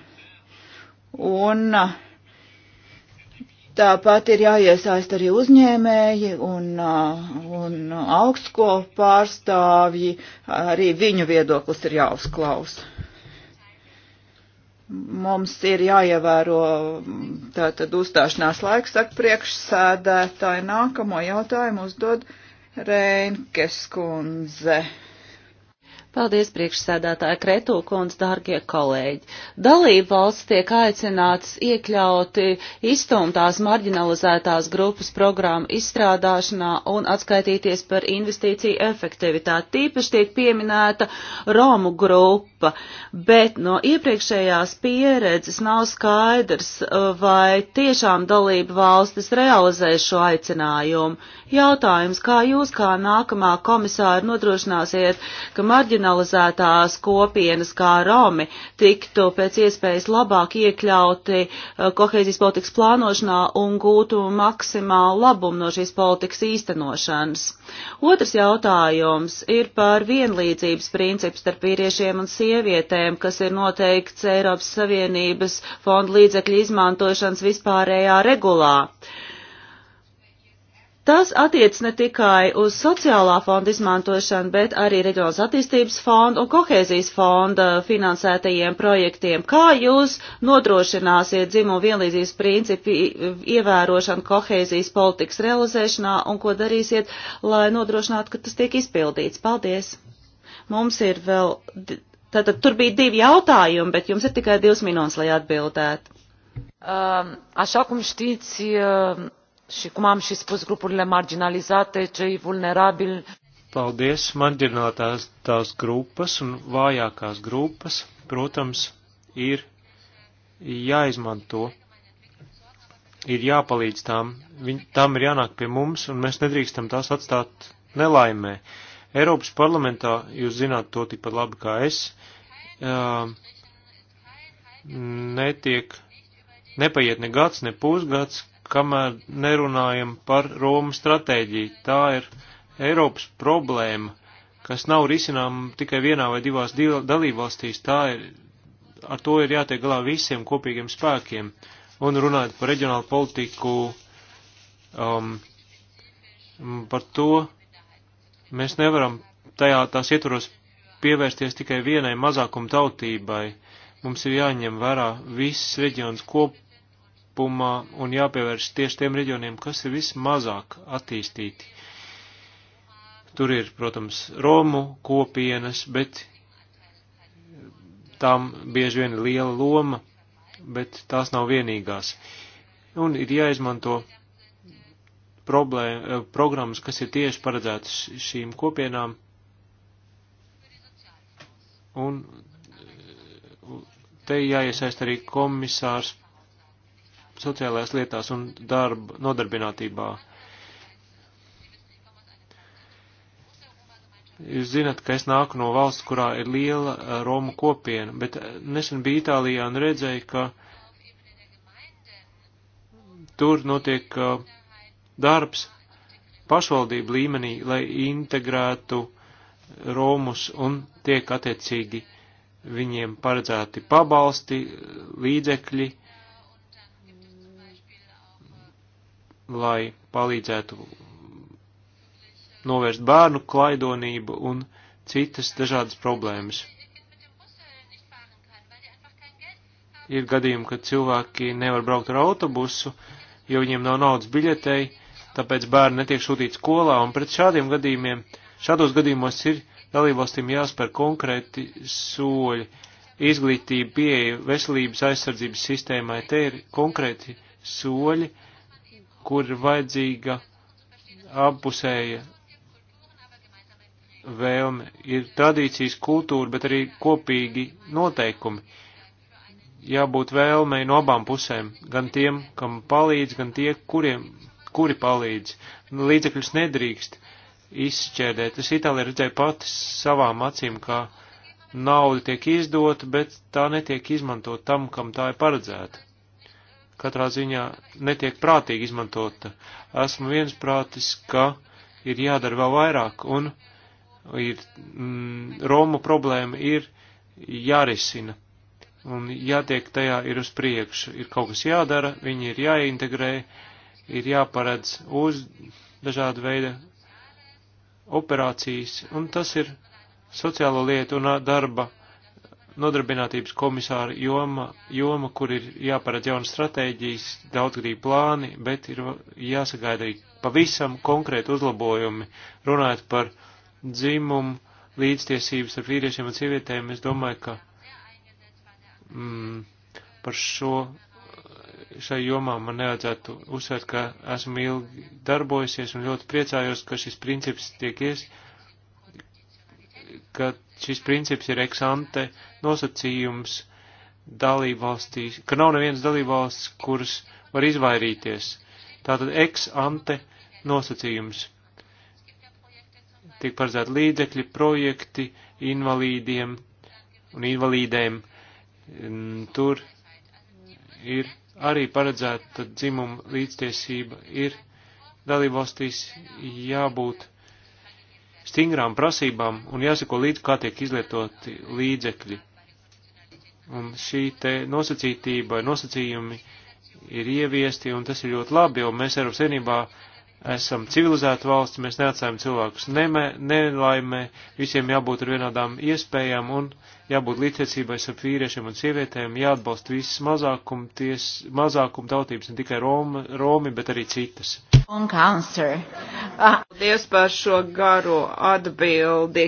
Un uh, Tāpat ir jāiesaist arī uzņēmēji un, un augstsko pārstāvji, arī viņu viedoklis ir jāuzklausa. Mums ir jāievēro tātad uzstāšanās laiks, saka priekšsēdētāji. Nākamo jautājumu uzdod Rēnkes kundze. Paldies, priekšsēdētāja Kreto kundz, dārgie kolēģi. Dalību valsts tiek aicināts iekļauti izstumtās marginalizētās grupas programmu izstrādāšanā un atskaitīties par investīciju efektivitāti. Tīpaši tiek pieminēta Romu grupa, bet no iepriekšējās pieredzes nav skaidrs, vai tiešām dalību valstis realizē šo aicinājumu. Jautājums, kā jūs kā nākamā komisāra nodrošināsiet, ka marginalizētās kopienas kā Romi tiktu pēc iespējas labāk iekļauti uh, kohēzijas politikas plānošanā un gūtu maksimālu labumu no šīs politikas īstenošanas? Otrs jautājums ir par vienlīdzības principu starp vīriešiem un sievietēm, kas ir noteikts Eiropas Savienības fonda līdzekļu izmantošanas vispārējā regulā. Tas attiec ne tikai uz sociālā fonda izmantošanu, bet arī reģionas attīstības fonda un kohēzijas fonda finansētajiem projektiem. Kā jūs nodrošināsiet dzimumu vienlīdzības principu ievērošanu kohēzijas politikas realizēšanā un ko darīsiet, lai nodrošinātu, ka tas tiek izpildīts? Paldies! Mums ir vēl, tātad tur bija divi jautājumi, bet jums ir tikai divas minūtes, lai atbildētu. Um, așa cum știți, uh, și cum am și spus, grupurile marginalizate, cei vulnerabili. Paldies, marģinātās tās grupas un vājākās grupas, protams, ir jāizmanto, ir jāpalīdz tām, viņ, tām ir jānāk pie mums, un mēs nedrīkstam tās atstāt nelaimē. Eiropas parlamentā, jūs zināt to tikpat labi kā es, jā, netiek, nepaiet ne gads, ne pusgads, kamēr nerunājam par Romu stratēģiju. Tā ir Eiropas problēma, kas nav risinām tikai vienā vai divās dalībvalstīs. Tā ir, ar to ir jātiek galā visiem kopīgiem spēkiem. Un runājot par reģionālu politiku, um, par to mēs nevaram tajā tās ietvaros pievērsties tikai vienai mazākuma tautībai. Mums ir jāņem vērā viss reģions kop, kopumā un jāpievērš tieši tiem reģioniem, kas ir vismazāk attīstīti. Tur ir, protams, Romu kopienas, bet tām bieži vien ir liela loma, bet tās nav vienīgās. Un ir jāizmanto problēma, eh, programmas, kas ir tieši paredzētas šīm kopienām. Un eh, te jāiesaist arī komisārs sociālajās lietās un darba nodarbinātībā. Jūs zinat, ka es nāku no valsts, kurā ir liela eh, Romu kopiena, bet eh, nesen biju Itālijā un redzēju, ka tur notiek eh, darbs pašvaldību līmenī, lai integrētu Romus un tiek attiecīgi viņiem paredzēti pabalsti, līdzekļi lai palīdzētu novērst bērnu klaidonību un citas dažādas problēmas. Ir gadījumi, kad cilvēki nevar braukt ar autobusu, jo viņiem nav naudas biļetei, tāpēc bērni netiek sūtīti skolā, un pret šādiem gadījumiem, šādos gadījumos ir dalībvalstīm jāspēr konkrēti soļi. Izglītība, pieeja veselības aizsardzības sistēmai, te ir konkrēti soļi, kur ir vajadzīga abpusēja vēlme, ir tradīcijas kultūra, bet arī kopīgi noteikumi. Jābūt vēlmei no abām pusēm, gan tiem, kam palīdz, gan tie, kuriem, kuri palīdz. Līdzekļus nedrīkst izšķērdēt. Es Itālijā redzēju pati savām acīm, kā nauda tiek izdota, bet tā netiek izmantot tam, kam tā ir paredzēta katrā ziņā netiek prātīgi izmantota. Esmu viensprātis, ka ir jādara vēl vairāk, un ir, mm, Roma problēma ir jārisina, un jātiek tajā ir uz priekšu. Ir kaut kas jādara, viņi ir jāintegrē, ir jāparedz uz dažāda veida operācijas, un tas ir sociālo lietu un darba nodarbinātības komisāra joma, joma, kur ir jāparedz jaunas stratēģijas, daudzgrību plāni, bet ir jāsagaida arī pavisam konkrēti uzlabojumi. Runājot par dzimumu, līdztiesības ar vīriešiem un sievietēm, es domāju, ka mm, par šo, šai jomā man nevajadzētu uzsvērt, ka esmu ilgi darbojusies un ļoti priecājos, ka šis princips tiek iesaistīts ka šis princips ir eksante nosacījums dalībvalstīs, ka nav nevienas dalībvalsts, kuras var izvairīties. Tātad eksante nosacījums. Tiek paredzēti līdzekļi, projekti invalīdiem un invalīdēm. Tur ir arī paredzēta dzimuma līdztiesība, ir dalībvalstīs jābūt stingrām prasībām un jāsako līdz, kā tiek izlietoti līdzekļi. Un šī te nosacītība, nosacījumi ir ieviesti, un tas ir ļoti labi, jo mēs Eiropas vienībā esam civilizēta valsts, mēs neatstājam cilvēkus nelaimē, visiem jābūt ar vienādām iespējām un jābūt līdztiecībai ar vīriešiem un sievietēm, jāatbalsta visas mazākuma mazākum tautības, ne tikai Roma, Romi, bet arī citas. Long answer. Ah. Paldies par šo garo atbildi.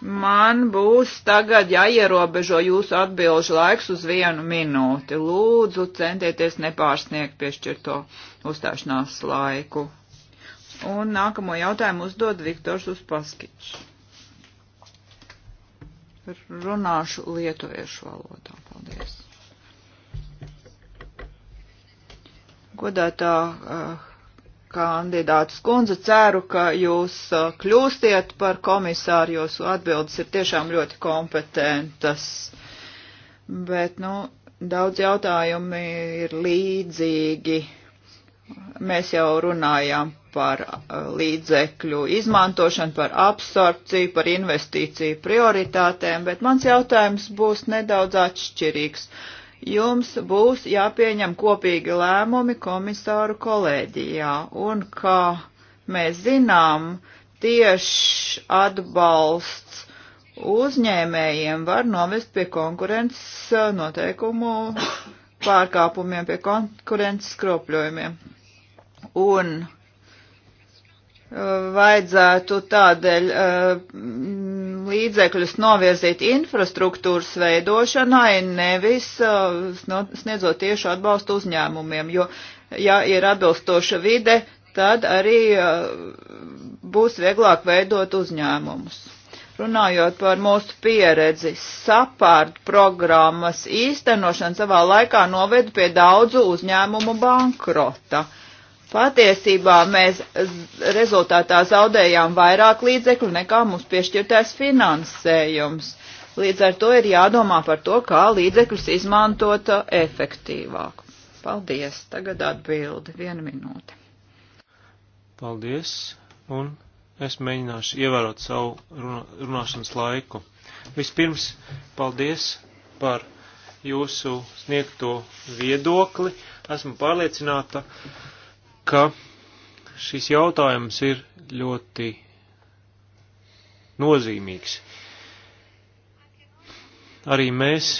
Man būs tagad jāierobežo jūsu atbilžu laiks uz vienu minūti. Lūdzu, centieties nepārsniegt piešķirto uzstāšanās laiku. Un nākamo jautājumu uzdod Viktors Uspaskičs. Runāšu lietuviešu valodā. Paldies. Godātā uh, kandidātus. Kundze, ceru, ka jūs uh, kļūstiet par komisāru, jūsu atbildes ir tiešām ļoti kompetentas. Bet, nu, daudz jautājumi ir līdzīgi. Mēs jau runājām par uh, līdzekļu izmantošanu, par absorpciju, par investīciju prioritātēm, bet mans jautājums būs nedaudz atšķirīgs. Uh, jums būs jāpieņem kopīgi lēmumi komisāru kolēģijā. Un kā mēs zinām, tieši atbalsts uzņēmējiem var novest pie konkurences eh, noteikumu pārkāpumiem, pie konkurences skropļojumiem. Un eh, vajadzētu tādēļ uh, līdzekļus novirzīt infrastruktūras veidošanai, nevis uh, sniedzot tiešu atbalstu uzņēmumiem, jo, ja ir atbilstoša vide, tad arī uh, būs vieglāk veidot uzņēmumus. Runājot par mūsu pieredzi, sapārt programmas īstenošana savā laikā noveda pie daudzu uzņēmumu bankrota. Uh, Patiesībā mēs rezultātā zaudējām vairāk līdzekļu nekā mums piešķirtais finansējums. Līdz ar to ir jādomā par to, kā līdzekļus izmantot efektīvāk. Paldies. Tagad atbildi. Viena minūte. Paldies. Un es mēģināšu ievērot savu runā, runāšanas laiku. Vispirms, paldies par jūsu sniegto viedokli. Esmu pārliecināta, uh, ka šis jautājums ir ļoti nozīmīgs. Arī mēs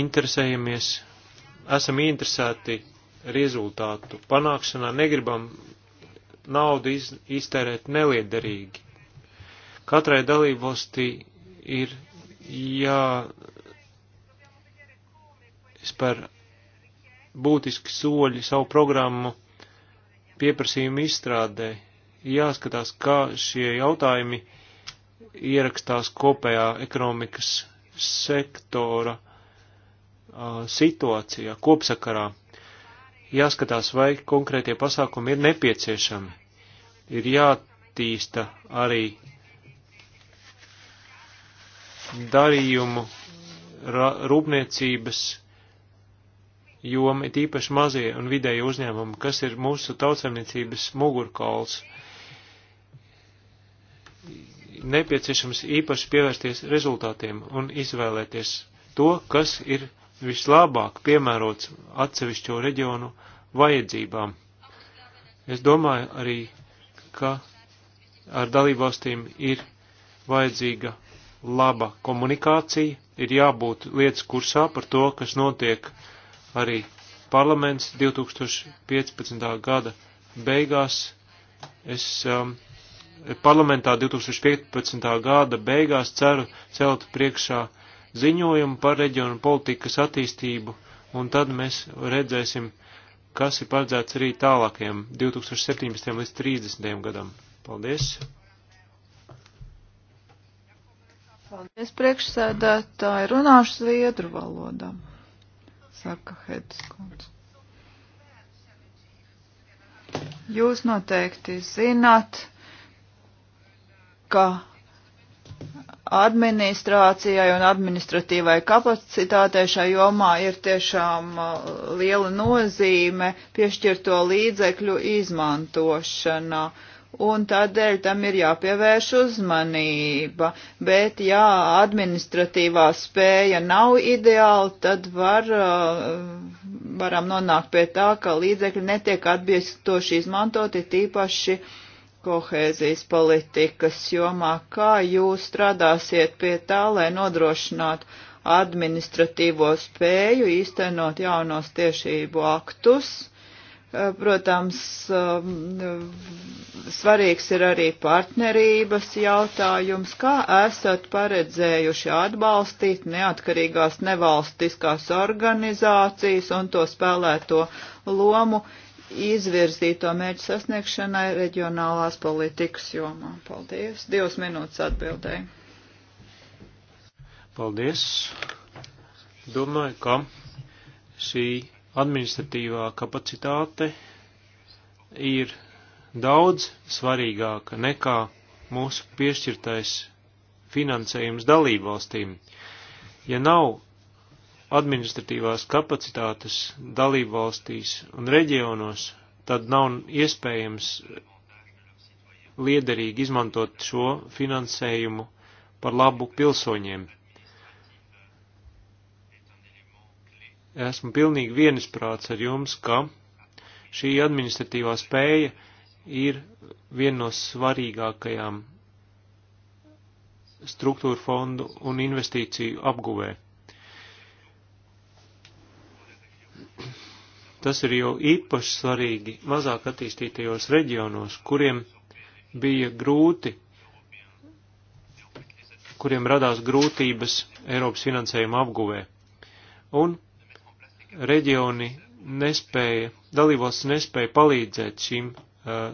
interesējamies, esam interesēti rezultātu panākšanā, negribam naudu iz, iztērēt neliederīgi. Katrai dalībvalstī ir jā, spēr būtiski soļi savu programmu pieprasījumu izstrādē. Jāskatās, kā šie jautājumi ierakstās kopējā ekonomikas sektora a, situācijā, kopsakarā. Jāskatās, vai konkrētie pasākumi ir nepieciešami. Ir jātīsta arī darījumu rūpniecības joma, it īpaši mazie un vidēji uzņēmumi, kas ir mūsu tautsemniecības mugurkauls. Nepieciešams īpaši pievērsties rezultātiem un izvēlēties to, kas ir vislabāk piemērots atsevišķo reģionu vajadzībām. Es domāju arī, ka ar dalībvalstīm ir vajadzīga laba komunikācija, ir jābūt lietas kursā par to, kas notiek uh, Arī parlaments 2015. gada beigās, es um, parlamentā 2015. gada beigās ceru celt priekšā ziņojumu par reģionu politikas attīstību, un tad mēs redzēsim, kas ir paredzēts arī tālākiem 2017. līdz 30. gadam. Paldies! Paldies priekšsēdētāji, runāšu zviedru valodā saka Hedskons. Jūs noteikti zināt, ka administrācijai un administratīvai kapacitātei šai jomā ir tiešām uh, liela nozīme piešķirto līdzekļu izmantošanā. Uh, un tādēļ tam ir jāpievērš uzmanība. Bet, ja administratīvā spēja nav ideāla, tad var, uh, varam nonākt pie tā, ka līdzekļi netiek atbilstoši izmantoti tīpaši kohēzijas politikas jomā. Kā jūs strādāsiet pie tā, lai nodrošinātu administratīvo spēju īstenot jaunos tiešību aktus? Eh, protams, eh, svarīgs ir arī partnerības jautājums, kā esat paredzējuši atbalstīt neatkarīgās nevalstiskās organizācijas un to spēlēto lomu izvirzīto mērķu sasniegšanai reģionālās politikas jomā. Paldies. Divas minūtes atbildēji. Paldies. Domāju, ka šī administratīvā kapacitāte ir daudz svarīgāka nekā mūsu piešķirtais finansējums dalībvalstīm. Ja nav administratīvās kapacitātes dalībvalstīs un reģionos, tad nav iespējams liederīgi izmantot šo finansējumu par labu pilsoņiem. Esmu pilnīgi vienisprāts ar jums, ka šī administratīvā spēja ir viena no svarīgākajām struktūra fondu un investīciju apguvē. Tas ir jau īpaši svarīgi mazāk attīstītajos reģionos, kuriem bija grūti, kuriem radās grūtības Eiropas finansējuma apguvē. Un reģioni nespēja, dalībvalsts nespēja palīdzēt šim, eh,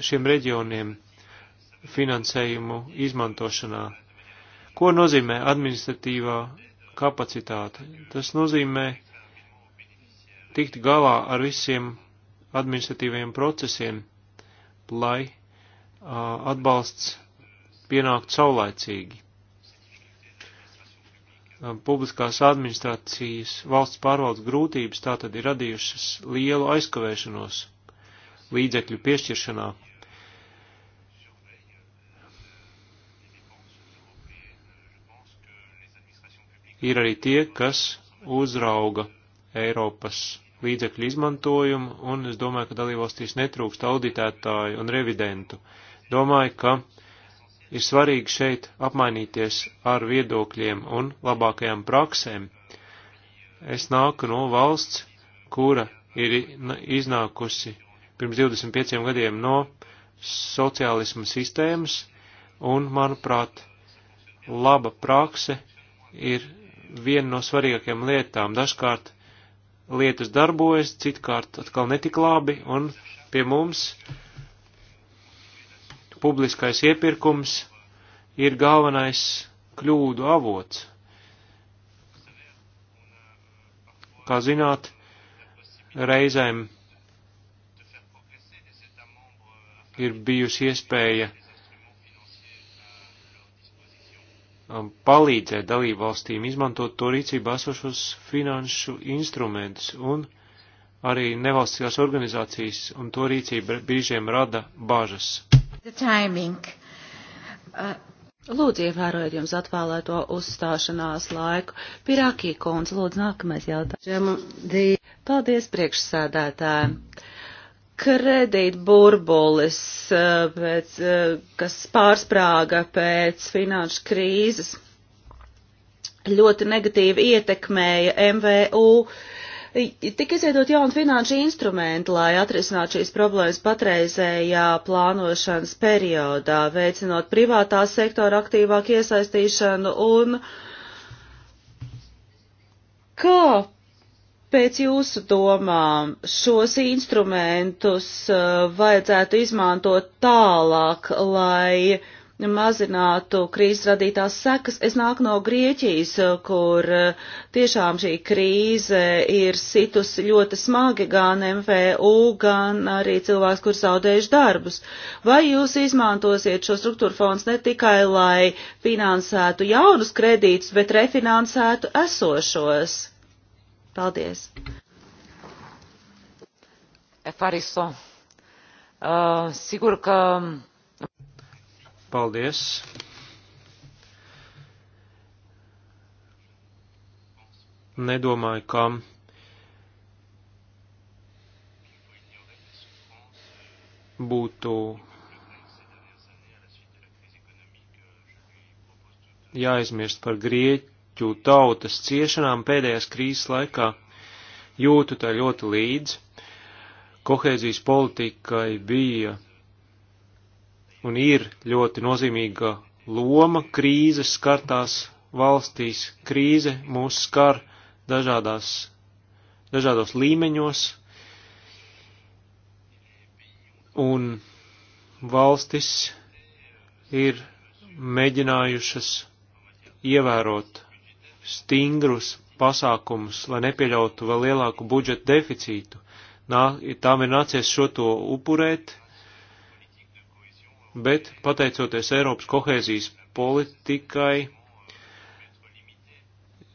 šiem reģioniem finansējumu izmantošanā. Ko nozīmē administratīvā kapacitāte? Tas nozīmē tikt galā ar visiem administratīviem procesiem, lai eh, atbalsts pienākt saulaicīgi. Um, publiskās administrācijas valsts pārvaldes grūtības tātad ir radījušas lielu aizkavēšanos līdzekļu piešķiršanā. Ir arī tie, kas uzrauga Eiropas līdzekļu izmantojumu, un es domāju, ka dalībvalstīs netrūkst auditētāju un revidentu. Domāju, ka ir svarīgi šeit apmainīties ar viedokļiem un labākajām praksēm. Es nāku no valsts, kura ir iznākusi pirms 25 gadiem no sociālisma sistēmas, un, manuprāt, laba prakse ir viena no svarīgākajām lietām. Dažkārt lietas darbojas, citkārt atkal netik labi, un pie mums publiskais iepirkums ir galvenais kļūdu avots. Kā zināt, reizēm ir bijusi iespēja um, palīdzēt dalībvalstīm izmantot to rīcībā esošos finanšu instrumentus, un arī nevalstiskās organizācijas un to rīcība brīžiem rada bažas. Uh... Lūdzu, ievērojiet jums atvēlēto uzstāšanās laiku. Pirākī kundze, lūdzu, nākamais jautājums. Paldies, priekšsēdētāji. Kredīt burbulis, uh, pēc, uh, kas pārsprāga pēc finanšu krīzes, ļoti negatīvi ietekmēja MVU Tik izveidot jaunu finanšu instrumentu, lai atrisinātu šīs problēmas patreizējā plānošanas periodā, veicinot privātā sektora aktīvāku iesaistīšanu un kā pēc jūsu domām šos instrumentus uh, vajadzētu izmantot tālāk, lai uh, mazinātu krīzes radītās sekas. Es nāku no Grieķijas, kur eh, tiešām šī krīze ir situsi ļoti smagi gan MVU, gan arī cilvēks, kur zaudējuši darbus. Vai jūs izmantosiet šo struktūru fonds ne tikai, lai finansētu jaunus kredītus, bet refinansētu esošos? Paldies! Efariso, uh, sigur că ka Paldies! Nedomāju, ka būtu jāaizmirst par grieķu tautas ciešanām pēdējās krīzes laikā. Jūtu tā ļoti līdz. Kohēzijas politikai bija un ir ļoti nozīmīga loma krīzes skartās valstīs. Krīze mūs skar dažādās, dažādos līmeņos, un valstis ir mēģinājušas ievērot stingrus pasākumus, lai nepieļautu vēl lielāku budžeta deficītu. Nā, tām ir nācies šo to upurēt, bet pateicoties Eiropas kohēzijas politikai,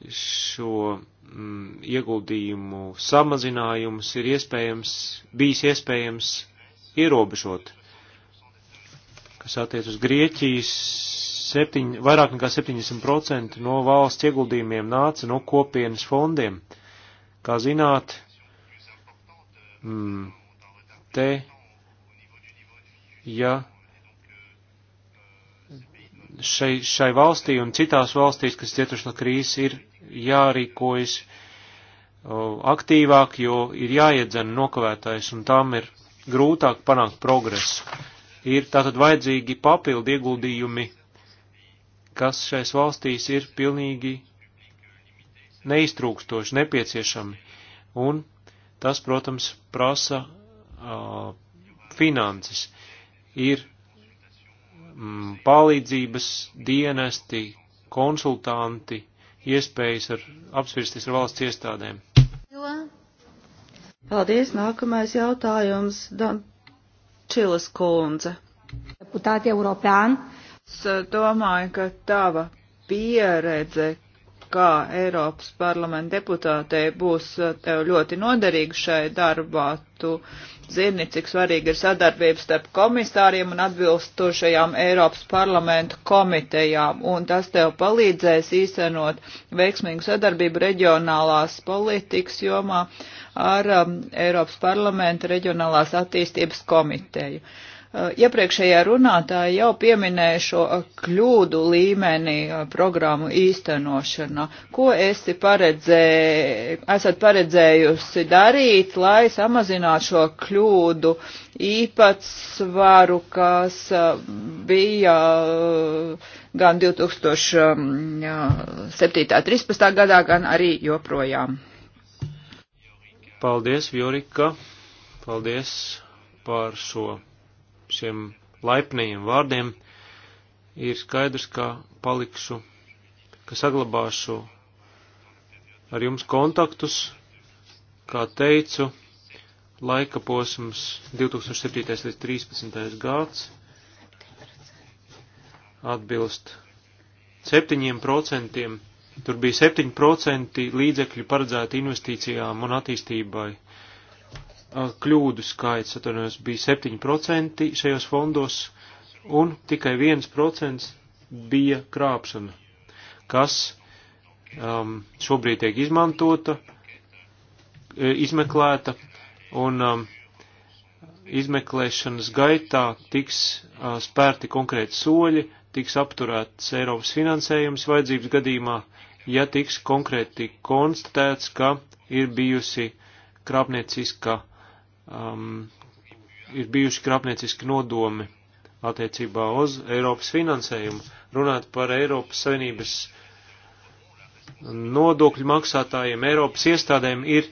šo mm, ieguldījumu samazinājums ir iespējams, bijis iespējams ierobežot, kas attiec uz Grieķijas. Septiņ, vairāk nekā 70% no valsts ieguldījumiem nāca no kopienas fondiem. Kā zināt, mm, te, ja šai, šai valstī un citās valstīs, kas cietuši no krīzes, ir jārīkojas aktīvāk, jo ir jāiedzena nokavētājs un tām ir grūtāk panākt progresu. Ir tātad vajadzīgi papildu ieguldījumi, kas šais valstīs ir pilnīgi neiztrūkstoši, nepieciešami. Un tas, protams, prasa uh, finanses. Ir m, mm, palīdzības dienesti, konsultanti, iespējas ar, apsvirsties ar valsts iestādēm. Paldies, nākamais jautājums, Dan Čilas kundze. Deputāti Eiropēni. Es eh, domāju, ka tava pieredze kā Eiropas parlamenta deputātei būs uh, tev ļoti noderīgi šai darbā. Tu zini, cik svarīgi ir sadarbība starp komisāriem un atbilstošajām Eiropas parlamentu komitejām, un tas tev palīdzēs īstenot veiksmīgu sadarbību reģionālās politikas jomā ar um, Eiropas parlamenta reģionālās attīstības komiteju. Uh, Eh, iepriekšējā runātāja jau pieminēja šo eh, kļūdu līmeni eh, programmu īstenošanā. Ko esi paredzē, esat paredzējusi darīt, lai samazinātu šo kļūdu īpatsvaru, kas bija gan 2007.13. gadā, gan arī joprojām? Paldies, Jorika! Paldies par šo. So šiem laipniem vārdiem, ir skaidrs, ka palikšu, ka saglabāšu ar jums kontaktus, kā teicu, laika posms 2007. līdz 13. gads atbilst 7%, tur bija 7% līdzekļu paredzēti investīcijām un attīstībai kļūdu skaits, atvainojos, bija 7% šajos fondos, un tikai 1% bija krāpšana, kas um, šobrīd tiek izmantota, e, izmeklēta, un um, izmeklēšanas gaitā tiks uh, spērti konkrēti soļi, tiks apturēts Eiropas finansējums vajadzības gadījumā, ja tiks konkrēti konstatēts, ka ir bijusi krāpnieciska uh, um, ir bijuši krāpnieciski nodomi attiecībā uz Eiropas finansējumu, runāt par Eiropas Savienības nodokļu maksātājiem, Eiropas iestādēm ir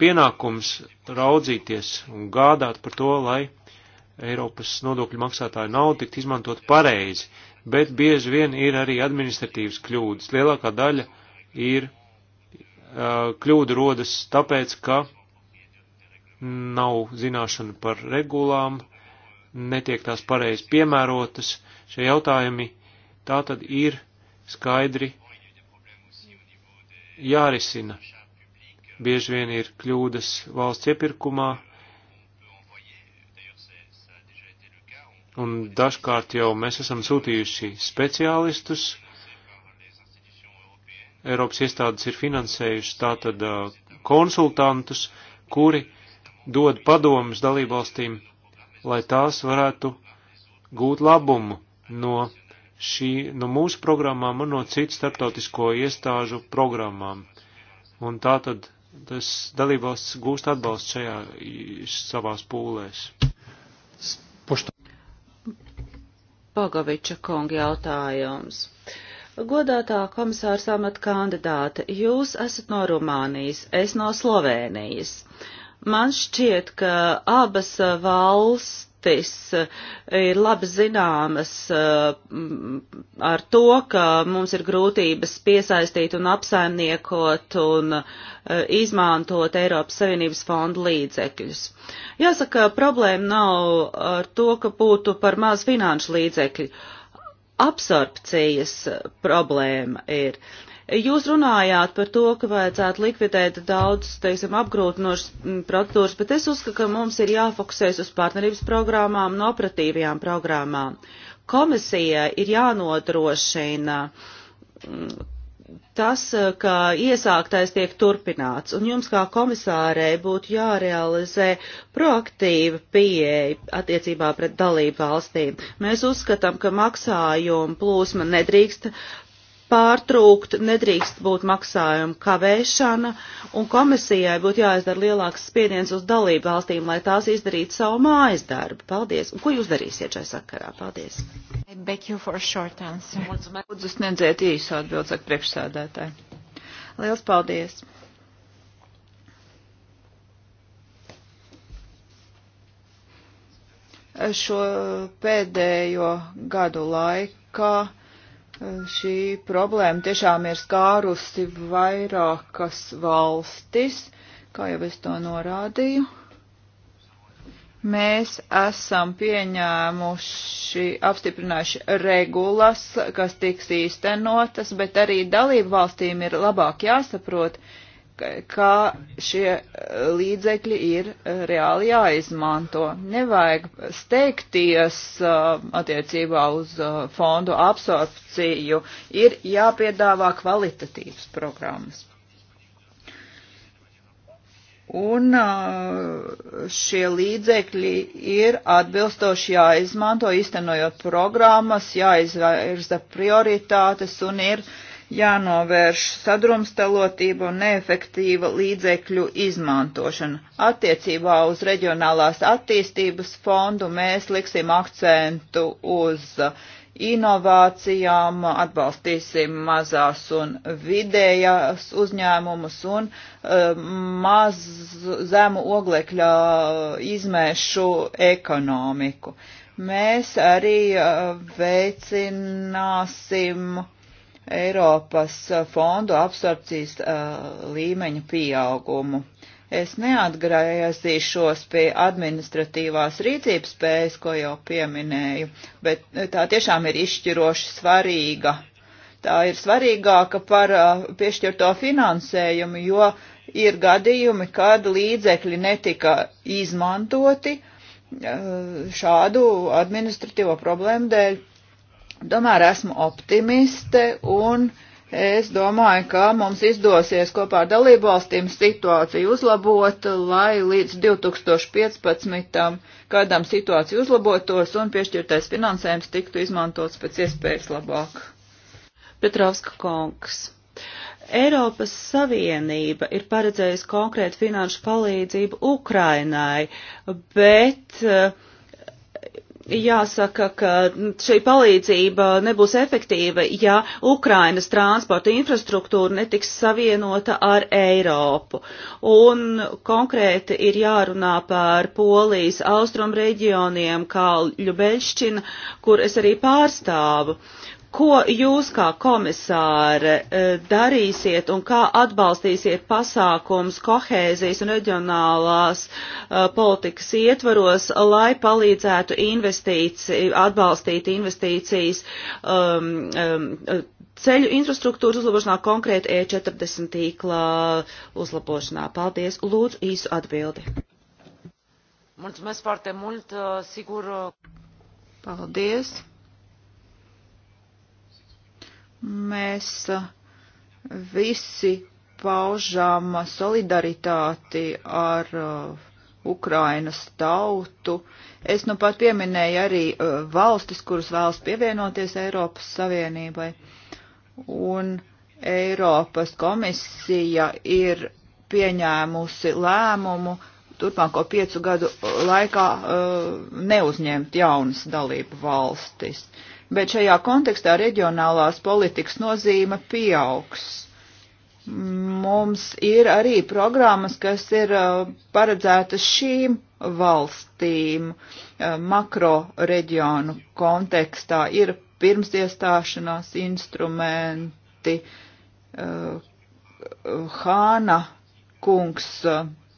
pienākums raudzīties un gādāt par to, lai Eiropas nodokļu maksātāju naudu tikt izmantot pareizi, bet bieži vien ir arī administratīvas kļūdas. Lielākā daļa ir uh, kļūda rodas tāpēc, ka uh, nav zināšana par regulām, netiek tās pareizi piemērotas. Šie jautājumi tā tad ir skaidri jārisina. Bieži vien ir kļūdas valsts iepirkumā, un dažkārt jau mēs esam sūtījuši speciālistus. Eiropas iestādes ir finansējuši tātad konsultantus, kuri dod padomus dalībvalstīm, lai tās varētu gūt labumu no, šī, no mūsu programmām un no citu starptautisko iestāžu programmām. Un tā tad tas dalībvalsts gūst atbalstu šajā savās pūlēs. Pogoviča kunga jautājums. Godātā komisārs amata kandidāte, jūs esat no Rumānijas, es no Slovēnijas. Uh, Man šķiet, ka abas valstis eh, ir labi zināmas eh, ar to, ka mums ir grūtības piesaistīt un apsaimniekot un eh, izmantot Eiropas Savienības fondu līdzekļus. Jāsaka, problēma nav ar to, ka būtu par maz finanšu līdzekļu absorpcijas problēma ir. Jūs runājāt par to, ka vajadzētu likvidēt daudz, teiksim, apgrūtinošas mm, procedūras, bet es uzskatu, ka mums ir jāfokusēs uz partnerības programmām un operatīvajām programmām. Komisija ir jānodrošina mm, tas, ka iesāktais tiek turpināts, un jums kā komisārei būtu jārealizē proaktīva pieeja attiecībā pret dalību valstīm. Mēs uzskatām, ka maksājuma plūsma nedrīkst pārtrūkt, nedrīkst būt maksājuma kavēšana, un komisijai būtu jāizdara lielāks spiediens uz dalību valstīm, lai tās izdarītu savu mājas darbu. Paldies. Un ko jūs darīsiet šai sakarā? Paldies. Lūdzu, sniedziet īsu atbildi, saka priekšsēdētāji. Liels paldies. Šo pēdējo gadu laikā šī problēma tiešām ir skārusi vairākas valstis, kā jau es to norādīju. Mēs esam pieņēmuši, apstiprinājuši regulas, kas tiks īstenotas, bet arī dalību valstīm ir labāk jāsaprot, uh, kā šie eh, līdzekļi ir eh, reāli jāizmanto. Nevajag steigties eh, attiecībā uz fondu absorpciju, ir jāpiedāvā kvalitatīvas programmas. Un šie līdzekļi ir atbilstoši jāizmanto, iztenojot programmas, jāizvērza prioritātes un ir uh, jānovērš sadrumstalotība un neefektīva līdzekļu izmantošana. Attiecībā uz reģionālās attīstības fondu mēs liksim akcentu uz inovācijām, atbalstīsim mazās un vidējās uzņēmumus un uh, maz zemu oglekļa eh, izmēšu ekonomiku. Mēs arī uh, veicināsim uh, Eiropas uh, fondu absorpcijas uh, līmeņa pieaugumu. Es neatgriezīšos pie administratīvās rīcības spējas, ko jau pieminēju, bet uh, tā tiešām ir izšķiroši svarīga. Tā ir svarīgāka par piešķirto finansējumu, jo ir gadījumi, kad līdzekļi netika izmantoti šādu administratīvo problēmu dēļ. Tomēr esmu optimiste un es domāju, ka mums izdosies kopā ar dalību valstīm situāciju uzlabot, lai līdz 2015. gadam situācija uzlabotos un piešķirtais finansējums tiktu izmantots pēc iespējas labāk. Petrovska kungs. Eiropas Savienība ir paredzējusi konkrētu finanšu palīdzību Ukrainai, bet uh, Jāsaka, ka šī palīdzība nebūs efektīva, ja Ukrainas transporta infrastruktūra netiks savienota ar Eiropu. Un konkrēti ir jārunā par Polijas austrumu reģioniem, kā Ļubeļšķina, kur es arī pārstāvu. Uh, Ko jūs kā komisāre e, darīsiet un kā atbalstīsiet pasākums kohēzijas un reģionālās e, politikas ietvaros, lai palīdzētu investīciju, atbalstīt investīcijas um, um, ceļu infrastruktūras uzlabošanā, konkrēti E40 tīkla uzlabošanā? Paldies, lūdzu īsu atbildi. Mulțumesc foarte mult, sigur. Paldies. Mēs visi paužām solidaritāti ar uh, Ukrainas tautu. Es nu pat pieminēju arī uh, valstis, kuras vēlas pievienoties Eiropas Savienībai. Un Eiropas komisija ir pieņēmusi lēmumu turpmāko piecu gadu laikā uh, neuzņemt jaunas dalību valstis. Uh, bet šajā kontekstā reģionālās politikas nozīme pieaugs. Mums ir arī programmas, kas ir uh, paredzētas šīm valstīm uh, makro reģionu kontekstā. Ir pirmsiestāšanās instrumenti. Uh, Hāna kungs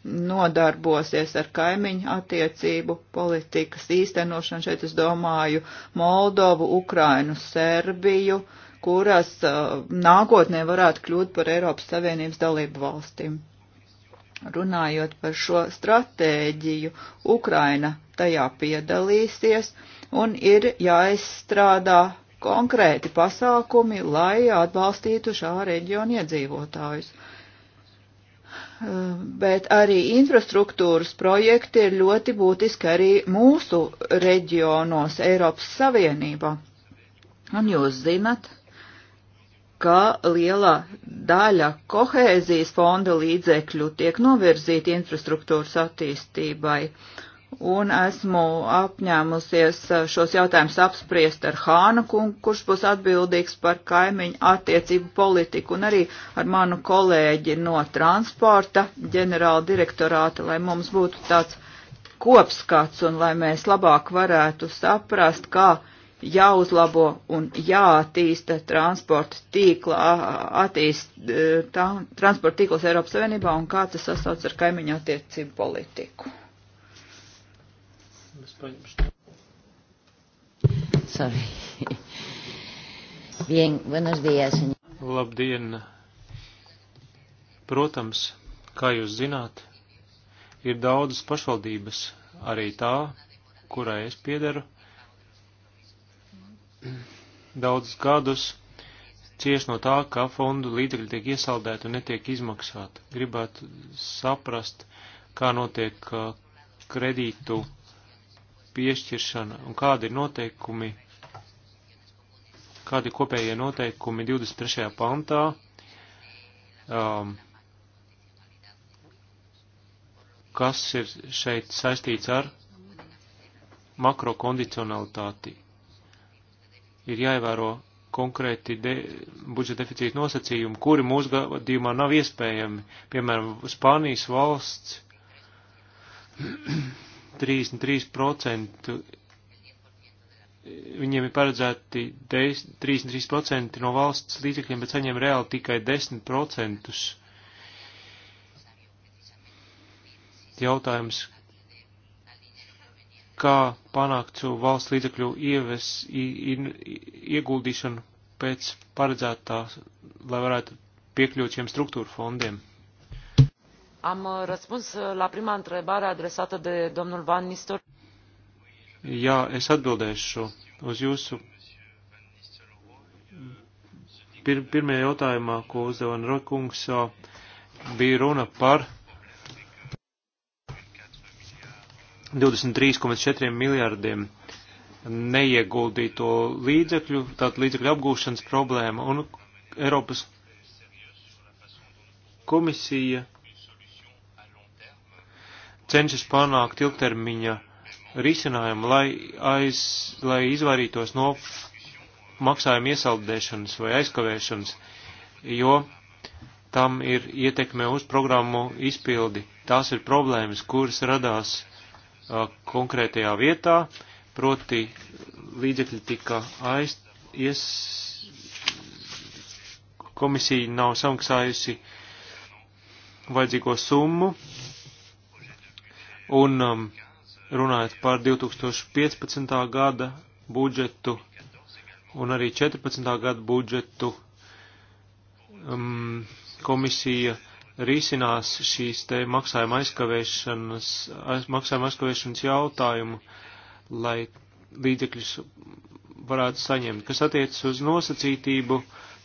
nodarbosies ar kaimiņu attiecību politikas īstenošanu. Šeit es domāju Moldovu, Ukrainu, Serbiju, kuras uh, nākotnē varētu kļūt par Eiropas Savienības dalību valstīm. Runājot par šo stratēģiju, Ukraina tajā piedalīsies un ir jāizstrādā konkrēti pasākumi, lai atbalstītu šā reģiona iedzīvotājus bet arī infrastruktūras projekti ir ļoti būtiski arī mūsu reģionos Eiropas Savienībā. Un jūs zinat, ka liela daļa kohēzijas fonda līdzekļu tiek novirzīta infrastruktūras attīstībai. Uh, un esmu apņēmusies uh, šos jautājumus apspriest ar Hāna kungu, kurš būs atbildīgs par kaimiņu attiecību politiku, un arī ar manu kolēģi no transporta ģenerāla direktorāta, lai mums būtu tāds kopskats un lai mēs labāk varētu saprast, kā jāuzlabo un jāattīsta transporta tīkla, attīst, e, tā, transporta tīkls Eiropas Savienībā un kā tas sasauc ar kaimiņu attiecību politiku bez paņemšanas. Sorry. Bien, buenos días, señor. Labdien! Protams, kā jūs zināt, ir daudzas pašvaldības, arī tā, kurai es piedaru, daudzus gadus cieši no tā, ka fondu līdzekļi tiek iesaldēti un netiek izmaksāti. Gribētu saprast, kā notiek uh, kredītu piešķiršana un kādi ir noteikumi, kādi ir kopējie noteikumi 23. pantā. Um, kas ir šeit saistīts ar makrokondicionalitāti. Ir jāievēro konkrēti de, budžeta deficīta nosacījumi, kuri mūsu gadījumā nav iespējami. Piemēram, Spānijas valsts 33% viņiem ir paredzēti 10, 33% no valsts līdzekļiem, bet saņem reāli tikai 10%. Jautājums, kā panākt šo valsts līdzekļu ieves, ieguldīšanu pēc paredzētā, lai varētu piekļūt šiem struktūru fondiem am uh, răspuns uh, la prima întrebare adresată de domnul Van Nistelrooy. Jā, es atbildēšu uz jūsu pir pirmajā jautājumā, ko uzdeva Rokungs, uh, bija runa par 23,4 miljārdiem neieguldīto līdzekļu, tātad līdzekļu apgūšanas problēma, un Eiropas komisija cenšas panākt ilgtermiņa risinājumu, lai, aiz, lai izvairītos no maksājuma iesaldēšanas vai aizkavēšanas, jo tam ir ietekme uz programmu izpildi. Tās ir problēmas, kuras radās a, konkrētajā vietā, proti līdzekļi tika aiz, ies, komisija nav samaksājusi vajadzīgo summu, Un um, runājot par 2015. gada budžetu un arī 14. gada budžetu, um, komisija risinās šīs te maksājuma aizkavēšanas, aiz, maksājuma aizkavēšanas jautājumu, lai līdzekļus varētu saņemt. Kas attiecas uz nosacītību,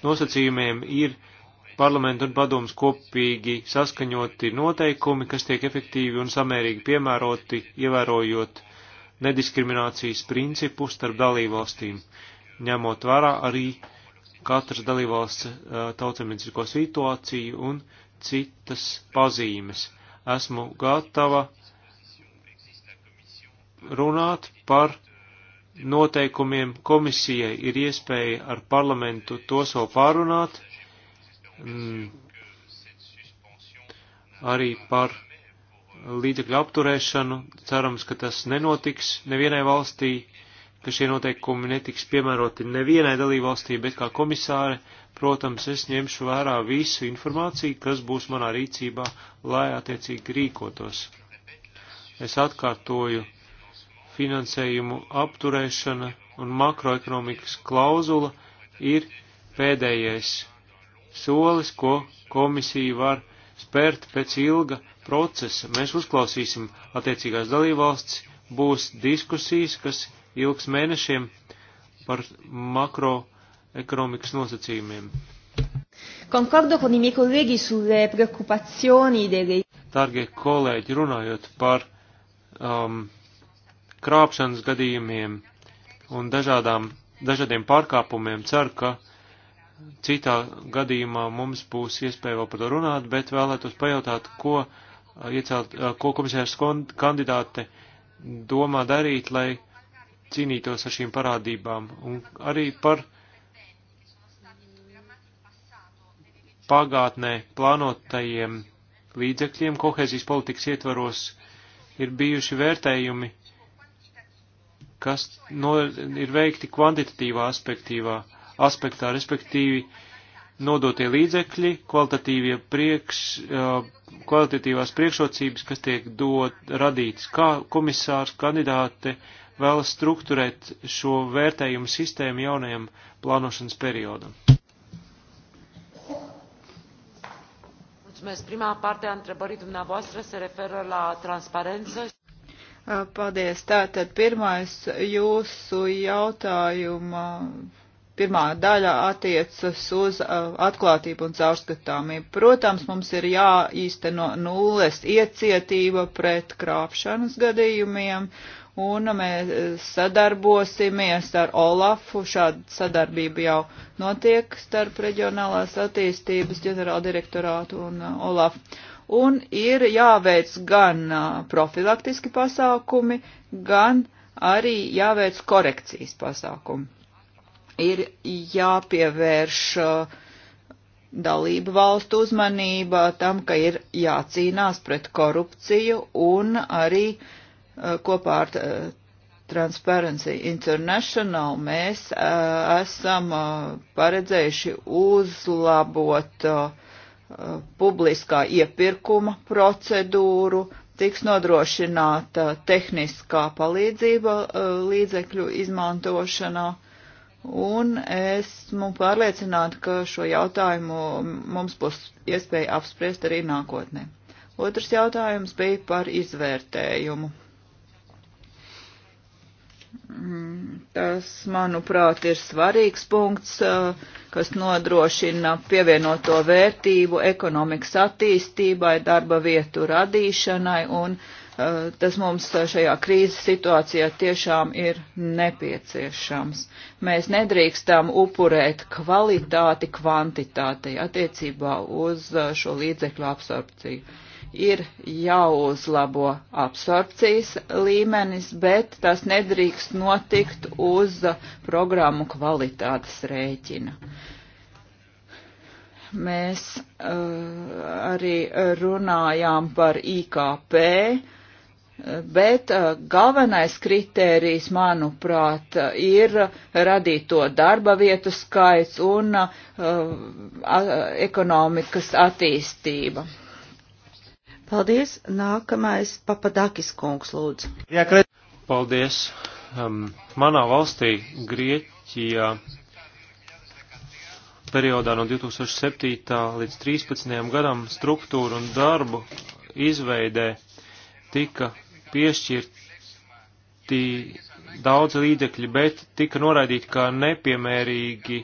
nosacījumiem ir parlamentu un padomus kopīgi saskaņoti noteikumi, kas tiek efektīvi un samērīgi piemēroti, ievērojot nediskriminācijas principu starp dalībvalstīm, ņemot vērā arī katras dalībvalsts tautsamiecisko situāciju un citas pazīmes. Esmu gatava runāt par noteikumiem. Komisijai ir iespēja ar parlamentu tos vēl pārunāt mm, arī par līdzekļu apturēšanu. Cerams, ka tas nenotiks nevienai valstī, ka šie noteikumi netiks piemēroti nevienai dalībvalstī, bet kā komisāre, protams, es ņemšu vērā visu informāciju, kas būs manā rīcībā, lai attiecīgi rīkotos. Es atkārtoju finansējumu apturēšana un makroekonomikas klauzula ir pēdējais solis, ko komisija var spērt pēc ilga procesa. Mēs uzklausīsim attiecīgās dalībvalsts, būs diskusijas, kas ilgs mēnešiem par makroekonomikas nosacījumiem. Concordo con i miei colleghi sulle preoccupazioni delle. Dargie kolēģi, runājot par um, krāpšanas gadījumiem un dažādām, dažādiem pārkāpumiem, ceru, ka Citā gadījumā mums būs iespēja vēl par to runāt, bet vēlētos pajautāt, ko, uh, iecelt, uh, ko komisārs kandidāte domā darīt, lai cīnītos ar šīm parādībām un arī par pagātnē plānotajiem līdzekļiem kohēzijas politikas ietvaros ir bijuši vērtējumi, kas no, ir veikti kvantitatīvā aspektīvā aspektā, respektīvi nodotie līdzekļi, priekš, uh, kvalitatīvās priekšrocības, kas tiek dot, radītas, kā komisārs, kandidāte vēlas strukturēt šo vērtējumu sistēmu jaunajam plānošanas periodam. Mulțumesc. Prima parte a întrebării dumneavoastră se referă la transparență. Paldies. Tātad pirmais jūsu jautājuma Pirmā daļa attiecas uz uh, atklātību un caurskatāmību. Protams, mums ir jāīsteno nulles iecietība pret krāpšanas gadījumiem, un mēs sadarbosimies ar Olafu. Šāda sadarbība jau notiek starp reģionālās attīstības ģenerāldirektorātu un uh, Olafu. Un ir jāveic gan uh, profilaktiski pasākumi, gan arī jāveic korekcijas pasākumi ir jāpievērš uh, dalību valstu uzmanība tam, ka ir jācīnās pret korupciju un arī uh, kopā ar uh, Transparency International mēs uh, esam uh, paredzējuši uzlabot uh, publiskā iepirkuma procedūru, tiks nodrošināta tehniskā palīdzība līdzekļu izmantošanā Un esmu pārliecināta, ka šo jautājumu mums būs iespēja apspriest arī nākotnē. Otrs jautājums bija par izvērtējumu. Tas, manuprāt, ir svarīgs punkts, eh, kas nodrošina pievienoto vērtību ekonomikas attīstībai, darba vietu radīšanai un uh, Eh, tas mums šajā krīzes situācijā tiešām ir nepieciešams. Mēs nedrīkstam upurēt kvalitāti kvantitātei attiecībā uz eh, šo līdzekļu absorpciju. Ir jāuzlabo absorpcijas līmenis, bet tas nedrīkst notikt uz programmu kvalitātes rēķina mēs uh, arī runājām par IKP Bet uh, galvenais kritērijs, manuprāt, ir radīto darba vietu skaits un uh, ekonomikas attīstība. Paldies. Nākamais papadakis kungs lūdzu. Jā, kred... Paldies. Um, manā valstī Grieķijā periodā no 2007. līdz 2013. gadam struktūru un darbu izveidē tika piešķirti daudz līdzekļi, bet tika noraidīti kā nepiemērīgi,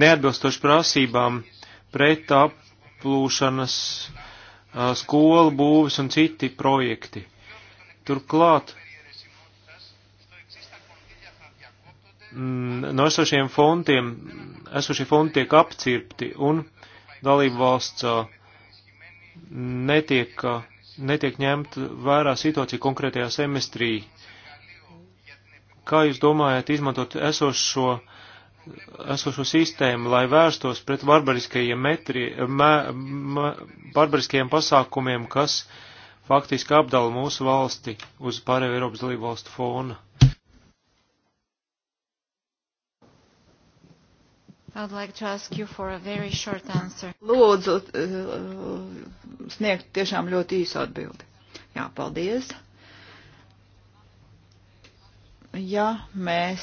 neatbilstoši prasībām pret aplūšanas skolu būvis un citi projekti. Turklāt mm, no esošiem fondiem, esošie fondi tiek apcirpti un dalību valsts netiek netiek ņemt vērā situācija konkrētajā semestrī. Kā jūs domājat izmantot esošo, esošo sistēmu, lai vērstos pret barbariskajiem, metri, mē, mē, barbariskajiem pasākumiem, kas faktiski apdala mūsu valsti uz pārējo Eiropas dalību valstu fona? Like Lūdzu, eh, sniegt tiešām ļoti īsu atbildi. Jā, paldies ja mēs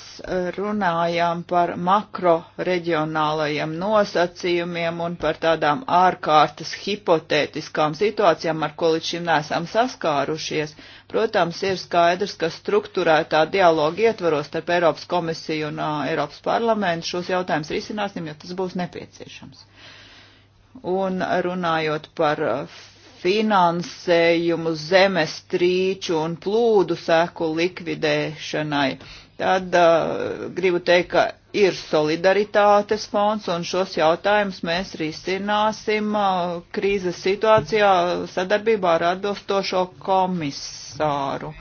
runājam par makro reģionālajiem nosacījumiem un par tādām ārkārtas hipotētiskām situācijām, ar ko līdz šim neesam saskārušies, protams, ir skaidrs, ka struktūrētā dialoga ietvaros starp Eiropas komisiju un uh, Eiropas parlamentu šos jautājumus risināsim, ja tas būs nepieciešams. Un runājot par finansējumu zemestrīču un plūdu seku likvidēšanai, tad uh, gribu teikt, ka ir solidaritātes fonds, un šos jautājumus mēs risināsim uh, krīzes situācijā sadarbībā ar atbilstošo komisāru.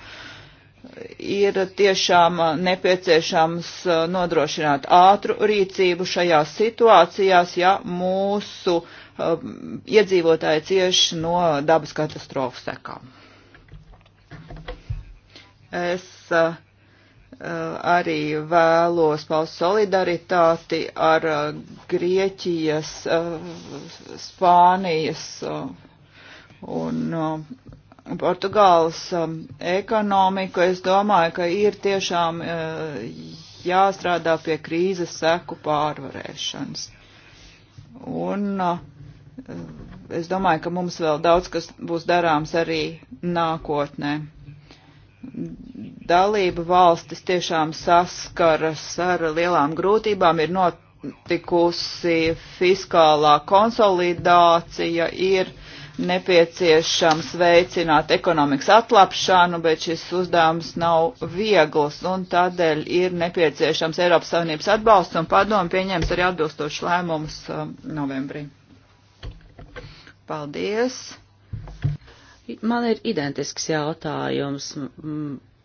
Ir tiešām nepieciešams uh, nodrošināt ātru rīcību šajās situācijās, ja mūsu uh, Um, iedzīvotāji cieši no dabas katastrofu sekām. Es uh, uh, arī vēlos paust solidaritāti ar uh, Grieķijas, uh, Spānijas uh, un uh, Portugāles um, ekonomiku. Es domāju, ka ir tiešām jāstrādā pie krīzes seku pārvarēšanas. Un uh, es domāju, ka mums vēl daudz kas būs darāms arī nākotnē. Dalība valstis tiešām saskaras ar lielām grūtībām, ir notikusi fiskālā konsolidācija, ir nepieciešams veicināt ekonomikas atlapšanu, bet šis uzdevums nav viegls un tādēļ ir nepieciešams Eiropas Savienības atbalsts un padomu pieņems arī atbilstošu lēmumus um, novembrī. Paldies! Man ir identisks jautājums,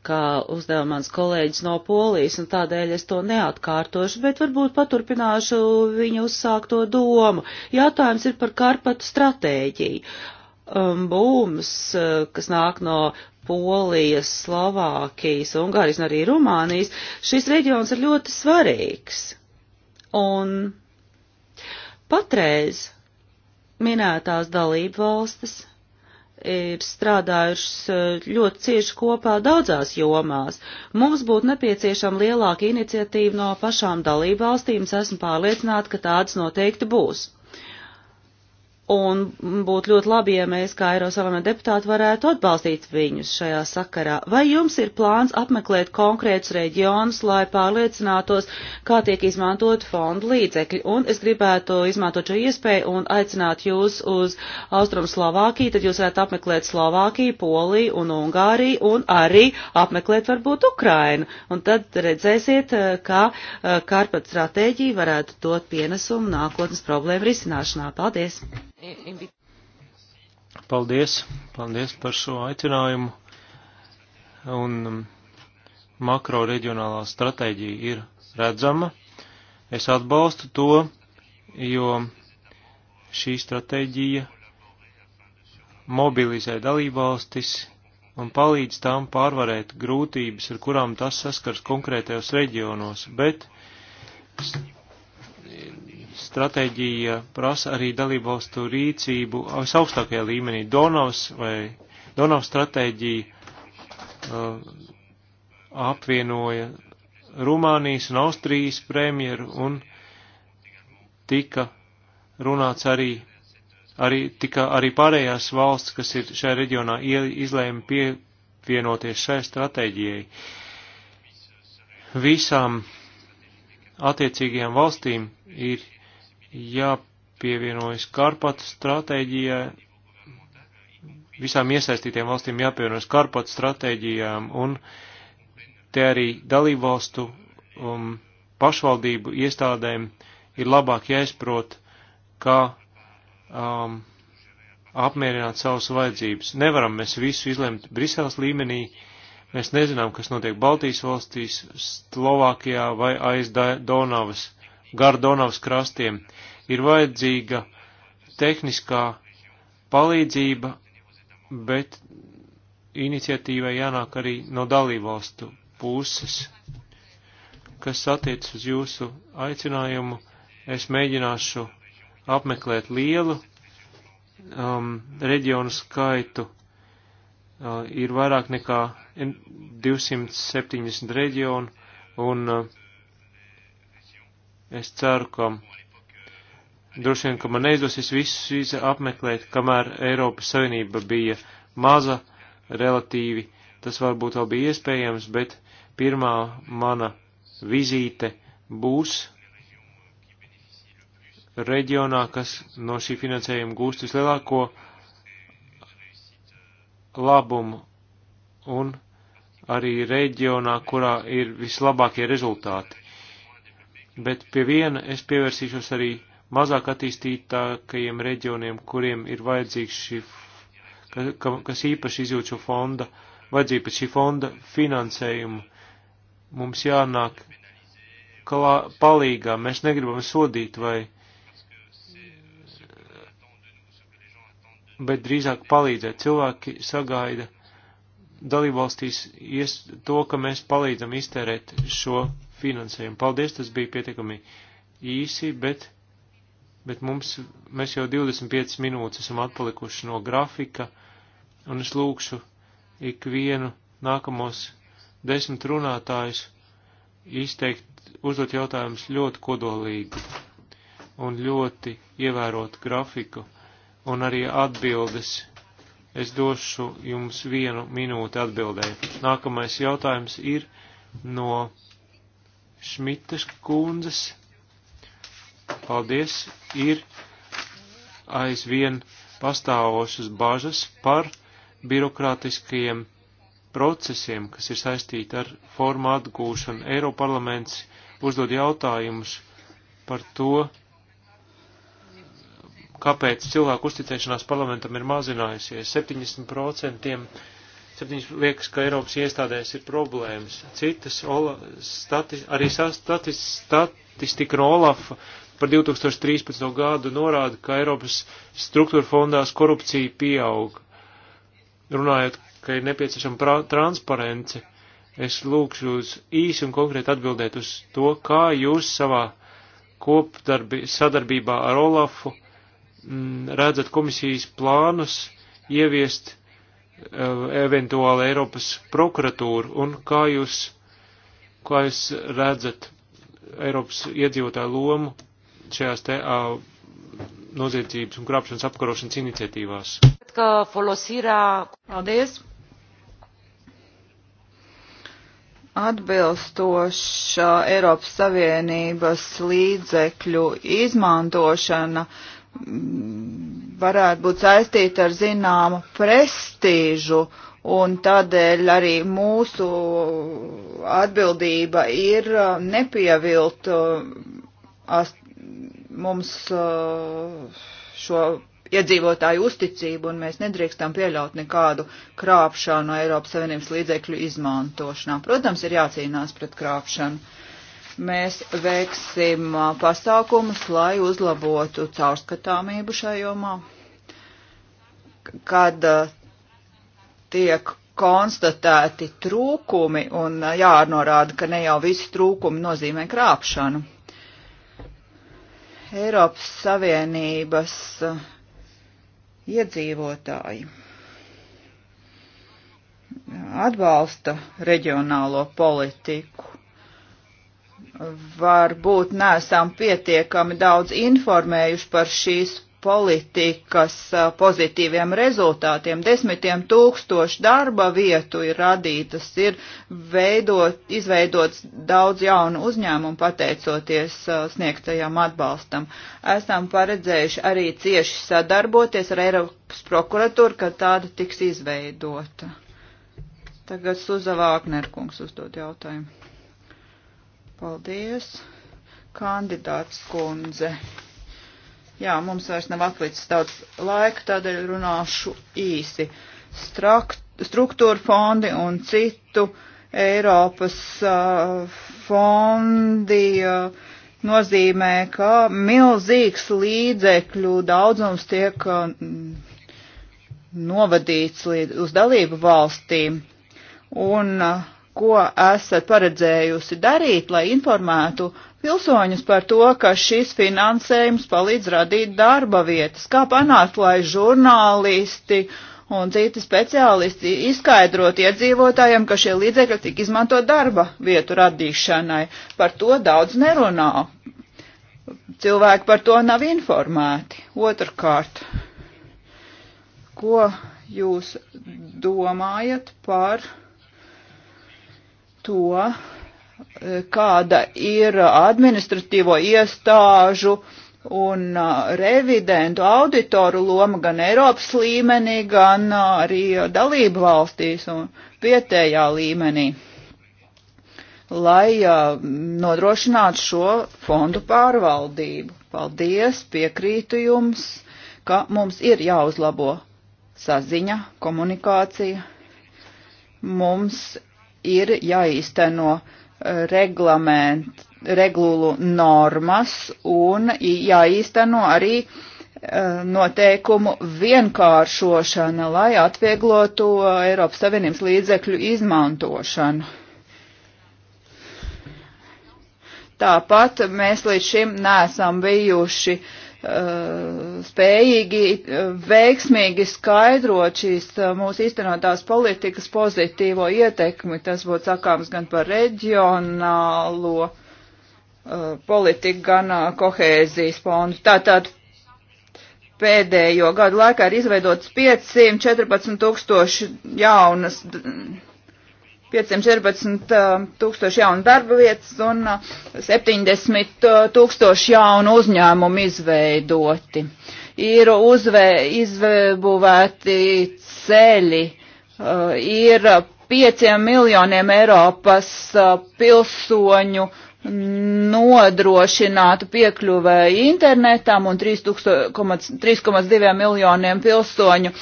kā uzdeva mans kolēģis no Polijas, un tādēļ es to neatkārtošu, bet varbūt paturpināšu viņu uzsākto domu. Jautājums ir par Karpatu stratēģiju. Um, Būms, uh, kas nāk no Polijas, Slovākijas, Ungārijas un arī Rumānijas, šis reģions ir ļoti svarīgs. Un patreiz minētās dalību valstis ir strādājušas eh, ļoti cieši kopā daudzās jomās. Mums būtu nepieciešama lielāka iniciatīva no pašām dalībvalstīm, es esmu pārliecināta, ka tādas noteikti būs. Un būtu ļoti labi, ja mēs, kā Eiropas parlamenta deputāti, varētu atbalstīt viņus šajā sakarā. Vai jums ir plāns apmeklēt konkrētus reģionus, lai pārliecinātos, kā tiek izmantot fondu līdzekļi? Un es gribētu izmantot šo iespēju un aicināt jūs uz Austrum Slovākiju, tad jūs varētu apmeklēt Slovākiju, Poliju un Ungāriju un arī apmeklēt varbūt Ukrainu. Un tad redzēsiet, eh, kā eh, Karpat stratēģija varētu dot pienesumu nākotnes problēmu risināšanā. Paldies! Paldies, paldies par šo aicinājumu. Un um, makro reģionālā stratēģija ir redzama. Es atbalstu to, jo šī stratēģija mobilizē dalībvalstis un palīdz tām pārvarēt grūtības, ar kurām tas saskars konkrētajos reģionos, bet stratēģija prasa arī dalībvalstu rīcību visaugstākajā līmenī. Donovs vai Donovs stratēģija uh, apvienoja Rumānijas un Austrijas premjeru un tika runāts arī, arī, tika arī pārējās valsts, kas ir šajā reģionā izlēma pievienoties šai stratēģijai. Visām attiecīgajām valstīm ir jāpievienojas Karpatu stratēģijai, visām iesaistītiem valstīm jāpievienojas Karpatu stratēģijām un te arī dalībvalstu um, pašvaldību iestādēm ir labāk jāizprot, kā um, apmierināt savas vajadzības. Nevaram mēs visu izlemt Briseles līmenī, mēs nezinām, kas notiek Baltijas valstīs, Slovākijā vai aiz Donavas. Gardonavas krastiem. Ir vajadzīga tehniskā palīdzība, bet iniciatīvai jānāk arī no dalībvalstu puses. Kas attiec uz jūsu aicinājumu, es mēģināšu apmeklēt lielu um, reģionu skaitu. Uh, ir vairāk nekā 270 reģionu un uh, Es ceru, ka droši vien, ka man neizdosies visus apmeklēt, kamēr Eiropas Savienība bija maza relatīvi. Tas varbūt vēl bija iespējams, bet pirmā mana vizīte būs reģionā, kas no šī finansējuma gūst vislielāko labumu un arī reģionā, kurā ir vislabākie rezultāti bet pie viena es pievērsīšos arī mazāk attīstītākajiem reģioniem, kuriem ir vajadzīgs šī, ka, ka, kas īpaši izjūt šo fonda, vajadzība pēc šī fonda finansējumu. Mums jānāk klā, palīgā, mēs negribam sodīt vai, bet drīzāk palīdzēt. Cilvēki sagaida dalībvalstīs to, ka mēs palīdzam iztērēt šo finansējumu. Paldies, tas bija pietiekami īsi, bet, bet mums, mēs jau 25 minūtes esam atpalikuši no grafika, un es lūkšu ikvienu nākamos desmit runātājus izteikt, uzdot jautājumus ļoti kodolīgi un ļoti ievērot grafiku un arī atbildes. Es došu jums vienu minūti atbildēju. Nākamais jautājums ir no Šmitas kundzes. Paldies! Ir aizvien pastāvošas bažas par birokrātiskajiem procesiem, kas ir saistīti ar formu atgūšanu. Eiroparlaments uzdod jautājumus par to, kāpēc cilvēku uzticēšanās parlamentam ir mazinājusies. 70% Septiņas liekas, ka Eiropas iestādēs ir problēmas. Citas, Ola, stati, arī statis, statistika no Olafa par 2013. gadu norāda, ka Eiropas struktūra fondās korupcija pieaug. Runājot, ka ir nepieciešama transparence, es lūkšu uz īsi un konkrēti atbildēt uz to, kā jūs savā kopdarbi, sadarbībā ar Olafu m, mm, redzat komisijas plānus ieviest Eh, eventuāli Eiropas prokuratūru un kā jūs, kā jūs redzat Eiropas iedzīvotāju lomu šajās te uh, noziedzības un krāpšanas apkarošanas iniciatīvās? Paldies! Atbilstoša Eiropas Savienības līdzekļu izmantošana varētu būt saistīta ar zināmu prestīžu, un tādēļ arī mūsu atbildība ir uh, nepievilt uh, mums uh, šo iedzīvotāju uzticību, un mēs nedrīkstam pieļaut nekādu krāpšanu Eiropas Savienības līdzekļu izmantošanā. Protams, ir jācīnās pret krāpšanu mēs veiksim pasākumus, lai uzlabotu caurskatāmību šajomā. Kad tiek konstatēti trūkumi, un jānorāda, ka ne jau visi trūkumi nozīmē krāpšanu. Eiropas Savienības iedzīvotāji atbalsta reģionālo politiku varbūt nesam pietiekami daudz informējuši par šīs politikas pozitīviem rezultātiem. Desmitiem tūkstoši darba vietu ir radītas, ir veidot, izveidots daudz jaunu uzņēmumu pateicoties sniegtajam atbalstam. Esam paredzējuši arī cieši sadarboties ar Eiropas prokuratūru, kad tāda tiks izveidota. Tagad Suza Vāknerkungs uzdod jautājumu. Paldies, kandidāts kundze. Jā, mums vairs nav atlicis daudz laika, tādēļ runāšu īsi. Strakt, struktūra fondi un citu Eiropas uh, fondi uh, nozīmē, ka milzīgs līdzekļu daudzums tiek uh, novadīts līdz, uz dalību valstīm. Un uh, ko esat paredzējusi darīt, lai informētu pilsoņus par to, ka šis finansējums palīdz radīt darba vietas? Kā panākt, lai žurnālisti un citi speciālisti izskaidrot iedzīvotājiem, ka šie līdzekļi tik izmanto darba vietu radīšanai? Par to daudz nerunā. Cilvēki par to nav informēti. Otrkārt, ko jūs domājat par to, eh, kāda ir administratīvo iestāžu un eh, revidentu auditoru loma gan Eiropas līmenī, gan eh, arī dalību valstīs un vietējā līmenī, lai nodrošinātu šo fondu pārvaldību. Paldies, piekrītu jums, ka mums ir jāuzlabo saziņa, komunikācija. Mums ir jāīsteno eh, reglament, regulu normas un jāīsteno arī eh, noteikumu vienkāršošana, lai atvieglotu eh, Eiropas Savienības līdzekļu izmantošanu. Tāpat mēs līdz šim neesam bijuši uh, Uh, spējīgi uh, veiksmīgi skaidrot šīs uh, mūsu īstenotās politikas pozitīvo ietekmi. Tas būtu sakāms gan par reģionālo politiku, gan kohēzijas fondu. Tātad pēdējo gadu laikā ir izveidotas 514 tūkstoši jaunas 514 eh, tūkstoši jaunu darba vietas un 70 eh, eh, tūkstoši jaunu uzņēmumu izveidoti. Ir uzvē, izbūvēti ceļi, ir pieciem miljoniem Eiropas pilsoņu nodrošinātu piekļuvē internetam un 3,2 miljoniem pilsoņu um,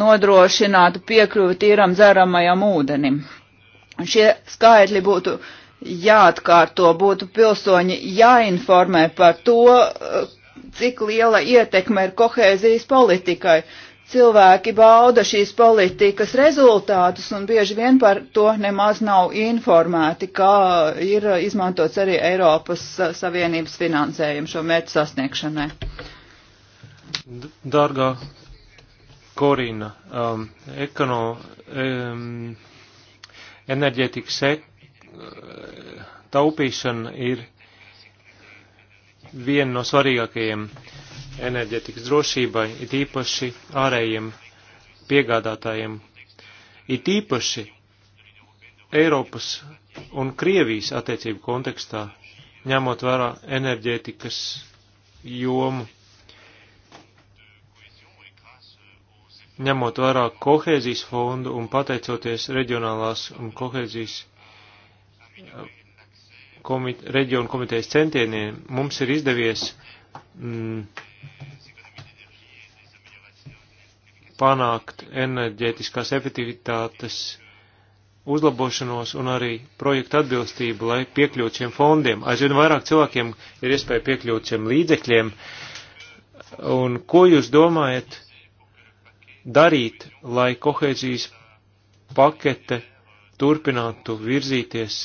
nodrošinātu piekļuvi tīram dzeramajam ūdenim. Šie skaitļi būtu jāatkārto, būtu pilsoņi jāinformē par to, uh, cik liela ietekme ir kohēzijas politikai. Uh, cilvēki bauda šīs politikas rezultātus un bieži vien par to nemaz nav informēti, kā ir izmantots arī Eiropas Savienības finansējumu šo mērķu sasniegšanai. Dārgā Korina, um, ekono, um, enerģētikas ek, taupīšana ir viena no svarīgākajiem uh, enerģetikas drošībai, it īpaši ārējiem piegādātājiem, it īpaši Eiropas un Krievijas attiecību kontekstā, ņemot vērā enerģētikas jomu, ņemot vērā kohēzijas fondu un pateicoties reģionālās un kohēzijas eh, komit reģionu komitejas centieniem, mums ir izdevies mm, panākt enerģētiskās efektivitātes uzlabošanos un arī projektu atbilstību, lai piekļūtu šiem fondiem. Aizvien vairāk cilvēkiem ir iespēja piekļūt šiem līdzekļiem. Un ko jūs domājat darīt, lai kohēzijas pakete turpinātu virzīties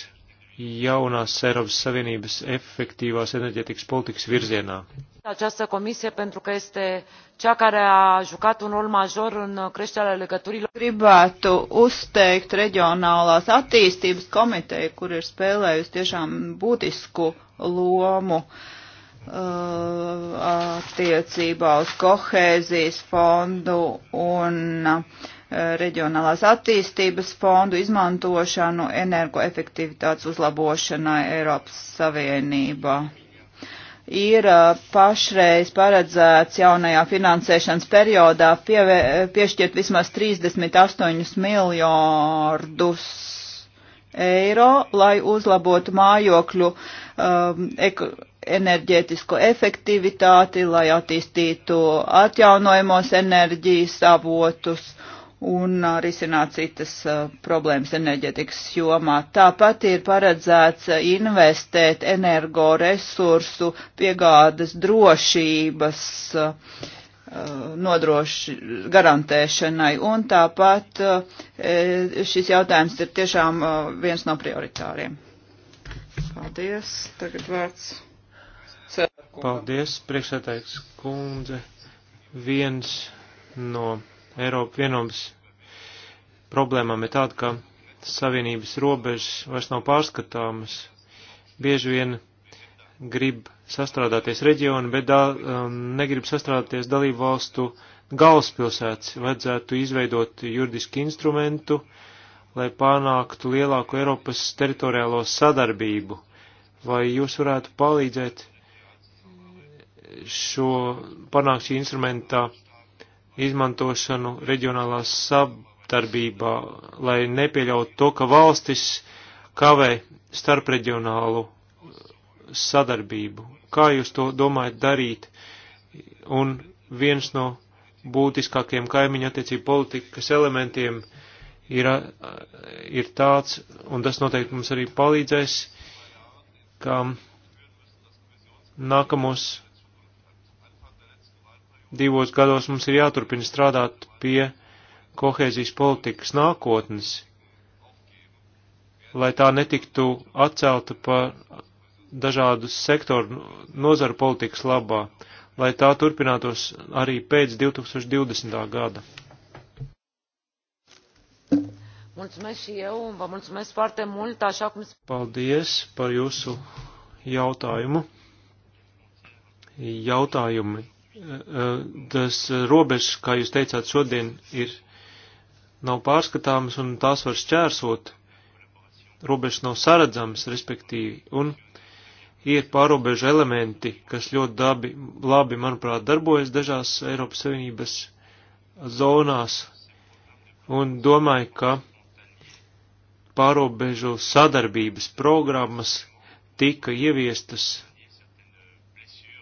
jaunās Eiropas Savienības efektīvās enerģētikas politikas virzienā. Această comisie pentru că este cea care a jucat un rol major în creșterea legăturilor. Gribētu uzteikt reģionālās attīstības komiteju, kur ir spēlējusi tiešām būtisku lomu uh, attiecībā uz kohēzijas fondu un uh, reģionālās attīstības fondu izmantošanu energoefektivitātes uzlabošanai Eiropas Savienībā. Ir pašreiz paredzēts jaunajā finansēšanas periodā pieve, piešķirt vismaz 38 miljārdus eiro, lai uzlabotu mājokļu um, eko, enerģētisko efektivitāti, lai attīstītu atjaunojamos enerģijas avotus un risināt citas problēmas enerģetikas jomā. Tāpat ir paredzēts investēt energoresursu piegādes drošības nodroši garantēšanai, un tāpat šis jautājums ir tiešām viens no prioritāriem. Paldies. Tagad vārds. Paldies, priekšsētājs kundze. Viens no Eiropa vienības problēmām ir tāda, ka savienības robežas vairs nav pārskatāmas. Bieži vien grib sastrādāties reģioni, bet da, um, negrib sastrādāties dalību valstu galvaspilsētas. Vajadzētu izveidot juridisku instrumentu, lai panāktu lielāku Eiropas teritoriālo sadarbību. Vai jūs varētu palīdzēt šo, panākt šī instrumenta izmantošanu reģionālā sadarbībā, lai nepieļautu to, ka valstis kavē starpreģionālu sadarbību. Kā jūs to domājat darīt? Un viens no būtiskākiem kaimiņu attiecību politikas elementiem ir, ir tāds, un tas noteikti mums arī palīdzēs, ka nākamos divos gados mums ir jāturpina strādāt pie kohēzijas politikas nākotnes, lai tā netiktu atcelta pa dažādu sektoru nozaru politikas labā, lai tā turpinātos arī pēc 2020. gada. Mulțumesc și eu, vă mulțumesc foarte mult, așa cum... Paldies par jūsu jautājumu. Jautājumi tas robežs, kā jūs teicāt, šodien ir nav pārskatāmas un tās var šķērsot. Robežs nav saredzams, respektīvi, un ir pārobežu elementi, kas ļoti dabi, labi, manuprāt, darbojas dažās Eiropas Savienības zonās, un domāju, ka pārobežu sadarbības programmas tika ieviestas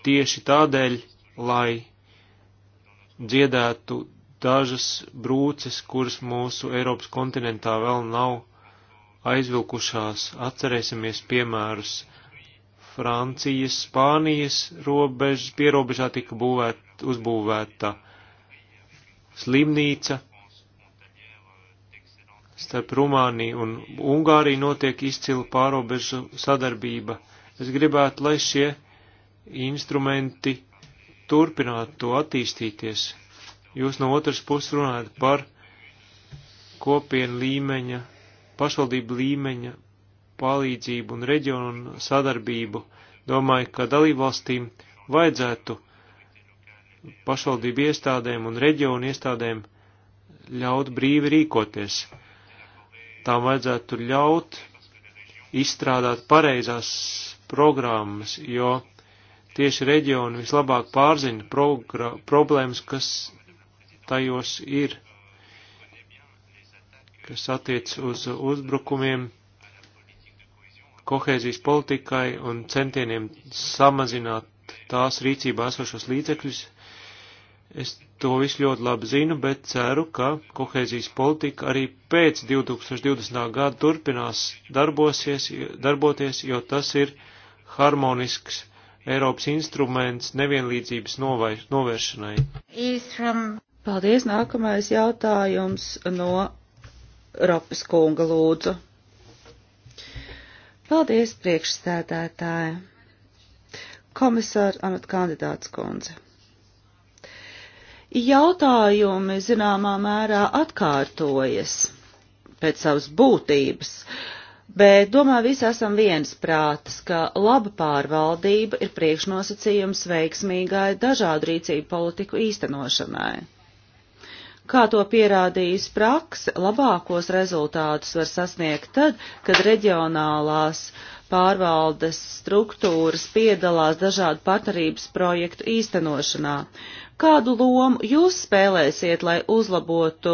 tieši tādēļ, lai dziedētu dažas brūces, kuras mūsu Eiropas kontinentā vēl nav aizvilkušās. Atcerēsimies piemērus Francijas, Spānijas robežas, pierobežā tika būvēt, uzbūvēta slimnīca. Starp Rumāniju un Ungāriju notiek izcila pārobežu sadarbība. Es gribētu, lai šie instrumenti turpināt to attīstīties. Jūs no otras puses runājat par kopienu līmeņa, pašvaldību līmeņa palīdzību un reģionu sadarbību. Domāju, ka dalībvalstīm vajadzētu pašvaldību iestādēm un reģionu iestādēm ļaut brīvi rīkoties. Tām vajadzētu ļaut izstrādāt pareizās programmas, jo tieši reģioni vislabāk pārzina problēmas, kas tajos ir, kas attiec uz uzbrukumiem kohēzijas politikai un centieniem samazināt tās rīcībā esošos līdzekļus. Es to visu ļoti labi zinu, bet ceru, ka kohēzijas politika arī pēc 2020. gada turpinās darbosies, darboties, jo tas ir harmonisks Eiropas instruments nevienlīdzības novēršanai. Paldies, nākamais jautājums no Ropas kunga lūdzu. Paldies, priekšstādētāja. Komisāra amat kandidāts kundze. Jautājumi zināmā mērā atkārtojas pēc savas būtības. Uh, Bet, domāju, visi esam viensprātis, ka laba pārvaldība ir priekšnosacījums veiksmīgai dažādu rīcību politiku īstenošanai. Kā to pierādījis prakse, labākos rezultātus var sasniegt tad, kad reģionālās pārvaldes struktūras piedalās dažādu partnerības projektu īstenošanā. Kādu lomu jūs spēlēsiet, lai uzlabotu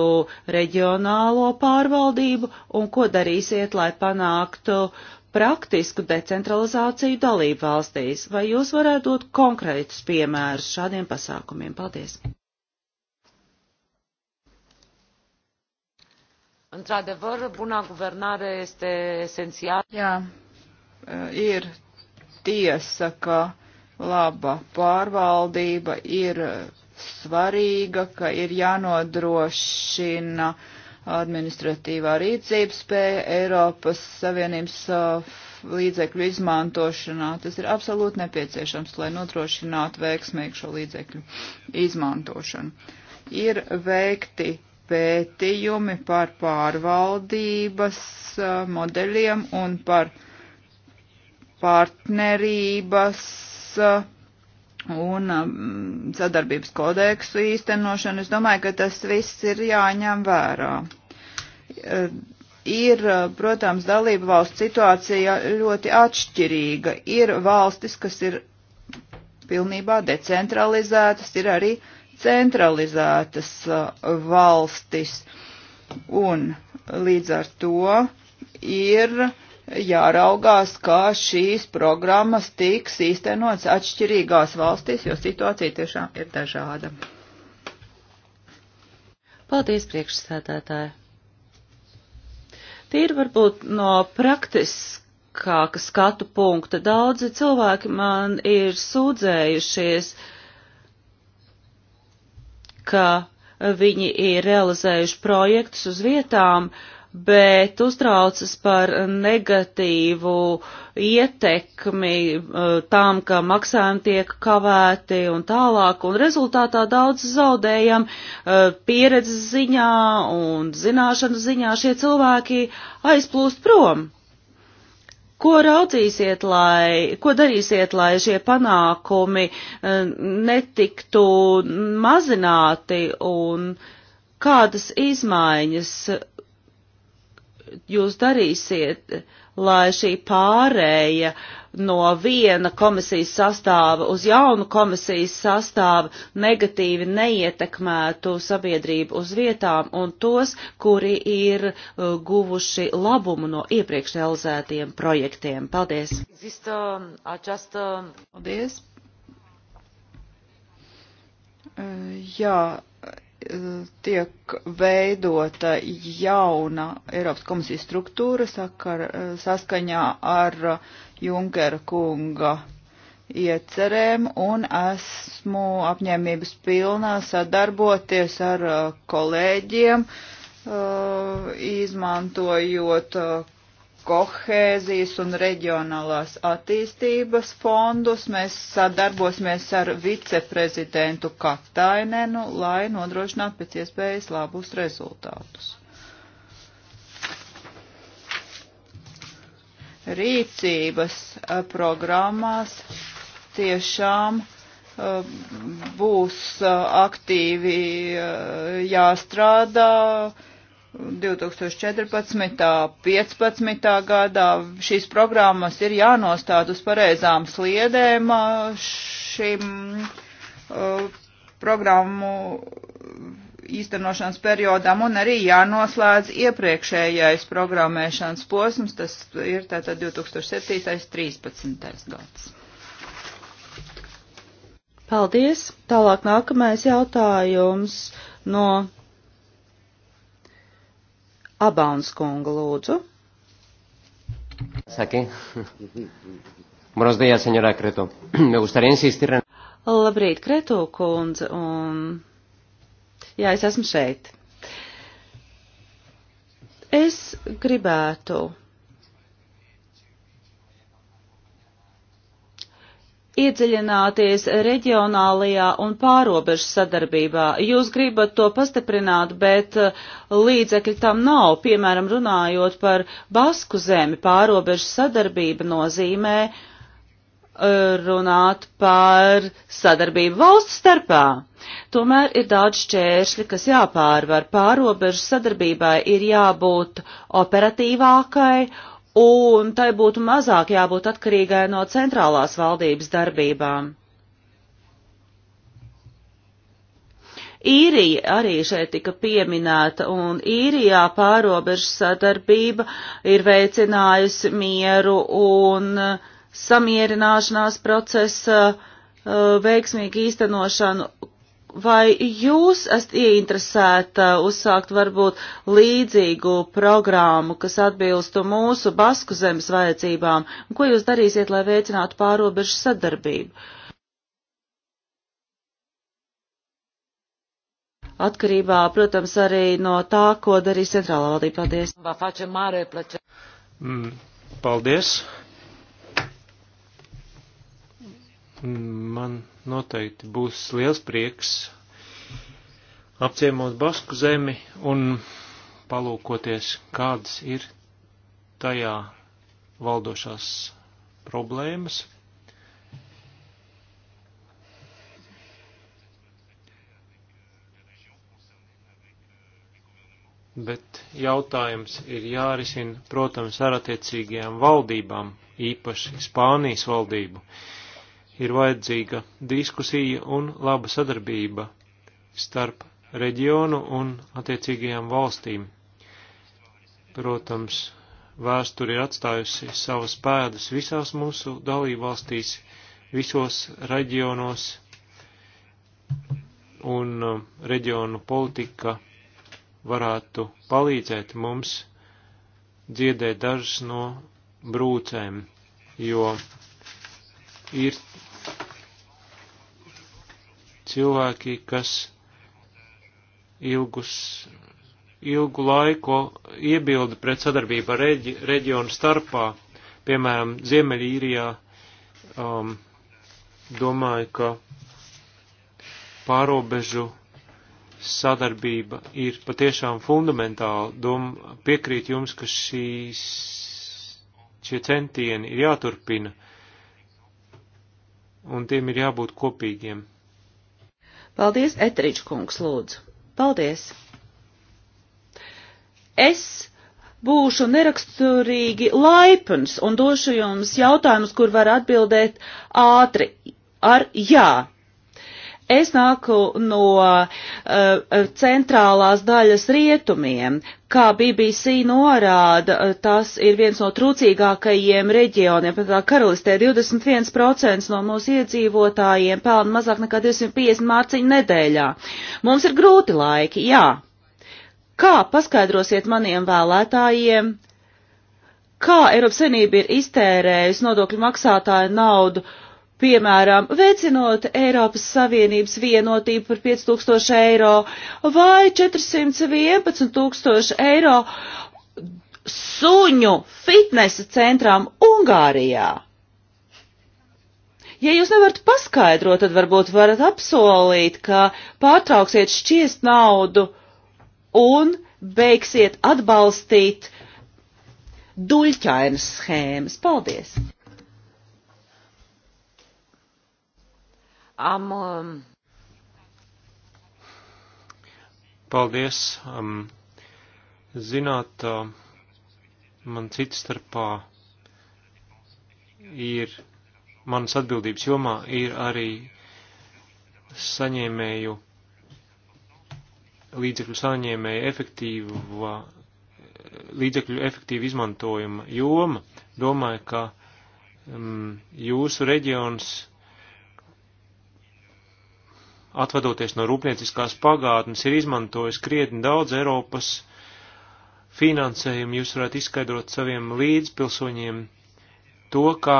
reģionālo pārvaldību un ko darīsiet, lai panāktu praktisku decentralizāciju dalību valstīs? Vai jūs varētu dot konkrētus piemērus šādiem pasākumiem? Paldies! Într-adevăr, buna guvernare este esențială. Jā, ir tiesa, ka laba pārvaldība ir svarīga, ka ir jānodrošina administratīvā rīcības spēja Eiropas Savienības uh, līdzekļu izmantošanā. Tas ir absolūti nepieciešams, lai nodrošinātu veiksmīgu šo līdzekļu izmantošanu. Ir veikti pētījumi par pārvaldības uh, modeļiem un par partnerības Uh, un um, sadarbības kodeksu īstenošanu. Es domāju, ka tas viss ir jāņem vērā. Uh, ir, uh, protams, dalība valsts situācija ļoti atšķirīga. Ir valstis, kas ir pilnībā decentralizētas, ir arī centralizētas valstis. Un līdz ar to ir uh, jāraugās, kā šīs programmas tiks īstenots atšķirīgās valstīs, jo situācija tiešām ir dažāda. Paldies, priekšsēdētāji! Tīri varbūt no praktiskāka skatu punkta daudzi cilvēki man ir sūdzējušies, ka viņi ir realizējuši projektus uz vietām, uh, bet uztraucas par negatīvu ietekmi eh, tām, ka maksājumi tiek kavēti un tālāk, un rezultātā daudz zaudējam eh, pieredzes ziņā un zināšanu ziņā šie cilvēki aizplūst prom. Ko raudzīsiet, lai, ko darīsiet, lai šie panākumi eh, netiktu mazināti un kādas izmaiņas jūs darīsiet, lai šī pārēja no viena komisijas sastāva uz jaunu komisijas sastāvu negatīvi neietekmētu sabiedrību uz vietām un tos, kuri ir uh, guvuši labumu no iepriekš realizētiem projektiem. Paldies! Paldies! Uh, jā, tiek veidota jauna Eiropas komisijas struktūra sakar, saskaņā ar Junkera kunga iecerēm un esmu apņēmības pilnā sadarboties ar kolēģiem, uh, izmantojot uh, kohēzijas un reģionālās attīstības fondus. Mēs sadarbosimies ar viceprezidentu Katainenu, lai nodrošinātu pēc iespējas labus rezultātus. Rīcības eh, programmās tiešām eh, būs eh, aktīvi jāstrādā 2014. 15. gadā šīs programmas ir jānostāda uz pareizām sliedēm šim uh, programmu īstenošanas periodam un arī jānoslēdz iepriekšējais programmēšanas posms, tas ir tātad 2007.13. gads. Paldies! Tālāk nākamais jautājums no Abauns kunga lūdzu. Saki. Buenos días, señora Kreto. Me gustaría insistir en. Labrīt, Kreto kundze, un. Jā, es esmu šeit. Es gribētu iedziļināties reģionālajā un pārobežu sadarbībā. Jūs gribat to pastiprināt, bet uh, līdzekļi tam nav. Piemēram, runājot par Basku zemi, pārobežu sadarbība nozīmē uh, runāt par sadarbību valsts starpā. Tomēr ir daudz šķēršļi, kas jāpārvar. Pārobežu sadarbībai ir jābūt operatīvākai un tai būtu mazāk jābūt atkarīgai no centrālās valdības darbībām. Īrija arī šeit tika pieminēta, un Īrijā pārobežu sadarbība ir veicinājusi mieru un samierināšanās procesa uh, veiksmīgu īstenošanu, Vai jūs esat ieinteresēta uzsākt varbūt līdzīgu programmu, kas atbilstu mūsu Basku zemes vajadzībām? Un ko jūs darīsiet, lai veicinātu pārobežu sadarbību? Atkarībā, protams, arī no tā, ko darīs centrālā valdība. Paldies! Mm, paldies! Mm, man noteikti būs liels prieks apciemot Basku zemi un palūkoties, kādas ir tajā valdošās problēmas. Bet jautājums ir jārisina, protams, ar attiecīgajām valdībām, īpaši Spānijas valdību. Uh, ir vajadzīga diskusija un laba sadarbība starp reģionu un attiecīgajām valstīm. Protams, vēsture ir atstājusi savas pēdas visās mūsu dalībvalstīs, visos reģionos, un uh, reģionu politika varētu palīdzēt mums dziedēt dažas no brūcēm, jo ir cilvēki, kas ilgus, ilgu laiku iebilda pret sadarbību reģi, reģionu starpā, piemēram, Ziemeļīrijā, um, domāju, ka pārobežu sadarbība ir patiešām fundamentāla. Dom, piekrīt jums, ka šīs, šie centieni ir jāturpina, un tiem ir jābūt kopīgiem. Paldies, Etriģ kungs, lūdzu. Paldies. Es būšu neraksturīgi laipns un došu jums jautājumus, kur var atbildēt ātri ar jā. Es nāku no uh, centrālās daļas rietumiem. Kā BBC norāda, eh, tas ir viens no trūcīgākajiem reģioniem. Pēc karalistē 21% no mūsu iedzīvotājiem pelna mazāk nekā 250 mārciņu nedēļā. Mums ir grūti laiki, jā. Kā paskaidrosiet maniem vēlētājiem, kā Eiropas Savienība ir iztērējusi nodokļu maksātāju naudu? Uh, piemēram, veicinot Eiropas Savienības vienotību par 5000 eiro vai 411 tūkstoši eiro suņu fitnesa centram Ungārijā. Ja jūs nevarat paskaidrot, tad varbūt varat apsolīt, ka pārtrauksiet šķiest naudu un beigsiet atbalstīt duļķainas schēmas. Paldies! Am... Um, Paldies. Um, zināt, um, man citas starpā ir, manas atbildības jomā ir arī saņēmēju, līdzekļu saņēmēju efektīva, līdzekļu efektīva izmantojuma joma. Domāju, ka um, jūsu reģions atvadoties no rūpnieciskās pagātnes, ir izmantojis krietni daudz Eiropas finansējumu. Jūs varētu izskaidrot saviem līdzpilsoņiem to, kā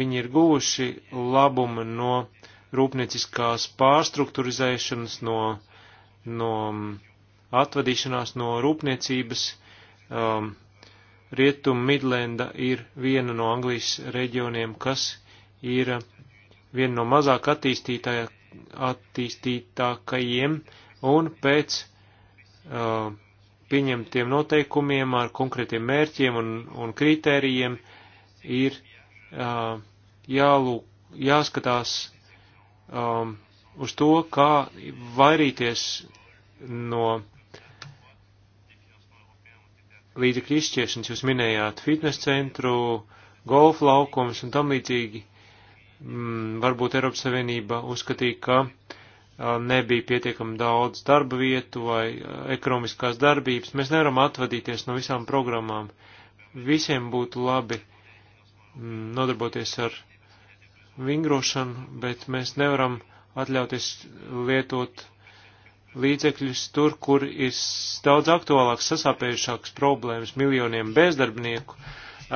viņi ir guvuši labumu no rūpnieciskās pārstruktūrizēšanas, no, no mm, atvadīšanās no rūpniecības. Um, Rietum Midlenda ir viena no Anglijas reģioniem, kas ir viena no mazāk attīstītājā, attīstītākajiem un pēc uh, pieņemtiem noteikumiem ar konkrētiem mērķiem un, un kritērijiem ir uh, jālūk, jāskatās um, uz to, kā vairīties no līdzekļu izšķiešanas. Jūs minējāt fitnes centru, golf laukums un tam līdzīgi. Mm, varbūt Eiropas Savienība uzskatīja, ka nebija pietiekami daudz darba vietu vai ekonomiskās darbības. Mēs nevaram atvadīties no visām programmām. Visiem būtu labi mm, nodarboties ar vingrošanu, bet mēs nevaram atļauties lietot līdzekļus tur, kur ir daudz aktuālāks, sasāpējušāks problēmas miljoniem bezdarbnieku.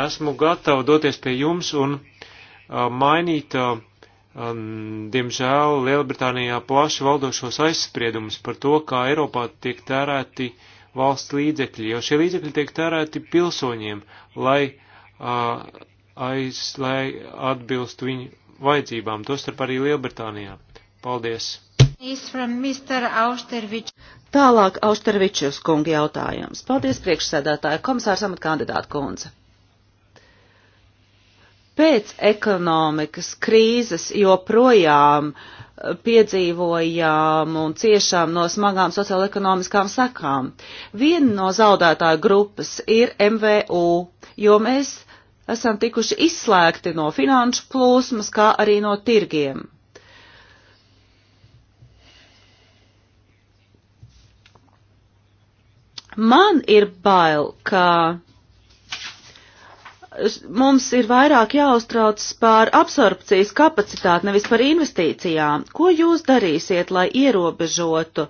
Esmu gatava doties pie jums un Uh, mainīt, uh, diemžēl, Lielbritānijā plaši valdošos aizspriedumus par to, kā Eiropā tiek tērēti valsts līdzekļi, jo šie līdzekļi tiek tērēti pilsoņiem, lai, uh, aiz, lai atbilstu viņu vajadzībām, tostarp arī Lielbritānijā. Paldies! Tālāk Austervičus kungi jautājums. Paldies priekšsēdētāja komisārs amatkandidāta kundze pēc ekonomikas krīzes joprojām eh, piedzīvojām un ciešām no smagām sociālo-ekonomiskām sakām. Viena no zaudētāju grupas ir MVU, jo mēs esam tikuši izslēgti no finanšu plūsmas, kā arī no tirgiem. Man ir bail, ka mums ir vairāk jāuztrauc par absorpcijas kapacitāti, nevis par investīcijām. Ko jūs darīsiet, lai ierobežotu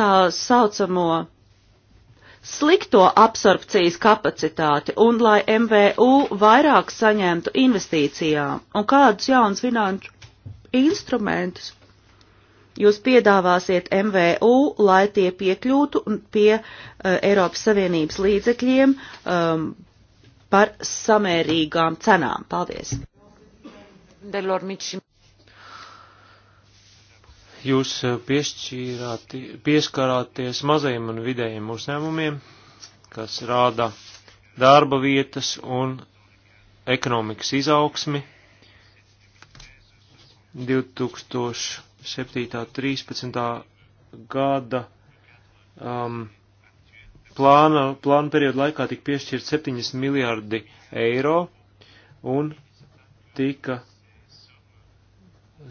tā saucamo slikto absorpcijas kapacitāti un lai MVU vairāk saņemtu investīcijām? Un kādus jaunus finanšu instrumentus jūs piedāvāsiet MVU, lai tie piekļūtu pie uh, Eiropas Savienības līdzekļiem? Um, par samērīgām cenām. Paldies! Jūs eh, pieskarāties mazajiem un vidējiem uzņēmumiem, kas rāda darba vietas un ekonomikas izaugsmi. 2007. 13. gada um, plāna, plāna perioda laikā tika piešķirt 7 miljārdi eiro un tika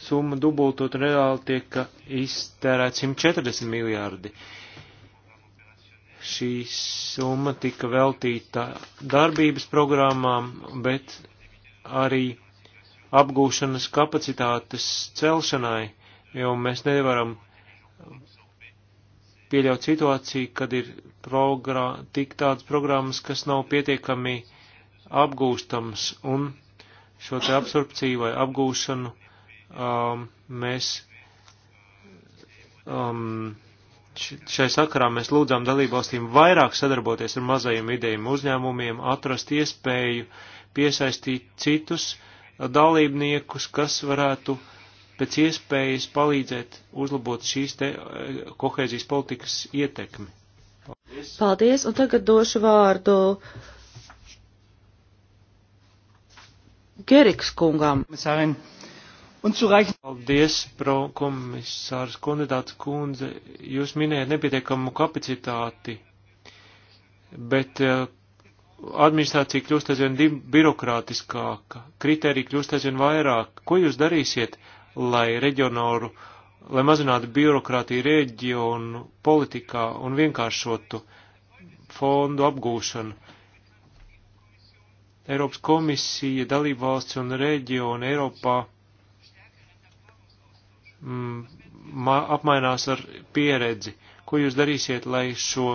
summa dubultot un reāli tiek iztērēt 140 miljārdi. Šī summa tika veltīta darbības programmām, bet arī apgūšanas kapacitātes celšanai, jo mēs nevaram pieļaut situāciju, kad ir progrā, tik tādas programmas, kas nav pietiekami apgūstams, un šo te absorpciju vai apgūšanu um, mēs um, šai sakarā mēs lūdzām dalībvalstīm vairāk sadarboties ar mazajiem idejiem uzņēmumiem, atrast iespēju piesaistīt citus dalībniekus, kas varētu uh, pēc iespējas palīdzēt uzlabot šīs te eh, kohēzijas politikas ietekmi. Paldies. Paldies, un tagad došu vārdu Geriks kungam. Paldies, prokomisārs kandidāts kundze. Jūs minējat nepietiekamu kapacitāti, bet eh, administrācija kļūst aizvien birokrātiskāka, kriterija kļūst aizvien vairāk. Ko jūs darīsiet, lai reģionoru, lai mazinātu birokrātiju reģionu politikā un vienkāršotu fondu apgūšanu. Eiropas komisija, dalībvalsts un reģioni Eiropā mm, apmainās ar pieredzi. Ko jūs darīsiet, lai šo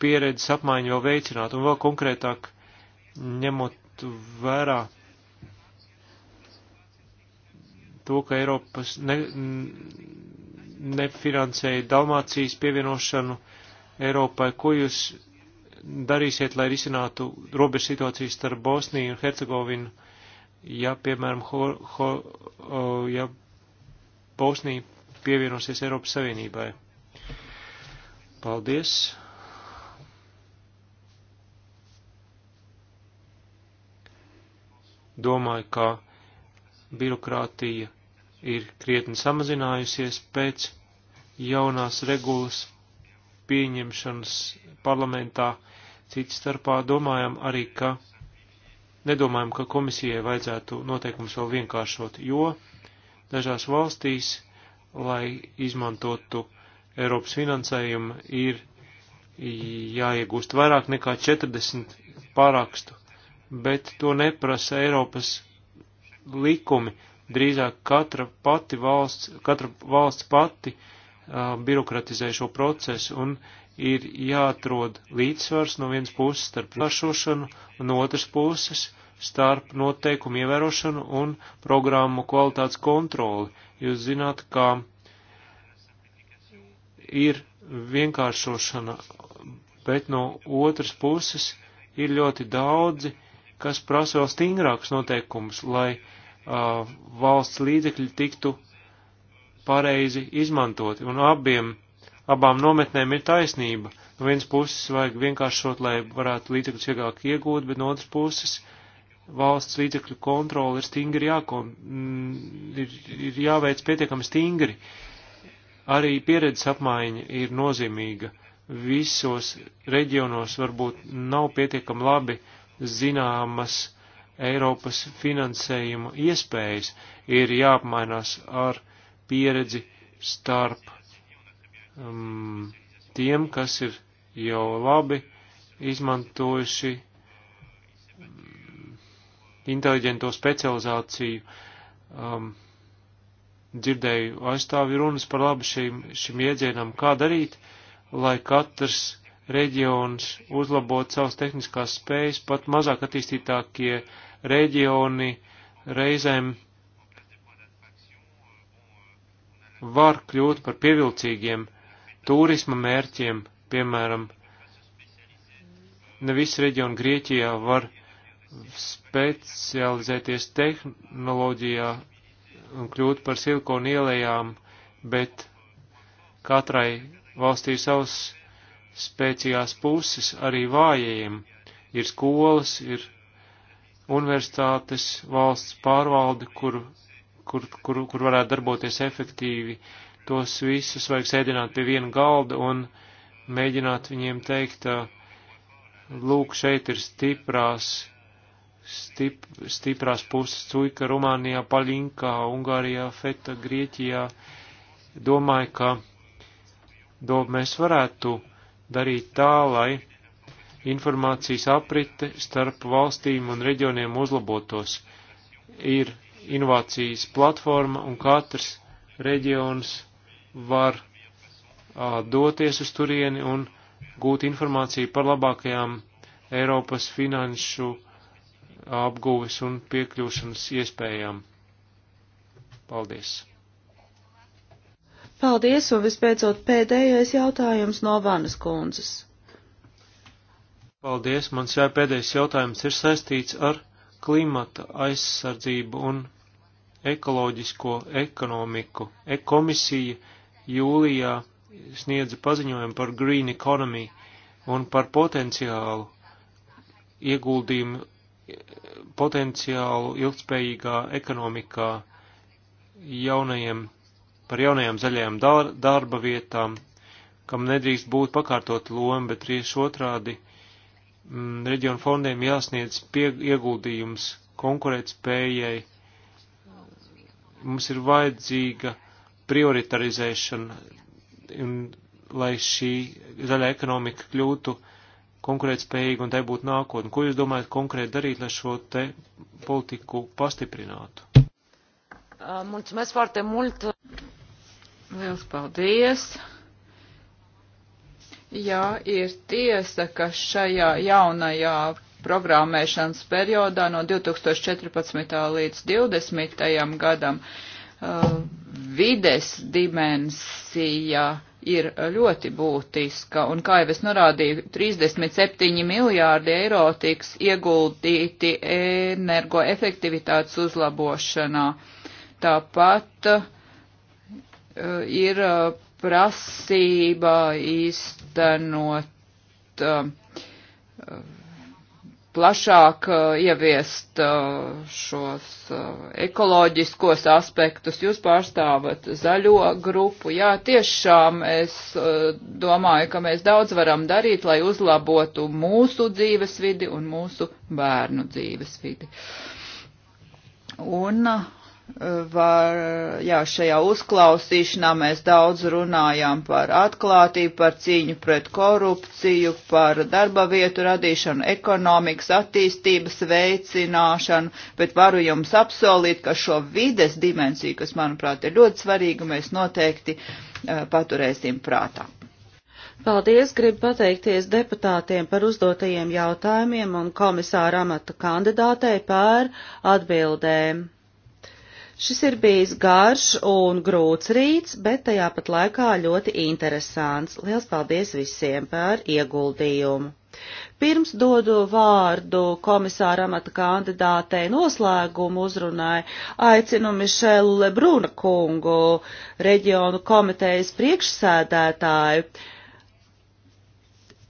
pieredzes apmaiņu vēl veicinātu un vēl konkrētāk ņemot vērā to, ka Eiropas ne, nefinansēja Dalmācijas pievienošanu Eiropai. Ko jūs darīsiet, lai risinātu robežu situācijas starp Bosniju un Hercegovinu, ja, piemēram, ho, ho, o, ja Bosnija pievienosies Eiropas Savienībai? Paldies! Domāju, ka birokrātija ir krietni samazinājusies pēc jaunās regulas pieņemšanas parlamentā. Cits starpā domājam arī, ka nedomājam, ka komisijai vajadzētu noteikums vēl vienkāršot, jo dažās valstīs, lai izmantotu Eiropas finansējumu, ir jāiegūst vairāk nekā 40 pārakstu, bet to neprasa Eiropas likumi drīzāk katra pati valsts, katra valsts pati uh, birokratizē šo procesu un ir jāatrod līdzsvars no vienas puses starp plašošanu un otras puses starp noteikumu ievērošanu un programmu kvalitātes kontroli. Jūs zināt, kā ir vienkāršošana, bet no otras puses ir ļoti daudzi, kas prasa vēl stingrākus noteikumus, lai uh, Uh, valsts līdzekļi tiktu pareizi izmantoti. Un abiem, abām nometnēm ir taisnība. No vienas puses vajag vienkāršot, lai varētu līdzekļus vieglāk iegūt, bet no otras puses valsts līdzekļu kontroli ir stingri jākon, mm, ir, ir jāveic pietiekami stingri. Arī pieredzes apmaiņa ir nozīmīga. Visos reģionos varbūt nav pietiekami labi zināmas uh, Eiropas finansējumu iespējas, ir jāapmainās ar pieredzi starp um, tiem, kas ir jau labi izmantojuši um, inteliģento specializāciju. Um, dzirdēju aizstāvi runas par labu šim, šim iedzienam, kā darīt, lai katrs reģions uzlabot savas tehniskās spējas, pat mazāk attīstītākie uh, reģioni reizēm var kļūt par pievilcīgiem turisma mērķiem, piemēram, ne visi reģioni Grieķijā var specializēties tehnoloģijā un kļūt par silikonu ielējām, bet katrai valstī ir savas spēcīgās puses arī vājajiem. Ir skolas, ir universitātes, valsts pārvaldi, kur, kur, kur, kur varētu darboties efektīvi. Tos visus vajag sēdināt pie viena galda un mēģināt viņiem teikt, lūk, šeit ir stiprās, stip, stiprās puses cuika Rumānijā, Paļinkā, Ungārijā, Feta, Grieķijā. Domāju, ka do, mēs varētu darīt tā, lai informācijas aprite starp valstīm un reģioniem uzlabotos. Ir inovācijas platforma un katrs reģions var a, doties uz turieni un gūt informāciju par labākajām Eiropas finanšu apguves un piekļūšanas iespējām. Paldies! Paldies, un vispēcot pēdējais jautājums no Vanas kundzes. Paldies, mans jāpēdējais jautājums ir saistīts ar klimata aizsardzību un ekoloģisko ekonomiku. E-komisija jūlijā sniedza paziņojumu par green economy un par potenciālu ieguldījumu, potenciālu ilgspējīgā ekonomikā jaunajiem, par jaunajām zaļajām darba vietām, kam nedrīkst būt pakārtot loma, bet tieši otrādi Mm, reģionu fondiem jāsniedz pie, ieguldījums konkurētspējai. Mums ir vajadzīga prioritarizēšana, un, lai šī zaļā ekonomika kļūtu konkurētspējīga un tai būtu nākotne. Ko jūs domājat konkrēti darīt, lai šo te politiku pastiprinātu? Mulțumesc foarte mult! Liels paldies! Jā, ir tiesa, ka šajā jaunajā programmēšanas periodā no 2014. līdz 2020. gadam uh, vides dimensija ir ļoti būtiska, un kā jau es norādīju, 37 miljārdi eiro tiks ieguldīti energoefektivitātes uzlabošanā. Tāpat uh, ir uh, prasība īstenot um, plašāk uh, ieviest uh, šos uh, ekoloģiskos aspektus. Jūs pārstāvat zaļo grupu. Jā, tiešām es domāju, ka mēs daudz varam darīt, lai uzlabotu mūsu dzīves vidi un mūsu bērnu dzīves vidi. Un uh, var, jā, šajā uzklausīšanā mēs daudz runājām par atklātību, par cīņu pret korupciju, par darba vietu radīšanu, ekonomikas attīstības veicināšanu, bet varu jums apsolīt, ka šo vides dimensiju, kas, manuprāt, ir ļoti svarīga, mēs noteikti uh, paturēsim prātā. Paldies, gribu pateikties deputātiem par uzdotajiem jautājumiem un komisāra amata kandidātei par atbildēm. Šis ir bijis garš un grūts rīts, bet tajā pat laikā ļoti interesants. Liels paldies visiem par ieguldījumu! Pirms dodu vārdu komisāra amata kandidātei noslēgumu uzrunai, aicinu Mišelu Lebruna kungu, reģionu komitejas priekšsēdētāju,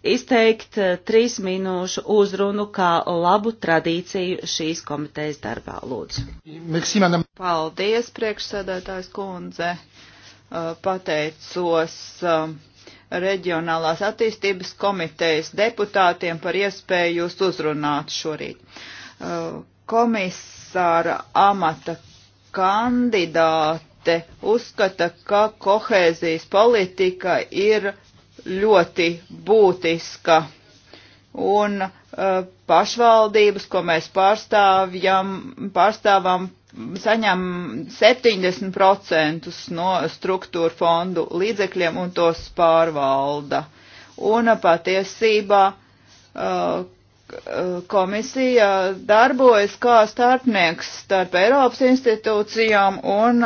izteikt eh, trīs minūšu uzrunu kā labu tradīciju šīs komitejas darbā. Lūdzu. Paldies, priekšsēdētājs kundze. Eh, pateicos eh, reģionālās attīstības komitejas deputātiem par iespēju jūs uzrunāt šorīt. Komisāra amata kandidāte uzskata, ka kohēzijas politika ir ļoti būtiska. Un uh, pašvaldības, ko mēs pārstāvjam, pārstāvam, saņem 70% no struktūra fondu līdzekļiem un tos pārvalda. Un uh, patiesībā uh, komisija darbojas kā starpnieks starp Eiropas institūcijām un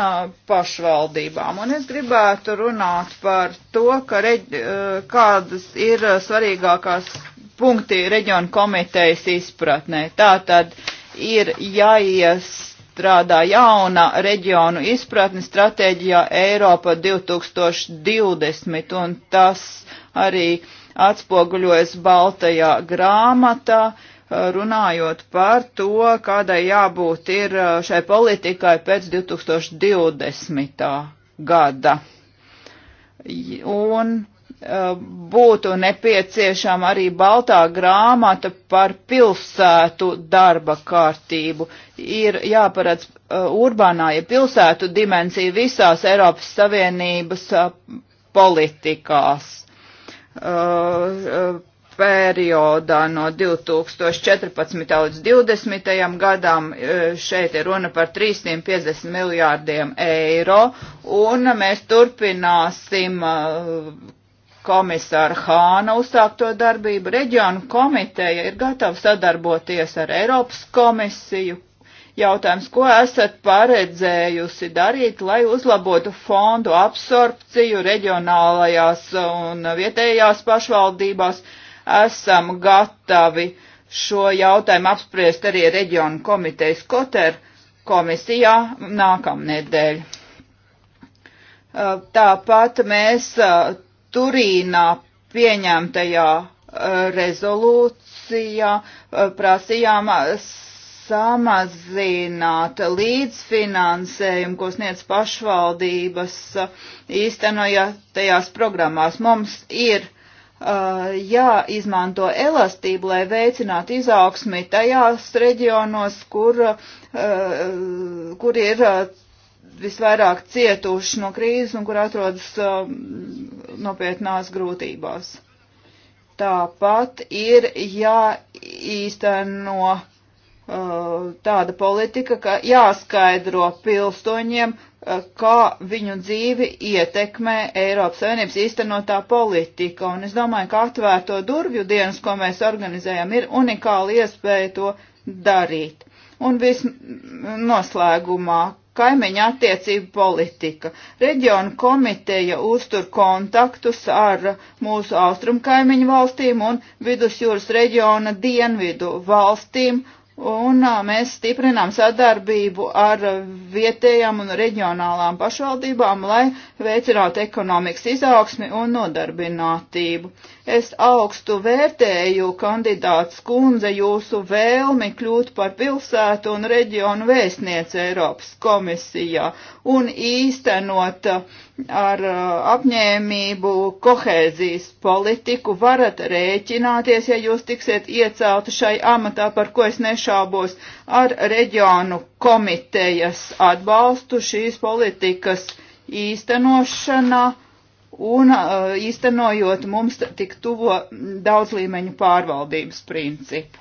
pašvaldībām. Un es gribētu runāt par to, ka reģi, kādas ir svarīgākās punkti reģionu komitejas izpratnē. Tā tad ir jāiestrādā jauna reģionu izpratne stratēģijā Eiropa 2020 un tas arī uh, atspoguļojas Baltajā grāmatā, eh, runājot par to, kādai jābūt ir eh, šai politikai pēc 2020. gada. Un eh, būtu nepieciešama arī baltā grāmata par pilsētu darba kārtību. Ir jāparedz urbānā, ja pilsētu dimensija visās Eiropas Savienības politikās uh, periodā no 2014. līdz 2020. gadam. Uh, šeit ir runa par 350 miljārdiem eiro, un mēs turpināsim uh, komisāra Hāna uzsākto darbību. Reģionu komiteja ir gatava sadarboties ar Eiropas komisiju, jautājums, ko esat paredzējusi darīt, lai uzlabotu fondu absorpciju reģionālajās un vietējās pašvaldībās. Esam gatavi šo jautājumu apspriest arī reģionu komitejas Koter komisijā nākamnedēļ. Uh, tāpat mēs uh, Turīnā pieņemtajā uh, rezolūcijā prasījām samazināt līdzfinansējumu, ko sniedz pašvaldības uh, īstenojotajās programmās. Mums ir uh, jāizmanto elastību, lai veicinātu izaugsmi tajās reģionos, kur, uh, kur ir uh, visvairāk cietuši no krīzes un kur atrodas uh, nopietnās grūtībās. Tāpat ir jāīsteno. Ja Uh, tāda politika, ka jāskaidro pilstoņiem, uh, kā viņu dzīvi ietekmē Eiropas Savienības īstenotā politika. Un es domāju, ka atvērto durvju dienas, ko mēs organizējam, ir unikāla iespēja to darīt. Un viss noslēgumā kaimiņa attiecību politika. Reģionu komiteja uztur kontaktus ar mūsu austrumu kaimiņu valstīm un vidusjūras reģiona dienvidu valstīm Un mēs stiprinām sadarbību ar vietējām un reģionālām pašvaldībām, lai veicinātu ekonomikas izaugsmi un nodarbinātību. Es augstu vērtēju, kandidāts kundze, jūsu vēlmi kļūt par pilsētu un reģionu vēstnieci Eiropas komisijā un īstenot uh, ar uh, apņēmību kohēzijas politiku. Varat rēķināties, ja jūs tiksiet iecelti šai amatā, par ko es nešābos, ar reģionu komitejas atbalstu šīs politikas īstenošanā un uh, īstenojot mums tik tuvo daudzlīmeņu pārvaldības principu.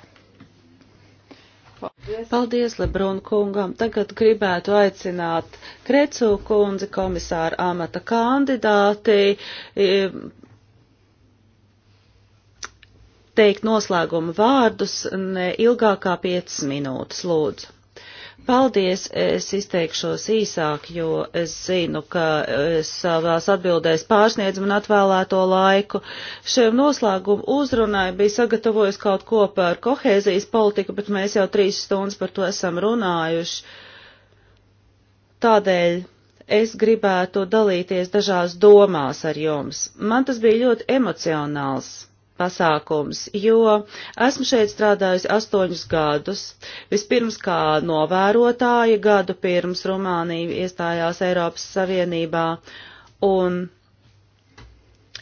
Paldies, Paldies Lebrun kungam. Tagad gribētu aicināt Krecu kundzi komisāra amata kandidāti e, teikt noslēguma vārdus ne ilgākā 5 minūtes, lūdzu. Paldies, es izteikšos īsāk, jo es zinu, ka es eh, savās atbildēs pārsniedz man atvēlēto laiku. Šiem noslēgumu uzrunai bija sagatavojis kaut ko par kohēzijas politiku, bet mēs jau trīs stundas par to esam runājuši. Tādēļ es gribētu dalīties dažās domās ar jums. Man tas bija ļoti emocionāls pasākums, jo esmu šeit strādājusi astoņus gadus. Vispirms kā novērotāja gadu pirms Rumānija iestājās Eiropas Savienībā, un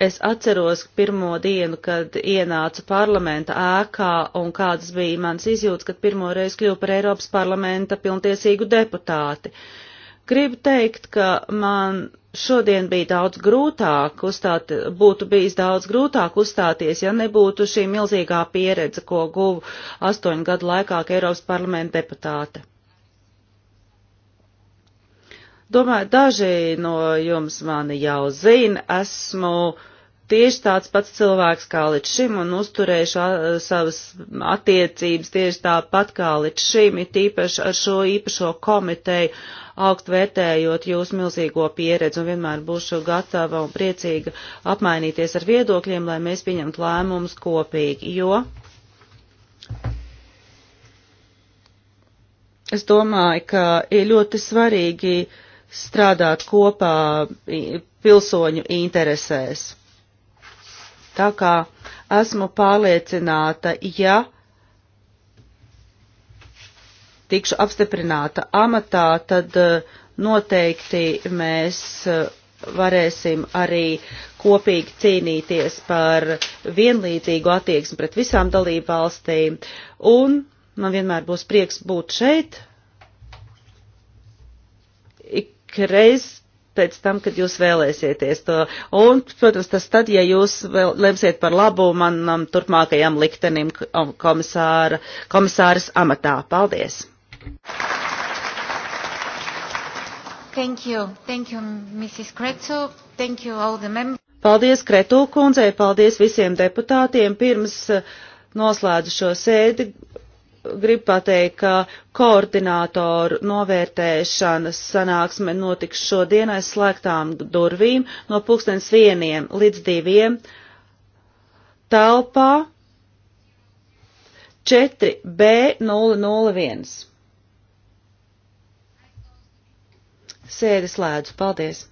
es atceros pirmo dienu, kad ienācu parlamenta ēkā un kādas bija mans izjūtas, kad pirmo reizi kļuvu par Eiropas parlamenta pilntiesīgu deputāti. Uh, Gribu teikt, ka man šodien bija daudz grūtāk uzstāt, būtu bijis daudz grūtāk uzstāties, ja nebūtu šī milzīgā pieredze, ko guvu astoņu gadu laikā kā Eiropas parlamenta deputāte. Domāju, daži no jums mani jau zina, esmu tieši tāds pats cilvēks kā līdz šim un uzturēšu savas attiecības tieši tāpat kā līdz šim, ir tīpaši ar šo īpašo komiteju augst vērtējot jūsu milzīgo pieredzi un vienmēr būšu gatava un priecīga apmainīties ar viedokļiem, lai mēs pieņemtu lēmumus kopīgi, jo es domāju, ka ir ļoti svarīgi strādāt kopā pilsoņu interesēs. Tā kā esmu pārliecināta, ja tikšu apstiprināta amatā, tad eh, noteikti mēs eh, varēsim arī kopīgi cīnīties par vienlīdzīgu attieksmi pret visām dalību valstīm. Un man vienmēr būs prieks būt šeit. Ikreiz pēc tam, kad jūs vēlēsieties to. Un, protams, tas tad, ja jūs vēl lemsiet par labu manam turpmākajam liktenim komisāra, komisāras amatā. Paldies! Thank you. Thank you, Mrs. Kretsu. Thank you all the members. Paldies Kretu kundzei, paldies visiem deputātiem. Pirms eh, noslēdzu šo sēdi, gribu pateikt, ka koordinātoru novērtēšanas sanāksme notiks šodien aiz slēgtām durvīm no pulkstens vieniem līdz diviem telpā 4B001. Sēdes lēdzu. Paldies!